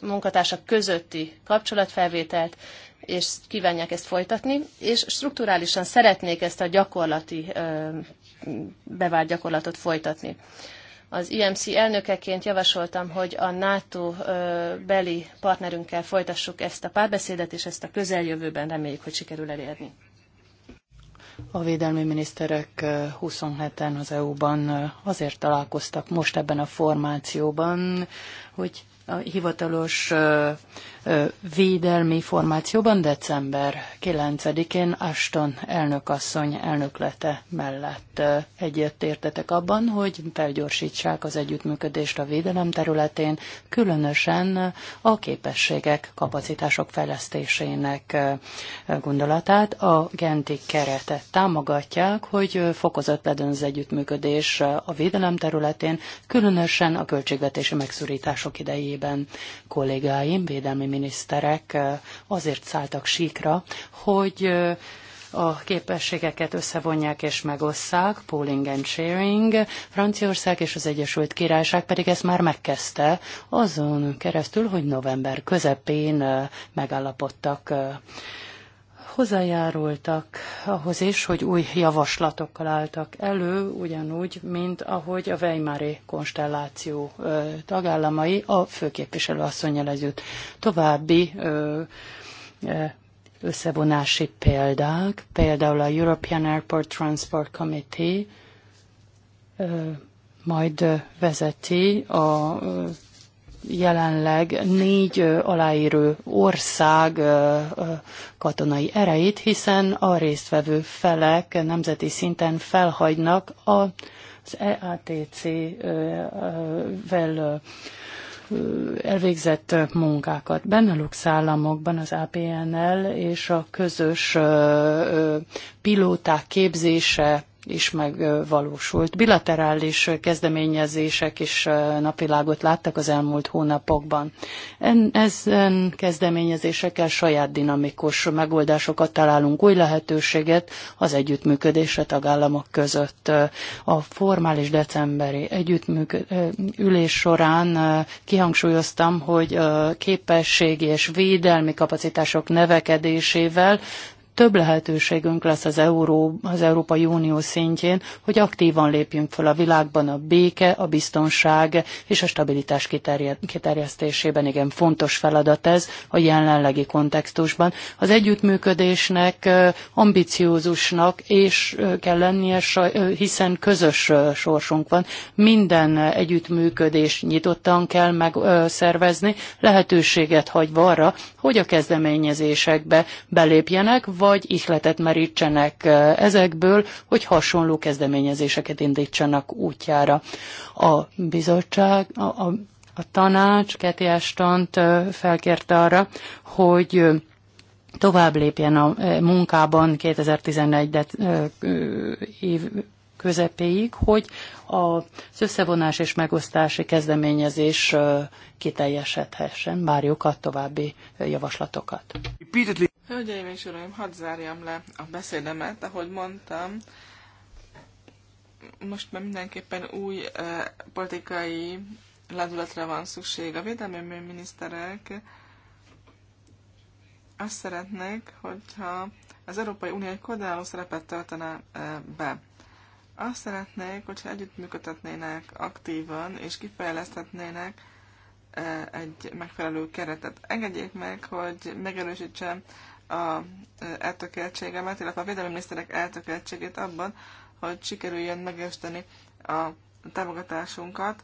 munkatársak közötti kapcsolatfelvételt, és kívánják ezt folytatni, és strukturálisan szeretnék ezt a gyakorlati, bevált gyakorlatot folytatni. Az IMC elnökeként javasoltam, hogy a NATO beli partnerünkkel folytassuk ezt a párbeszédet, és ezt a közeljövőben reméljük, hogy sikerül elérni. A védelmi miniszterek 27-en az EU-ban azért találkoztak most ebben a formációban, hogy a hivatalos védelmi formációban december 9-én Aston elnökasszony elnöklete mellett egyetértetek abban, hogy felgyorsítsák az együttműködést a védelem területén, különösen a képességek, kapacitások fejlesztésének gondolatát. A genti keretet támogatják, hogy fokozott legyen az együttműködés a védelem területén, különösen a költségvetési megszorítások idejében éveiben kollégáim, védelmi miniszterek azért szálltak síkra, hogy a képességeket összevonják és megosszák, pooling and sharing, Franciaország és az Egyesült Királyság pedig ezt már megkezdte azon keresztül, hogy november közepén megállapodtak hozzájárultak ahhoz is, hogy új javaslatokkal álltak elő, ugyanúgy, mint ahogy a Weimári konstelláció tagállamai a főképviselő asszonyjal együtt. További összevonási példák, például a European Airport Transport Committee majd vezeti a jelenleg négy aláírő ország katonai erejét, hiszen a résztvevő felek nemzeti szinten felhagynak az EATC-vel elvégzett munkákat. Benelux államokban az APNL és a közös pilóták képzése is megvalósult. Bilaterális kezdeményezések is napvilágot láttak az elmúlt hónapokban. Ezen kezdeményezésekkel saját dinamikus megoldásokat találunk, új lehetőséget az együttműködésre tagállamok között. A formális decemberi ülés során kihangsúlyoztam, hogy képességi és védelmi kapacitások növekedésével több lehetőségünk lesz az, Euró, az Európai Unió szintjén, hogy aktívan lépjünk fel a világban a béke, a biztonság és a stabilitás kiterjesztésében. Igen, fontos feladat ez a jelenlegi kontextusban. Az együttműködésnek ambiciózusnak és kell lennie, hiszen közös sorsunk van. Minden együttműködés nyitottan kell megszervezni, lehetőséget hagyva arra, hogy a kezdeményezésekbe belépjenek, vagy vagy ihletet merítsenek eh, ezekből, hogy hasonló kezdeményezéseket indítsanak útjára. A bizottság, a, a, a tanács Keti Estant eh, felkérte arra, hogy eh, tovább lépjen a munkában 2011 év közepéig, hogy az összevonás és megosztási kezdeményezés kiteljesedhessen. Várjuk a további javaslatokat. Hölgyeim és Uraim, hadd zárjam le a beszédemet, ahogy mondtam, most már mindenképpen új eh, politikai lendületre van szükség. A védelmi miniszterek azt szeretnék, hogyha az Európai Unió egy kodáló szerepet töltene eh, be. Azt szeretnék, hogyha együttműködhetnének aktívan, és kifejleszthetnének eh, egy megfelelő keretet. Engedjék meg, hogy megerősítsem a eltökéltségemet, illetve a védelmi miniszterek eltökéltségét abban, hogy sikerüljön megérteni a támogatásunkat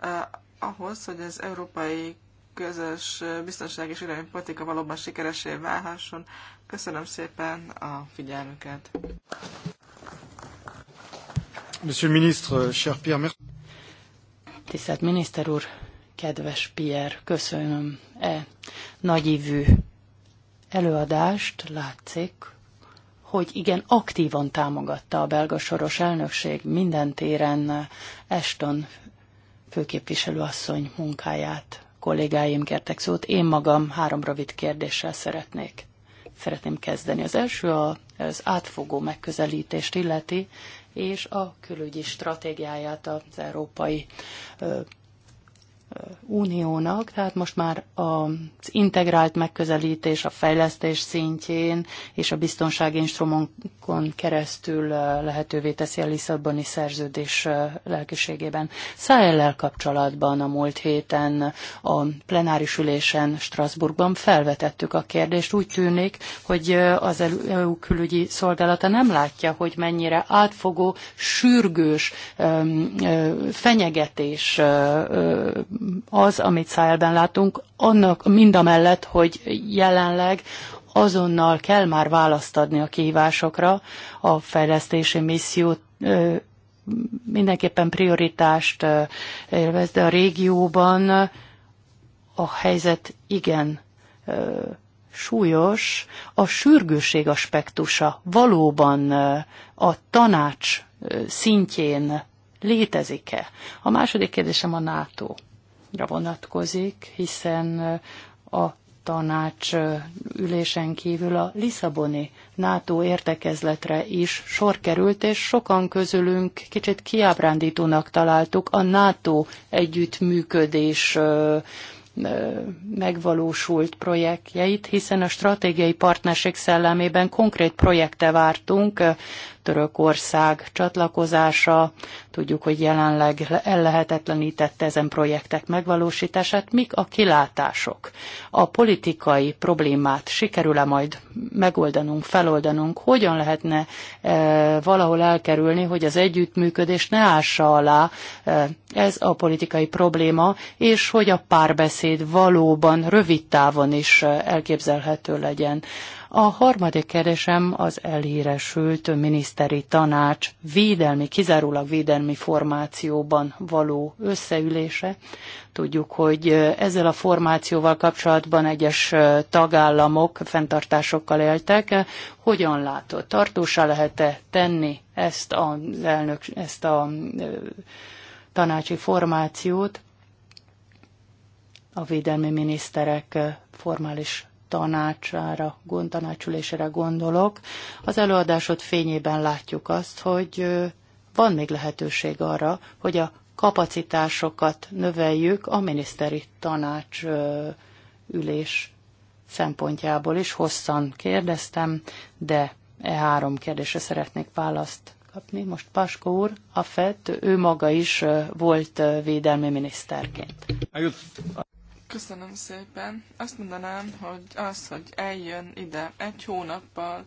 eh, ahhoz, hogy az európai közös biztonság és politika valóban sikeresé válhasson. Köszönöm szépen a figyelmüket. Monsieur ministre, cher Pierre, Tisztelt miniszter úr, kedves Pierre, köszönöm e nagyívű előadást látszik, hogy igen, aktívan támogatta a belga soros elnökség minden téren Eston eh, főképviselőasszony munkáját. Kollégáim kértek szót, én magam három rövid kérdéssel szeretnék. Szeretném kezdeni. Az első az átfogó megközelítést illeti, és a külügyi stratégiáját az európai Uniónak, tehát most már az integrált megközelítés a fejlesztés szintjén és a biztonsági instrumentokon keresztül lehetővé teszi a Lisszaboni szerződés lelkiségében. Szájellel kapcsolatban a múlt héten a plenáris ülésen Strasbourgban felvetettük a kérdést. Úgy tűnik, hogy az EU e külügyi szolgálata nem látja, hogy mennyire átfogó, sürgős fenyegetés az, amit Szájelben látunk, annak mind a mellett, hogy jelenleg azonnal kell már választ adni a kihívásokra, a fejlesztési missziót mindenképpen prioritást élvez, de a régióban a helyzet igen súlyos. A sürgőség aspektusa valóban a tanács szintjén létezik-e? A második kérdésem a NATO vonatkozik, hiszen a tanács ülésen kívül a Lisszaboni NATO értekezletre is sor került, és sokan közülünk kicsit kiábrándítónak találtuk a NATO együttműködés megvalósult projektjeit, hiszen a stratégiai partnerség szellemében konkrét projekte vártunk Törökország csatlakozása. Tudjuk, hogy jelenleg ellehetetlenítette ezen projektek megvalósítását. Mik a kilátások? A politikai problémát sikerül-e majd megoldanunk, feloldanunk? Hogyan lehetne e, valahol elkerülni, hogy az együttműködés ne ássa alá e, ez a politikai probléma, és hogy a párbeszéd valóban rövid távon is e, elképzelhető legyen. A harmadik kérdésem az elhíresült miniszteri tanács védelmi, kizárólag védelmi formációban való összeülése. Tudjuk, hogy ezzel a formációval kapcsolatban egyes tagállamok fenntartásokkal éltek. Hogyan látod? Tartósá lehet-e tenni ezt az elnök, ezt a tanácsi formációt a védelmi miniszterek formális tanácsára, tanácsülésére gondolok. Az előadásod fényében látjuk azt, hogy van még lehetőség arra, hogy a kapacitásokat növeljük a miniszteri tanács ülés szempontjából is. Hosszan kérdeztem, de e három kérdésre szeretnék választ kapni. Most Paskó úr, a FED, ő maga is volt védelmi miniszterként. Köszönöm szépen. Azt mondanám, hogy az, hogy eljön ide egy hónappal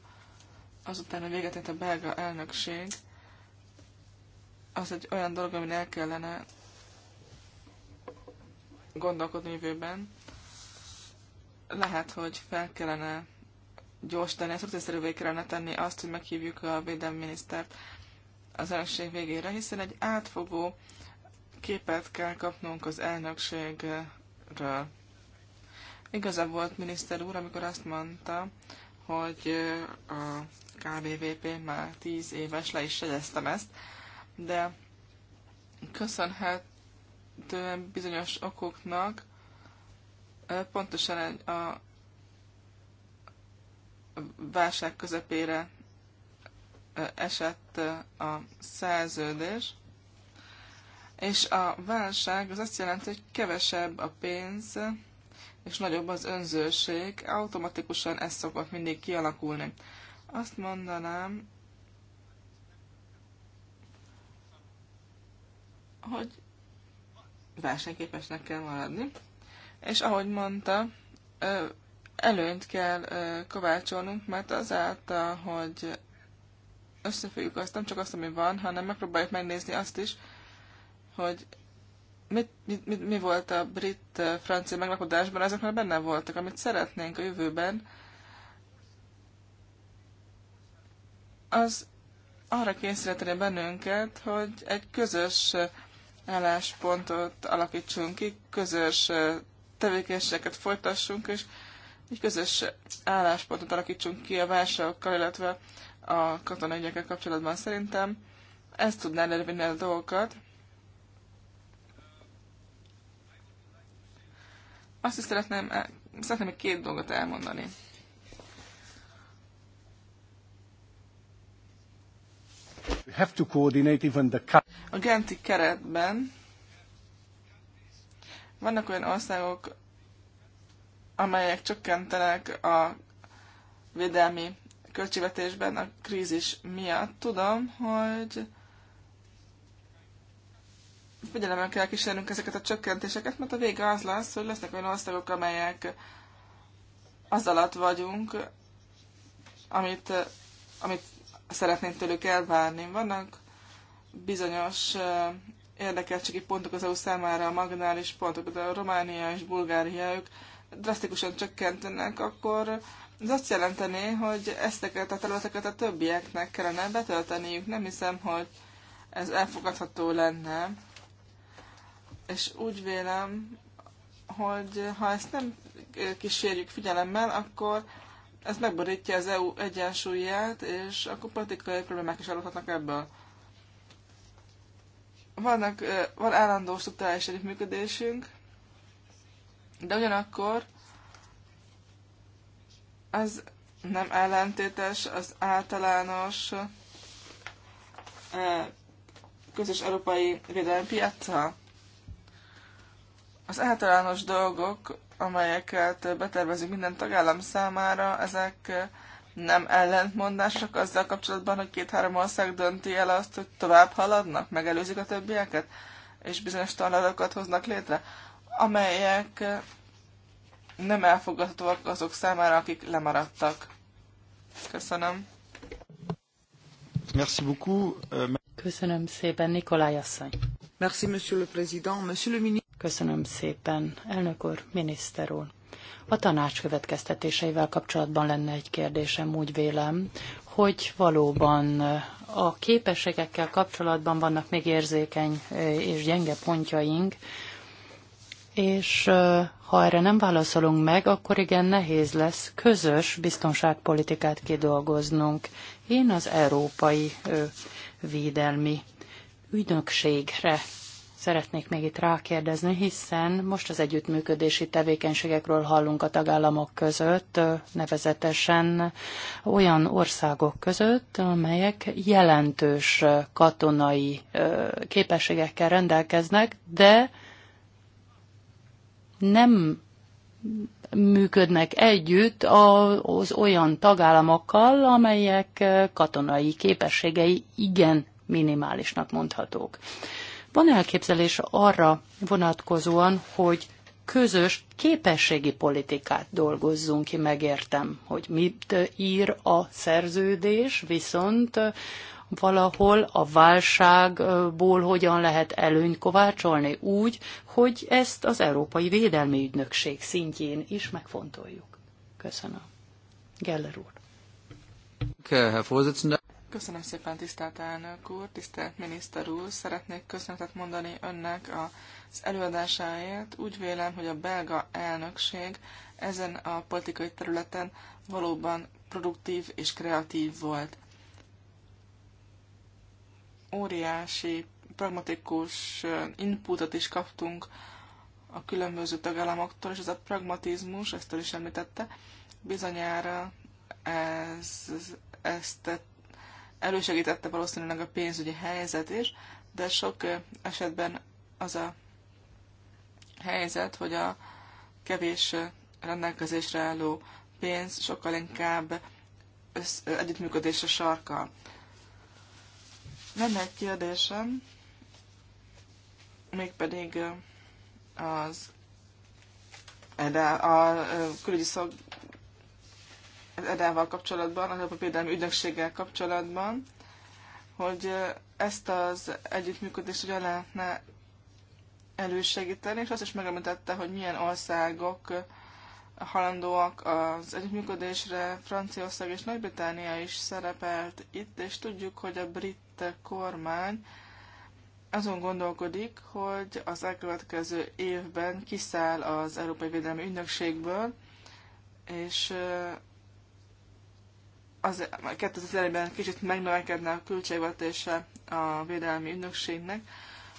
azután, hogy véget ért a belga elnökség, az egy olyan dolog, amin el kellene gondolkodni jövőben. Lehet, hogy fel kellene gyorsítani, szükségszerűvé kellene tenni azt, hogy meghívjuk a védelmi minisztert az elnökség végére, hiszen egy átfogó képet kell kapnunk az elnökség ről. Igaza volt miniszter úr, amikor azt mondta, hogy a KBVP már tíz éves, le is jegyeztem ezt, de köszönhetően bizonyos okoknak pontosan a válság közepére esett a szerződés, és a válság az azt jelenti, hogy kevesebb a pénz, és nagyobb az önzőség, automatikusan ez szokott mindig kialakulni. Azt mondanám, hogy versenyképesnek kell maradni, és ahogy mondta, előnyt kell kovácsolnunk, mert azáltal, hogy összefüggjük azt, nem csak azt, ami van, hanem megpróbáljuk megnézni azt is, hogy mit, mit, mit, mi volt a brit-francia eh, meglakodásban, ezek már benne voltak, amit szeretnénk a jövőben, az arra kényszeríteni bennünket, hogy egy közös eh, álláspontot alakítsunk ki, közös eh, tevékenységeket folytassunk, és egy közös álláspontot alakítsunk ki a válságokkal, illetve a katonai kapcsolatban szerintem. Ez tudná elővinni a dolgokat. Azt is szeretném, eh, szeretném egy két dolgot elmondani. Have to coordinate even the... A genti keretben vannak olyan országok, amelyek csökkentenek a védelmi költségvetésben a krízis miatt. Tudom, hogy figyelemmel kell kísérnünk ezeket a csökkentéseket, mert a vége az lesz, hogy lesznek olyan országok, amelyek az alatt vagyunk, amit, amit szeretnénk tőlük elvárni. Vannak bizonyos eh, érdekeltségi pontok az EU számára, a magnális pontok, de a Románia és Bulgária ők drasztikusan csökkentenek, akkor ez azt jelenteni, hogy ezteket a területeket a többieknek kellene betölteniük. Nem hiszem, hogy ez elfogadható lenne és úgy vélem, hogy ha ezt nem kísérjük figyelemmel, akkor ez megborítja az EU egyensúlyát, és akkor politikai problémák is adhatnak ebből. Vannak, van állandó struktúrális együttműködésünk, de ugyanakkor az nem ellentétes az általános közös európai védelmi piacsal. Az általános dolgok, amelyeket betervezünk minden tagállam számára, ezek nem ellentmondások azzal kapcsolatban, hogy két-három ország dönti el azt, hogy tovább haladnak, megelőzik a többieket, és bizonyos tanulatokat hoznak létre, amelyek nem elfogadhatóak azok számára, akik lemaradtak. Köszönöm. Merci beaucoup. Euh, Köszönöm szépen, Nikolaj asszony. Merci, monsieur le président. Monsieur le ministre. Köszönöm szépen, elnök úr, miniszter úr. A tanács következtetéseivel kapcsolatban lenne egy kérdésem, úgy vélem, hogy valóban a képességekkel kapcsolatban vannak még érzékeny és gyenge pontjaink, és ha erre nem válaszolunk meg, akkor igen nehéz lesz közös biztonságpolitikát kidolgoznunk. Én az európai védelmi ügynökségre szeretnék még itt rákérdezni, hiszen most az együttműködési tevékenységekről hallunk a tagállamok között, nevezetesen olyan országok között, amelyek jelentős katonai képességekkel rendelkeznek, de nem működnek együtt az olyan tagállamokkal, amelyek katonai képességei igen minimálisnak mondhatók. Van elképzelés arra vonatkozóan, hogy közös képességi politikát dolgozzunk ki, megértem, hogy mit ír a szerződés, viszont valahol a válságból hogyan lehet előny kovácsolni úgy, hogy ezt az Európai Védelmi Ügynökség szintjén is megfontoljuk. Köszönöm. Geller úr. Köszönöm szépen, tisztelt elnök úr, tisztelt miniszter úr. Szeretnék köszönetet mondani önnek az előadásáért. Úgy vélem, hogy a belga elnökség ezen a politikai területen valóban produktív és kreatív volt. Óriási, pragmatikus inputot is kaptunk a különböző tagállamoktól, és ez a pragmatizmus, ezt is említette, bizonyára ez, ezt elősegítette valószínűleg a pénzügyi helyzet is, de sok esetben az a helyzet, hogy a kevés rendelkezésre álló pénz sokkal inkább össz, együttműködésre sarka. Lenne egy kérdésem, mégpedig az de a külügyi szolgálat az edával kapcsolatban, az Európai Védelmi Ügynökséggel kapcsolatban, hogy ezt az együttműködést hogyan lehetne elősegíteni, és azt is megemlítette, hogy milyen országok halandóak az együttműködésre, Franciaország és Nagy-Británia is szerepelt itt, és tudjuk, hogy a brit kormány azon gondolkodik, hogy az elkövetkező évben kiszáll az Európai Védelmi Ügynökségből, és az 2001-ben kicsit megnövekedne a költségvetése a védelmi ügynökségnek.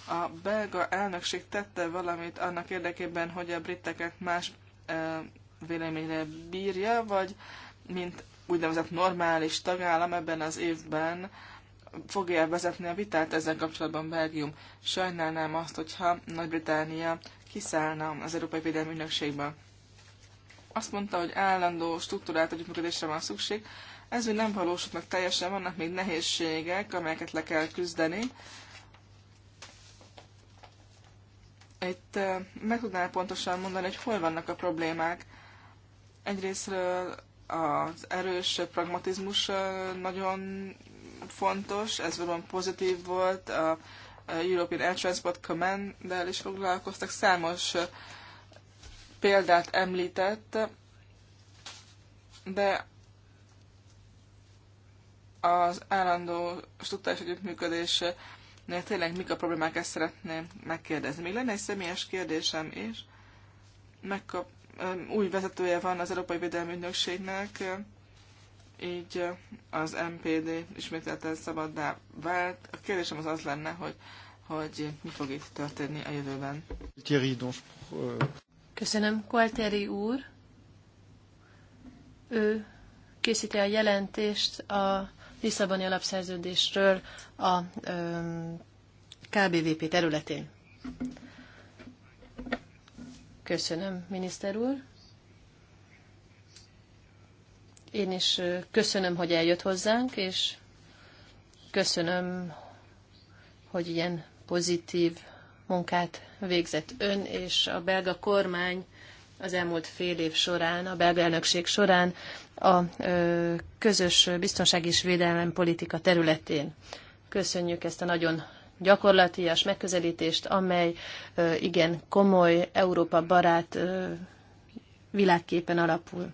A belga elnökség tette valamit annak érdekében, hogy a briteket más véleményre bírja, vagy mint úgynevezett normális tagállam ebben az évben fogja vezetni a vitát ezzel kapcsolatban Belgium. Sajnálnám azt, hogyha Nagy-Británia kiszállna az Európai Védelmi Ügynökségből. Azt mondta, hogy állandó struktúrált együttműködésre van szükség, ez még nem valósult meg teljesen, vannak még nehézségek, amelyeket le kell küzdeni. Itt meg tudnál pontosan mondani, hogy hol vannak a problémák. Egyrésztről az erős pragmatizmus nagyon fontos, ez valóban pozitív volt, a European Air Transport command is foglalkoztak, számos példát említett, de az állandó struktúrás együttműködésnél tényleg mik a problémák, ezt szeretném megkérdezni. Még lenne egy személyes kérdésem is. Megkap, új vezetője van az Európai Védelmi Ügynökségnek, így az MPD ismételten szabaddá vált. A kérdésem az az lenne, hogy, hogy mi fog itt történni a jövőben. Euh, Köszönöm, Kolteri úr. Ő készíti a jelentést a Lisszaboni alapszerződésről a KBVP területén. Köszönöm, miniszter úr. Én is köszönöm, hogy eljött hozzánk, és köszönöm, hogy ilyen pozitív munkát végzett ön és a belga kormány az elmúlt fél év során, a belga elnökség során a közös biztonsági és védelem politika területén. Köszönjük ezt a nagyon gyakorlatias megközelítést, amely igen komoly, Európa barát világképen alapul.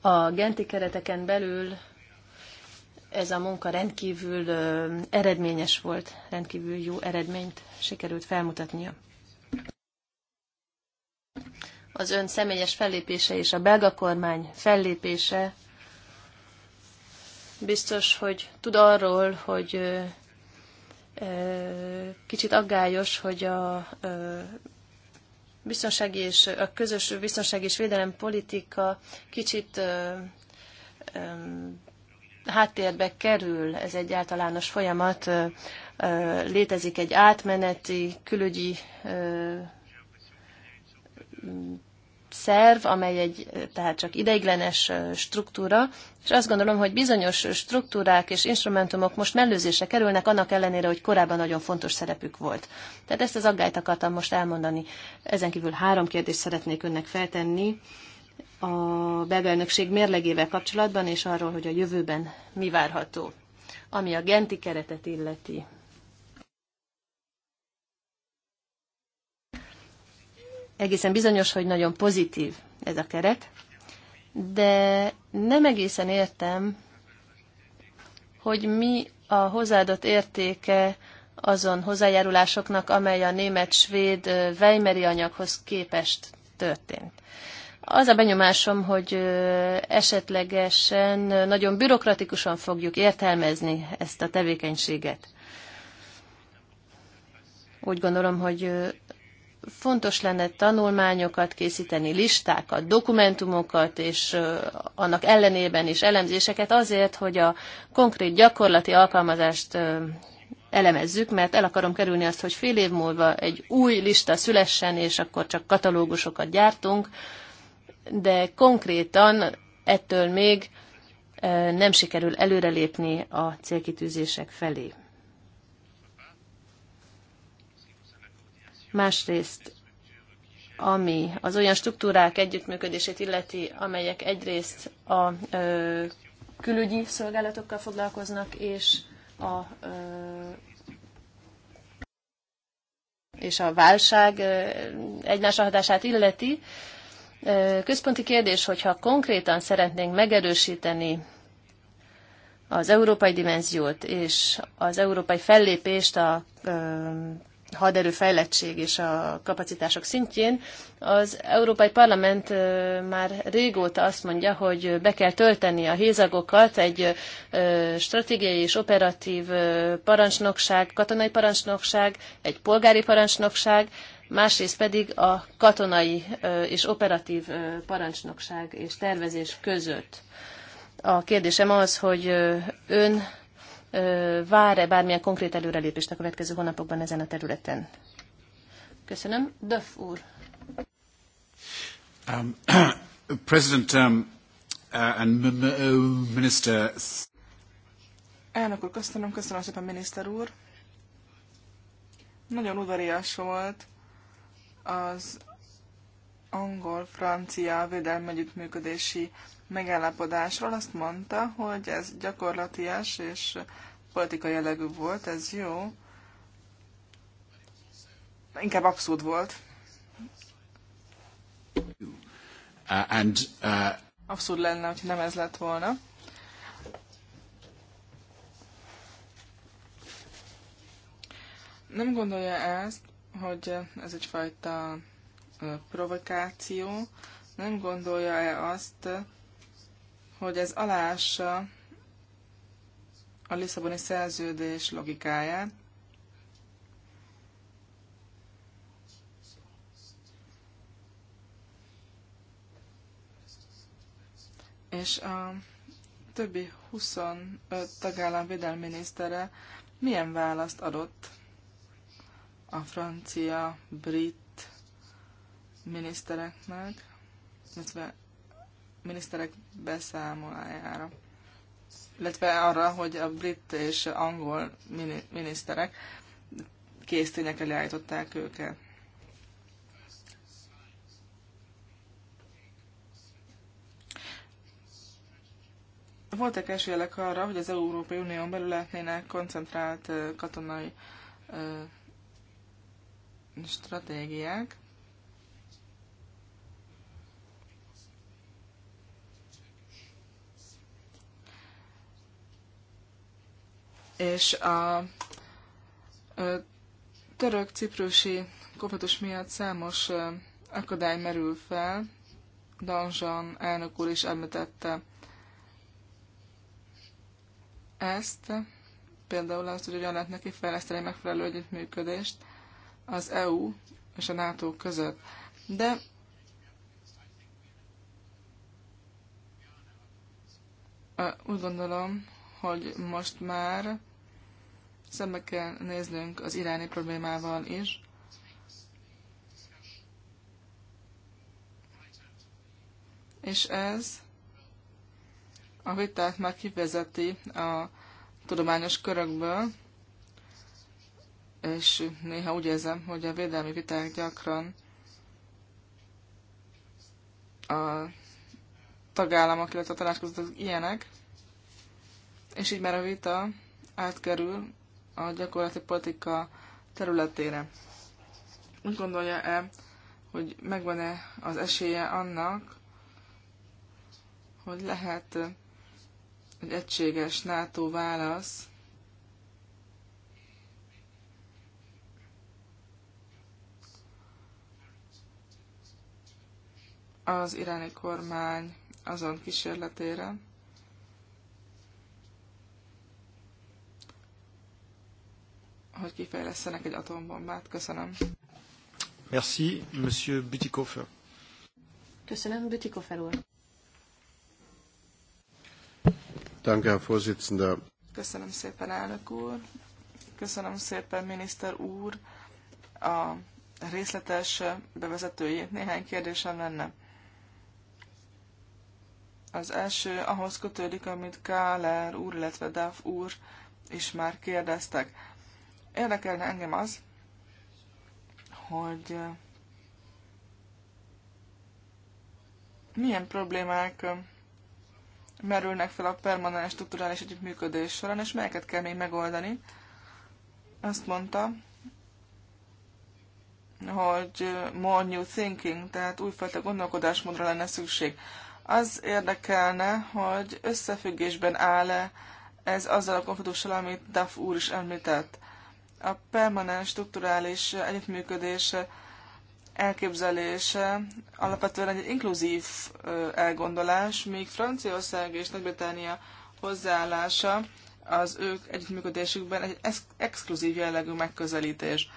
A genti kereteken belül ez a munka rendkívül eredményes volt, rendkívül jó eredményt sikerült felmutatnia az ön személyes fellépése és a belga kormány fellépése biztos, hogy tud arról, hogy kicsit aggályos, hogy a biztonsági és a közös biztonsági és védelem politika kicsit háttérbe kerül, ez egy általános folyamat, létezik egy átmeneti külügyi szerv, amely egy tehát csak ideiglenes struktúra, és azt gondolom, hogy bizonyos struktúrák és instrumentumok most mellőzésre kerülnek, annak ellenére, hogy korábban nagyon fontos szerepük volt. Tehát ezt az aggályt akartam most elmondani. Ezen kívül három kérdést szeretnék önnek feltenni a belgelnökség mérlegével kapcsolatban, és arról, hogy a jövőben mi várható, ami a genti keretet illeti. egészen bizonyos, hogy nagyon pozitív ez a keret, de nem egészen értem, hogy mi a hozzáadott értéke azon hozzájárulásoknak, amely a német-svéd Weimeri anyaghoz képest történt. Az a benyomásom, hogy esetlegesen nagyon bürokratikusan fogjuk értelmezni ezt a tevékenységet. Úgy gondolom, hogy fontos lenne tanulmányokat készíteni, listákat, dokumentumokat, és annak ellenében is elemzéseket azért, hogy a konkrét gyakorlati alkalmazást elemezzük, mert el akarom kerülni azt, hogy fél év múlva egy új lista szülessen, és akkor csak katalógusokat gyártunk, de konkrétan ettől még nem sikerül előrelépni a célkitűzések felé. Másrészt, ami az olyan struktúrák együttműködését illeti, amelyek egyrészt a ö, külügyi szolgálatokkal foglalkoznak, és a ö, és a válság egymásra hatását illeti. Központi kérdés, hogyha konkrétan szeretnénk megerősíteni az európai dimenziót és az európai fellépést a haderő fejlettség és a kapacitások szintjén, az Európai Parlament már régóta azt mondja, hogy be kell tölteni a hézagokat egy stratégiai és operatív parancsnokság, katonai parancsnokság, egy polgári parancsnokság, másrészt pedig a katonai és operatív parancsnokság és tervezés között. A kérdésem az, hogy ön vár-e bármilyen konkrét előrelépést a következő hónapokban ezen a területen? Köszönöm. Döf úr. Um, President um, uh, and Minister... Elnök úr, köszönöm, köszönöm szépen, miniszter úr. Nagyon udvarias volt az angol-francia védelmi együttműködési megállapodásról azt mondta, hogy ez gyakorlatias és politikai jellegű volt, ez jó. Inkább abszurd volt. Uh, abszurd lenne, hogy nem ez lett volna. Nem gondolja ezt, hogy ez egyfajta provokáció? Nem gondolja-e azt, hogy ez alássa a Lisszaboni szerződés logikáját, és a többi 25 tagállam védelminisztere milyen választ adott a francia, brit minisztereknek, illetve miniszterek beszámolájára, illetve arra, hogy a brit és angol miniszterek késztények elé állították őket. voltak esélyek arra, hogy az Európai Unión belül lehetnének koncentrált katonai ö, stratégiák. és a török-ciprusi konfliktus miatt számos akadály merül fel. Danzsan elnök úr is említette ezt, például azt, hogy hogyan lehet neki fejleszteni megfelelő együttműködést az EU és a NATO között. De úgy gondolom, hogy most már Szembe kell néznünk az iráni problémával is. És ez a vitát már kivezeti a tudományos körökből, és néha úgy érzem, hogy a védelmi viták gyakran a tagállamok, illetve a tanács ilyenek, és így már a vita átkerül a gyakorlati politika területére. Úgy gondolja-e, hogy megvan-e az esélye annak, hogy lehet egy egységes NATO válasz az iráni kormány azon kísérletére, hogy kifejlesztenek egy atombombát. Köszönöm. Merci, Monsieur Bütikofer. Köszönöm, Bütikofer úr. Danke, Herr Vorsitzender. Köszönöm szépen, elnök úr. Köszönöm szépen, miniszter úr, a részletes bevezetőjét. Néhány kérdésem lenne. Az első ahhoz kötődik, amit Káler úr, illetve Duff úr is már kérdeztek. Érdekelne engem az, hogy milyen problémák merülnek fel a permanens strukturális együttműködés során, és melyeket kell még megoldani. Azt mondta, hogy more new thinking, tehát újfajta gondolkodásmódra lenne szükség. Az érdekelne, hogy összefüggésben áll-e ez azzal a konfliktussal, amit Duff úr is említett a permanens strukturális együttműködés elképzelése alapvetően egy inkluzív elgondolás, míg Franciaország és Nagy-Britannia hozzáállása az ők együttműködésükben egy ex- exkluzív jellegű megközelítés.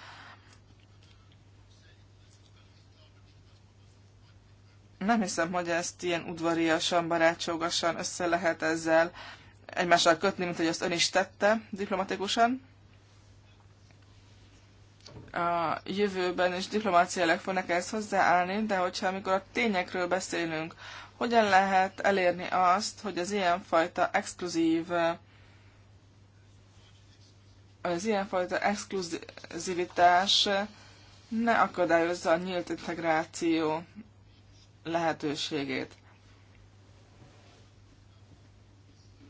Nem hiszem, hogy ezt ilyen udvariasan, barátságosan össze lehet ezzel egymással kötni, mint hogy azt ön is tette diplomatikusan a jövőben is diplomáciailag fognak ezt hozzáállni, de hogyha amikor a tényekről beszélünk, hogyan lehet elérni azt, hogy az ilyenfajta exkluzív az ilyenfajta exkluzivitás ne akadályozza a nyílt integráció lehetőségét.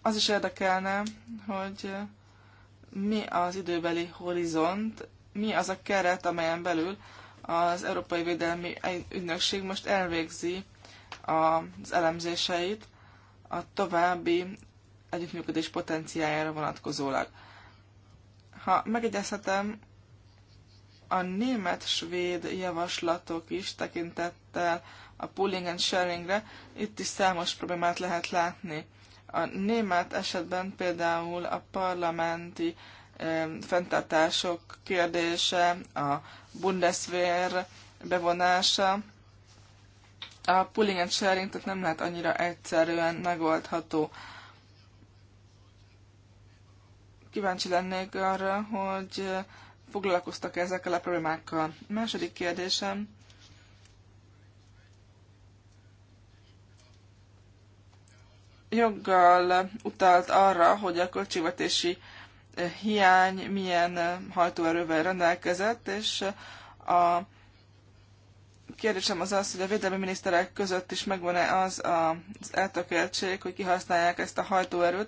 Az is érdekelne, hogy mi az időbeli horizont, mi az a keret, amelyen belül az Európai Védelmi Ügynökség most elvégzi az elemzéseit a további együttműködés potenciájára vonatkozólag. Ha megegyezhetem, a német-svéd javaslatok is tekintettel a pooling and sharingre, itt is számos problémát lehet látni. A német esetben például a parlamenti fenntartások kérdése, a Bundeswehr bevonása. A pooling and sharing tehát nem lehet annyira egyszerűen megoldható. Kíváncsi lennék arra, hogy foglalkoztak -e ezekkel a problémákkal. második kérdésem, joggal utalt arra, hogy a költségvetési hiány milyen hajtóerővel rendelkezett, és a kérdésem az az, hogy a védelmi miniszterek között is megvan-e az az eltökéltség, hogy kihasználják ezt a hajtóerőt,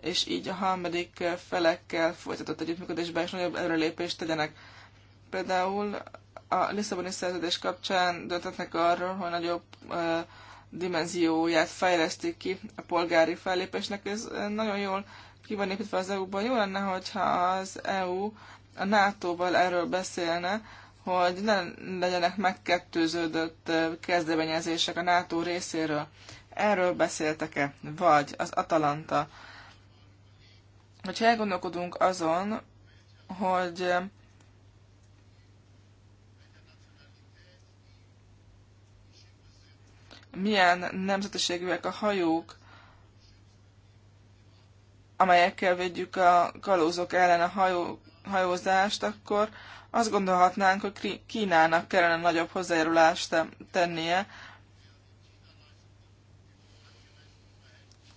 és így a harmadik felekkel folytatott együttműködésben is nagyobb előrelépést tegyenek. Például a Lisszaboni szerződés kapcsán döntetnek arról, hogy nagyobb dimenzióját fejlesztik ki a polgári fellépésnek. Ez nagyon jól ki van építve az EU-ban. Jó lenne, hogyha az EU a NATO-val erről beszélne, hogy ne legyenek megkettőződött kezdeményezések a NATO részéről. Erről beszéltek-e? Vagy az Atalanta? Hogyha elgondolkodunk azon, hogy milyen nemzetiségűek a hajók, amelyekkel védjük a kalózok ellen a hajó, hajózást, akkor azt gondolhatnánk, hogy Kínának kellene nagyobb hozzájárulást tennie.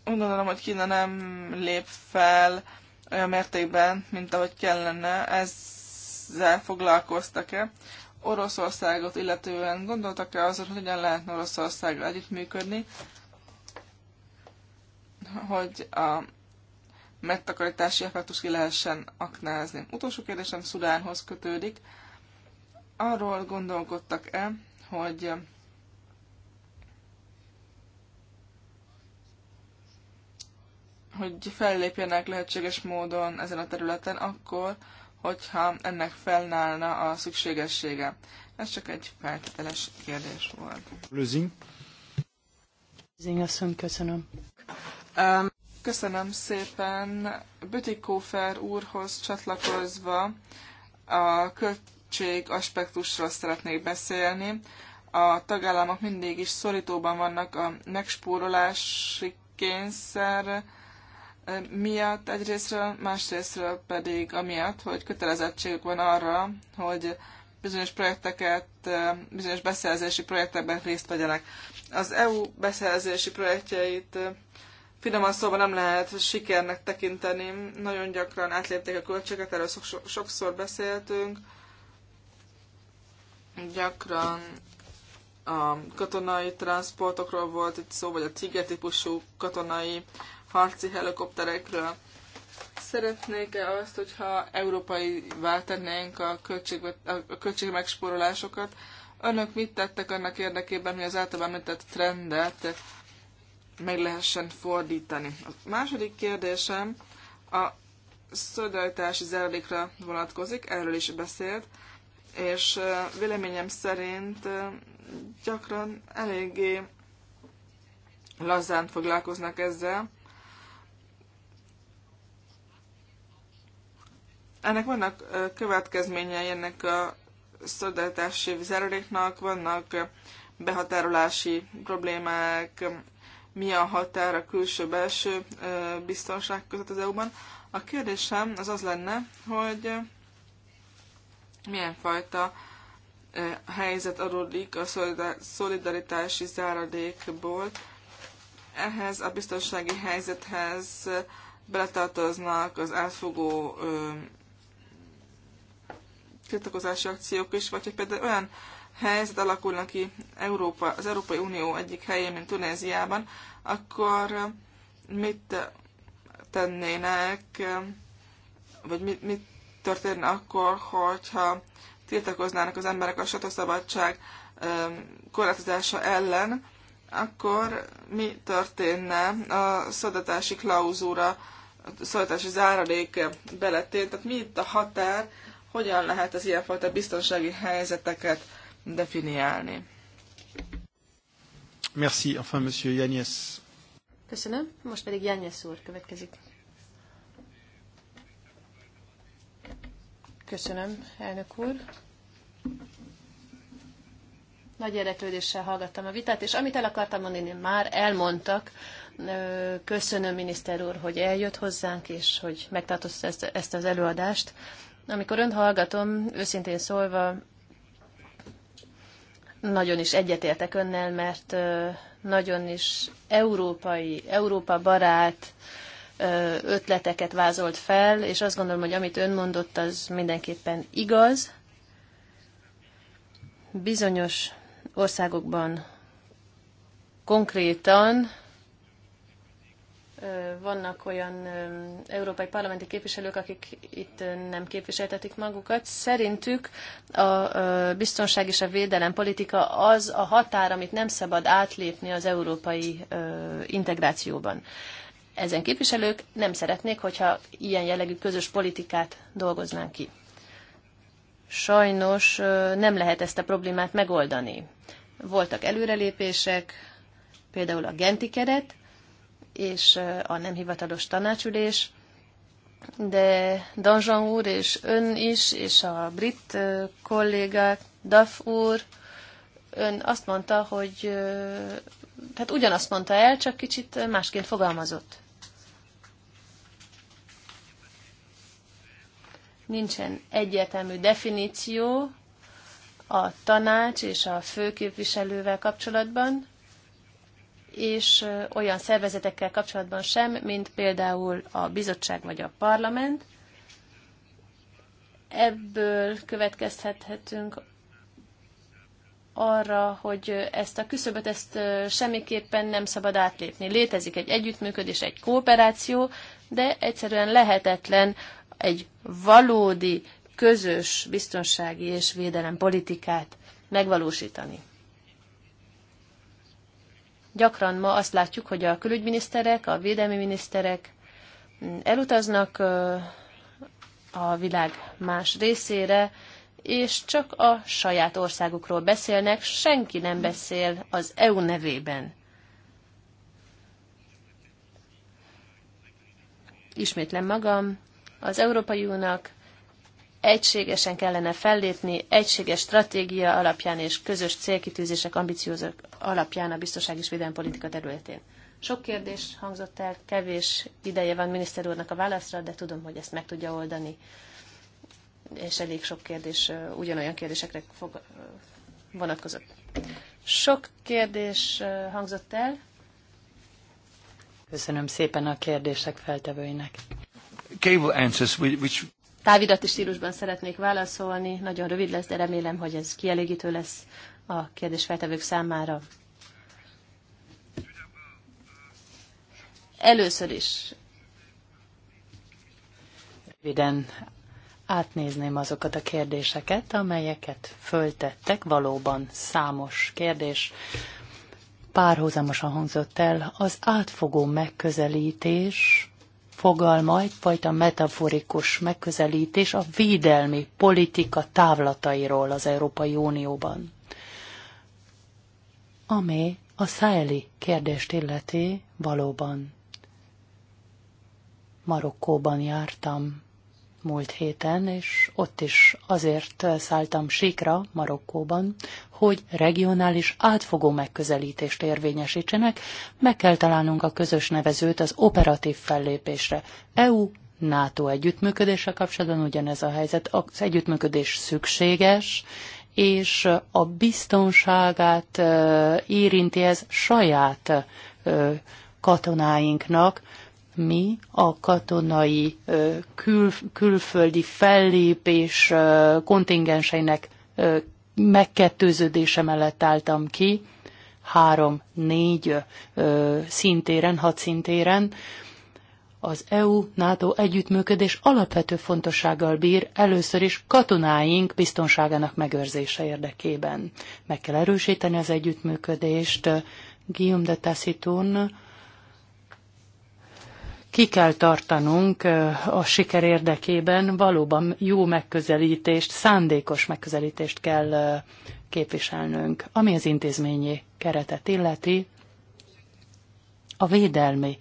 Úgy gondolom, hogy Kína nem lép fel olyan mértékben, mint ahogy kellene. Ezzel foglalkoztak-e? Oroszországot illetően gondoltak-e azon, hogy hogyan lehetne Oroszországgal együttműködni, hogy a megtakarítási effektus ki lehessen aknázni. Utolsó kérdésem Szudánhoz kötődik. Arról gondolkodtak-e, hogy hogy fellépjenek lehetséges módon ezen a területen akkor, hogyha ennek felnálna a szükségessége. Ez csak egy feltételes kérdés volt. Lőzing. Lőzing, asszony, köszönöm. Um, Köszönöm szépen. Bütikófer úrhoz csatlakozva a költség aspektusról szeretnék beszélni. A tagállamok mindig is szorítóban vannak a megspórolási kényszer miatt egyrésztről, másrésztről pedig amiatt, hogy kötelezettségük van arra, hogy bizonyos projekteket, bizonyos beszerzési projektekben részt vegyenek. Az EU beszerzési projektjeit finoman szóval nem lehet sikernek tekinteni. Nagyon gyakran átlépték a költséget, erről sokszor beszéltünk. Gyakran a katonai transportokról volt itt szó, vagy a Tiger típusú katonai harci helikopterekről. Szeretnék-e azt, hogyha európai váltanénk a, költség, a költség megspórolásokat. Önök mit tettek annak érdekében, hogy az általában említett trendet meg lehessen fordítani. A második kérdésem a szolidaritási zárulékra vonatkozik, erről is beszélt, és véleményem szerint gyakran eléggé lazán foglalkoznak ezzel. Ennek vannak következményei ennek a szolidaritási záruléknak, vannak behatárolási problémák, mi a határ a külső-belső biztonság között az EU-ban. A kérdésem az az lenne, hogy milyen fajta helyzet adódik a szolidaritási záradékból. Ehhez a biztonsági helyzethez beletartoznak az átfogó tiltakozási akciók is, vagy hogy például olyan helyzet alakulna ki Európa, az Európai Unió egyik helyén, mint Tunéziában, akkor eh, mit tennének, eh, vagy mit, mit történne akkor, hogyha tiltakoznának az emberek a sataszabadság eh, korlátozása ellen, akkor mi történne a szadatási klauzúra, a szadatási záradék beletén, tehát mi itt a határ, hogyan lehet az ilyenfajta biztonsági helyzeteket definiálni. Merci, enfin, monsieur Janyesz. Köszönöm, most pedig Jányesz úr következik. Köszönöm, elnök úr. Nagy érdeklődéssel hallgattam a vitát, és amit el akartam mondani, már elmondtak. Köszönöm, miniszter úr, hogy eljött hozzánk, és hogy megtartotta ezt, ezt az előadást. Amikor önt hallgatom, őszintén szólva, nagyon is egyetértek önnel, mert nagyon is európai, Európa barát ötleteket vázolt fel, és azt gondolom, hogy amit ön mondott, az mindenképpen igaz. Bizonyos országokban konkrétan vannak olyan európai parlamenti képviselők, akik itt nem képviseltetik magukat. Szerintük a biztonság és a védelem politika az a határ, amit nem szabad átlépni az európai integrációban. Ezen képviselők nem szeretnék, hogyha ilyen jellegű közös politikát dolgoznánk ki. Sajnos nem lehet ezt a problémát megoldani. Voltak előrelépések, például a genti keret, és a nem hivatalos tanácsülés, de Danzsan úr és ön is, és a brit kollégák, Duff úr, ön azt mondta, hogy tehát ugyanazt mondta el, csak kicsit másként fogalmazott. Nincsen egyértelmű definíció a tanács és a főképviselővel kapcsolatban, és olyan szervezetekkel kapcsolatban sem, mint például a bizottság vagy a parlament. Ebből következhethetünk arra, hogy ezt a küszöböt ezt semmiképpen nem szabad átlépni. Létezik egy együttműködés, egy kooperáció, de egyszerűen lehetetlen egy valódi közös biztonsági és védelem politikát megvalósítani. Gyakran ma azt látjuk, hogy a külügyminiszterek, a védelmi miniszterek mm, elutaznak a világ más részére, és csak a saját országukról beszélnek, senki nem beszél az EU nevében. Ismétlem magam, az Európai Uniónak egységesen kellene fellépni, egységes stratégia alapján és közös célkitűzések ambiciózók alapján a biztonság és védelmi politika területén. Sok kérdés hangzott el, kevés ideje van miniszter úrnak a válaszra, de tudom, hogy ezt meg tudja oldani. És elég sok kérdés ugyanolyan kérdésekre fog, vonatkozott. Sok kérdés hangzott el. Köszönöm szépen a kérdések feltevőinek. Cable answers, which távirati stílusban szeretnék válaszolni. Nagyon rövid lesz, de remélem, hogy ez kielégítő lesz a kérdésfeltevők számára. Először is röviden átnézném azokat a kérdéseket, amelyeket föltettek. Valóban számos kérdés párhuzamosan hangzott el. Az átfogó megközelítés fogalma egyfajta metaforikus megközelítés a védelmi politika távlatairól az Európai Unióban, ami a száeli kérdést illeti valóban. Marokkóban jártam múlt héten, és ott is azért szálltam síkra Marokkóban, hogy regionális átfogó megközelítést érvényesítsenek, meg kell találnunk a közös nevezőt az operatív fellépésre. EU NATO együttműködése kapcsolatban ugyanez a helyzet. Az együttműködés szükséges, és a biztonságát érinti ez saját katonáinknak, mi a katonai kül, külföldi fellépés kontingenseinek megkettőződése mellett álltam ki, három-négy szintéren, hat szintéren, az EU-NATO együttműködés alapvető fontossággal bír először is katonáink biztonságának megőrzése érdekében. Meg kell erősíteni az együttműködést. Guillaume de Taciturn ki kell tartanunk a siker érdekében, valóban jó megközelítést, szándékos megközelítést kell képviselnünk, ami az intézményi keretet illeti. A védelmi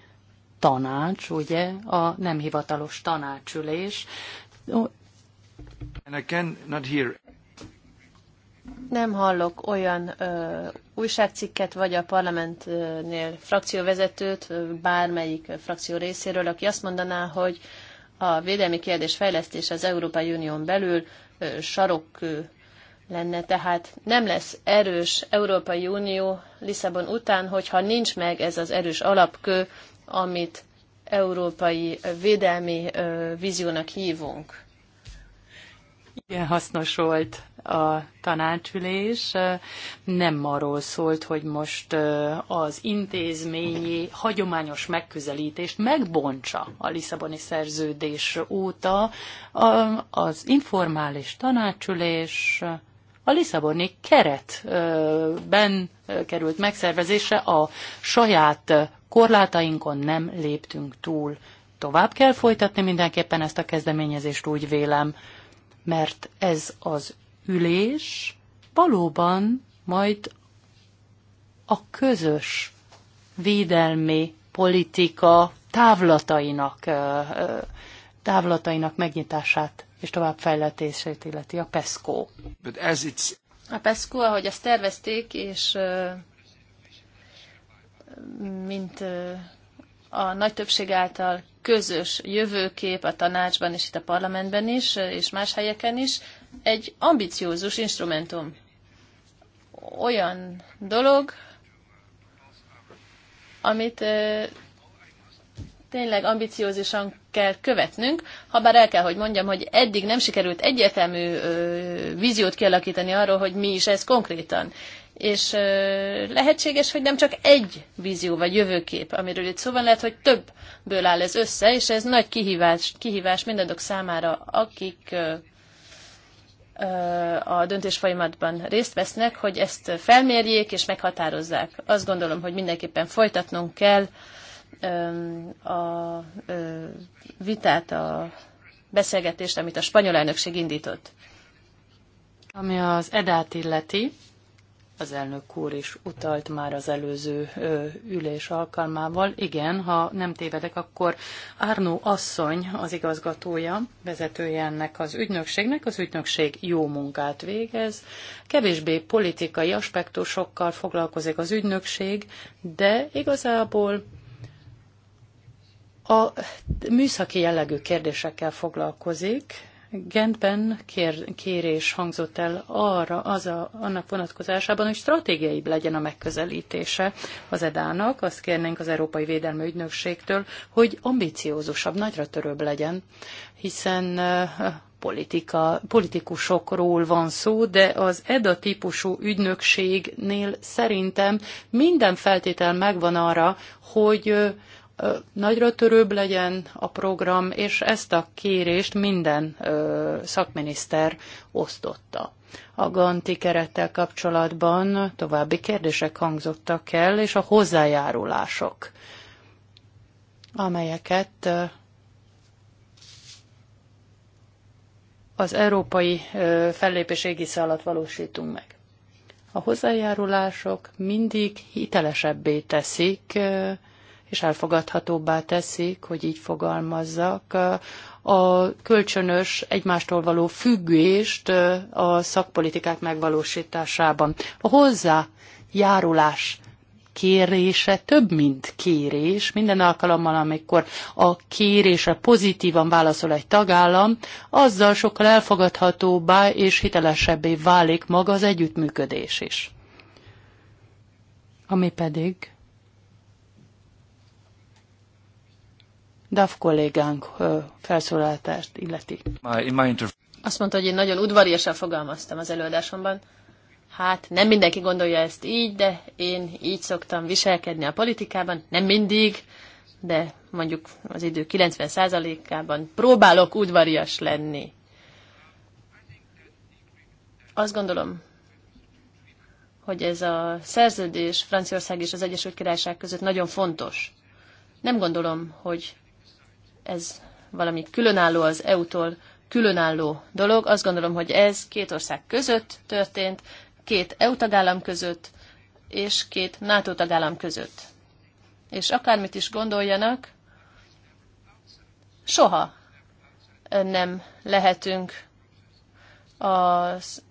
tanács, ugye, a nem hivatalos tanácsülés nem hallok olyan ö, újságcikket, vagy a parlamentnél frakcióvezetőt, bármelyik frakció részéről, aki azt mondaná, hogy a védelmi kérdés fejlesztése az Európai Unión belül ö, sarokkő lenne. Tehát nem lesz erős Európai Unió Lisszabon után, hogyha nincs meg ez az erős alapkő, amit európai védelmi ö, víziónak hívunk. Igen, hasznos volt a tanácsülés nem arról szólt, hogy most az intézményi hagyományos megközelítést megbontsa a Lisszaboni szerződés óta. Az informális tanácsülés a Lisszaboni keretben került megszervezésre a saját korlátainkon nem léptünk túl. Tovább kell folytatni mindenképpen ezt a kezdeményezést, úgy vélem, mert ez az ülés valóban majd a közös védelmi politika távlatainak, távlatainak megnyitását és továbbfejletését illeti a PESCO. But as it's... A PESCO, ahogy ezt tervezték, és mint a nagy többség által közös jövőkép a tanácsban és itt a parlamentben is, és más helyeken is, egy ambiciózus instrumentum. Olyan dolog, amit tényleg ambiciózusan kell követnünk, ha bár el kell, hogy mondjam, hogy eddig nem sikerült egyértelmű ö, víziót kialakítani arról, hogy mi is ez konkrétan. És ö, lehetséges, hogy nem csak egy vízió vagy jövőkép, amiről itt szó van, lehet, hogy többből áll ez össze, és ez nagy kihívás, kihívás mindazok számára, akik a döntés folyamatban részt vesznek, hogy ezt felmérjék és meghatározzák. Azt gondolom, hogy mindenképpen folytatnunk kell a vitát, a beszélgetést, amit a spanyol elnökség indított. Ami az edát illeti, az elnök úr is utalt már az előző ö, ülés alkalmával. Igen, ha nem tévedek, akkor Árnó asszony az igazgatója, vezetője ennek az ügynökségnek. Az ügynökség jó munkát végez. Kevésbé politikai aspektusokkal foglalkozik az ügynökség, de igazából a műszaki jellegű kérdésekkel foglalkozik, Gentben kér, kérés hangzott el arra, az a, annak vonatkozásában, hogy stratégiai legyen a megközelítése az EDA-nak. Azt kérnénk az Európai Védelmi Ügynökségtől, hogy ambiciózusabb, nagyra törőbb legyen, hiszen politika, politikusokról van szó, de az EDA típusú ügynökségnél szerintem minden feltétel megvan arra, hogy nagyra törőbb legyen a program, és ezt a kérést minden szakminiszter osztotta. A Ganti kerettel kapcsolatban további kérdések hangzottak el, és a hozzájárulások, amelyeket az európai fellépés égisze alatt valósítunk meg. A hozzájárulások mindig hitelesebbé teszik és elfogadhatóbbá teszik, hogy így fogalmazzak, a kölcsönös egymástól való függést a szakpolitikák megvalósításában. A hozzájárulás kérése több, mint kérés. Minden alkalommal, amikor a kérésre pozitívan válaszol egy tagállam, azzal sokkal elfogadhatóbbá és hitelesebbé válik maga az együttműködés is. Ami pedig DAF kollégánk felszólaltást illeti. Azt mondta, hogy én nagyon udvariasan fogalmaztam az előadásomban. Hát nem mindenki gondolja ezt így, de én így szoktam viselkedni a politikában, nem mindig, de mondjuk az idő 90%-ában próbálok udvarias lenni. Azt gondolom, hogy ez a szerződés Franciaország és az Egyesült Királyság között nagyon fontos. Nem gondolom, hogy ez valami különálló az EU-tól különálló dolog. Azt gondolom, hogy ez két ország között történt, két EU tagállam között, és két NATO tagállam között. És akármit is gondoljanak, soha nem lehetünk a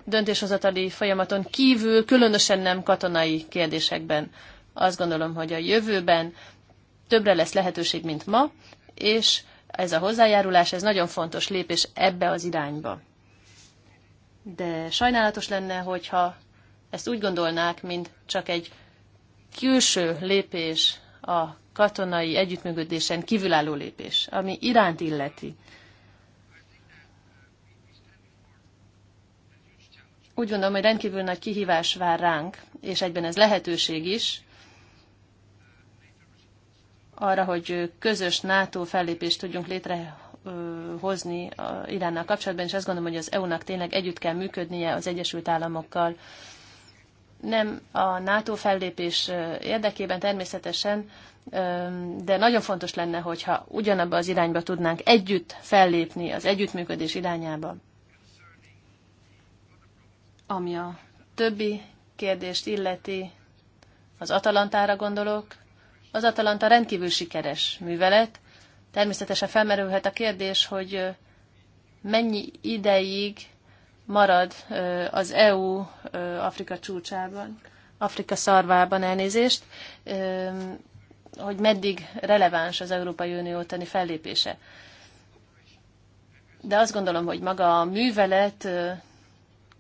döntéshozatali folyamaton kívül, különösen nem katonai kérdésekben. Azt gondolom, hogy a jövőben többre lesz lehetőség, mint ma, és ez a hozzájárulás, ez nagyon fontos lépés ebbe az irányba. De sajnálatos lenne, hogyha ezt úgy gondolnák, mint csak egy külső lépés a katonai együttműködésen kívülálló lépés, ami iránt illeti. Úgy gondolom, hogy rendkívül nagy kihívás vár ránk, és egyben ez lehetőség is, arra, hogy közös NATO fellépést tudjunk létrehozni Iránnal kapcsolatban, és azt gondolom, hogy az EU-nak tényleg együtt kell működnie az Egyesült Államokkal. Nem a NATO fellépés érdekében természetesen, de nagyon fontos lenne, hogyha ugyanabba az irányba tudnánk együtt fellépni, az együttműködés irányába. Ami a többi kérdést illeti, az Atalantára gondolok, az Atalanta rendkívül sikeres művelet. Természetesen felmerülhet a kérdés, hogy mennyi ideig marad az EU Afrika csúcsában, Afrika szarvában elnézést, hogy meddig releváns az Európai Unió tenni fellépése. De azt gondolom, hogy maga a művelet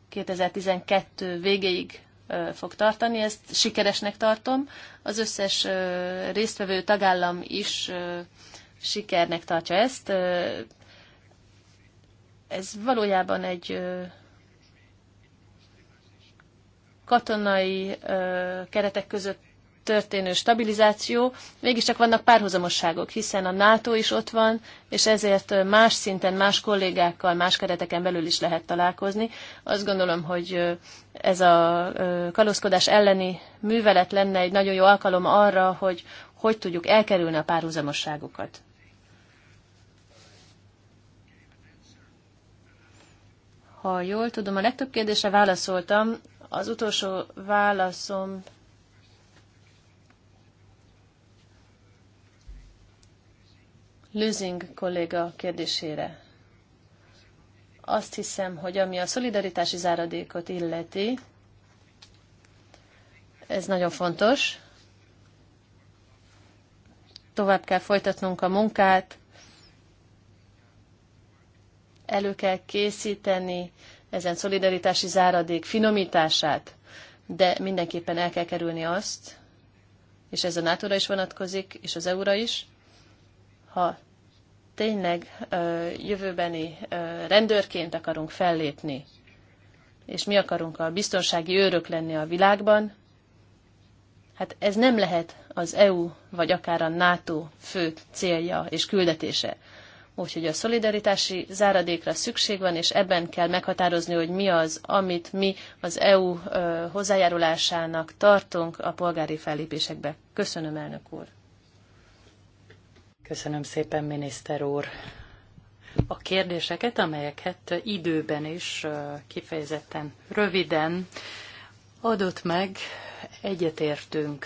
2012 végéig fog tartani, ezt sikeresnek tartom. Az összes résztvevő tagállam is sikernek tartja ezt. Ez valójában egy katonai keretek között történő stabilizáció, mégiscsak vannak párhuzamosságok, hiszen a NATO is ott van, és ezért más szinten, más kollégákkal, más kereteken belül is lehet találkozni. Azt gondolom, hogy ez a kalózkodás elleni művelet lenne egy nagyon jó alkalom arra, hogy hogy tudjuk elkerülni a párhuzamosságokat. Ha jól tudom, a legtöbb kérdésre válaszoltam. Az utolsó válaszom Lőzing kolléga kérdésére. Azt hiszem, hogy ami a szolidaritási záradékot illeti, ez nagyon fontos. Tovább kell folytatnunk a munkát, elő kell készíteni ezen szolidaritási záradék finomítását, de mindenképpen el kell kerülni azt, és ez a nato is vonatkozik, és az EU-ra is, ha tényleg jövőbeni rendőrként akarunk fellépni, és mi akarunk a biztonsági őrök lenni a világban, hát ez nem lehet az EU vagy akár a NATO fő célja és küldetése. Úgyhogy a szolidaritási záradékra szükség van, és ebben kell meghatározni, hogy mi az, amit mi az EU hozzájárulásának tartunk a polgári fellépésekbe. Köszönöm, elnök úr! Köszönöm szépen, miniszter úr. A kérdéseket, amelyeket időben is kifejezetten röviden adott meg, egyetértünk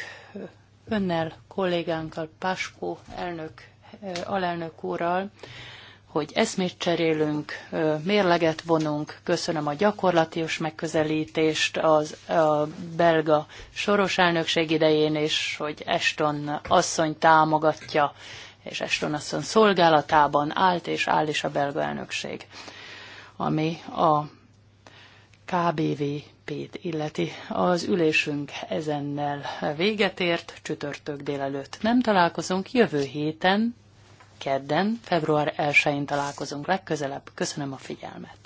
önnel, kollégánkkal, Páskó elnök, alelnök úrral, hogy eszmét cserélünk, mérleget vonunk. Köszönöm a gyakorlatius megközelítést az a belga soros elnökség idején, és hogy Eston asszony támogatja és Eston asszony szolgálatában állt és áll is a belga elnökség, ami a KBVP-t illeti. Az ülésünk ezennel véget ért, csütörtök délelőtt nem találkozunk, jövő héten, kedden, február 1-én találkozunk legközelebb. Köszönöm a figyelmet!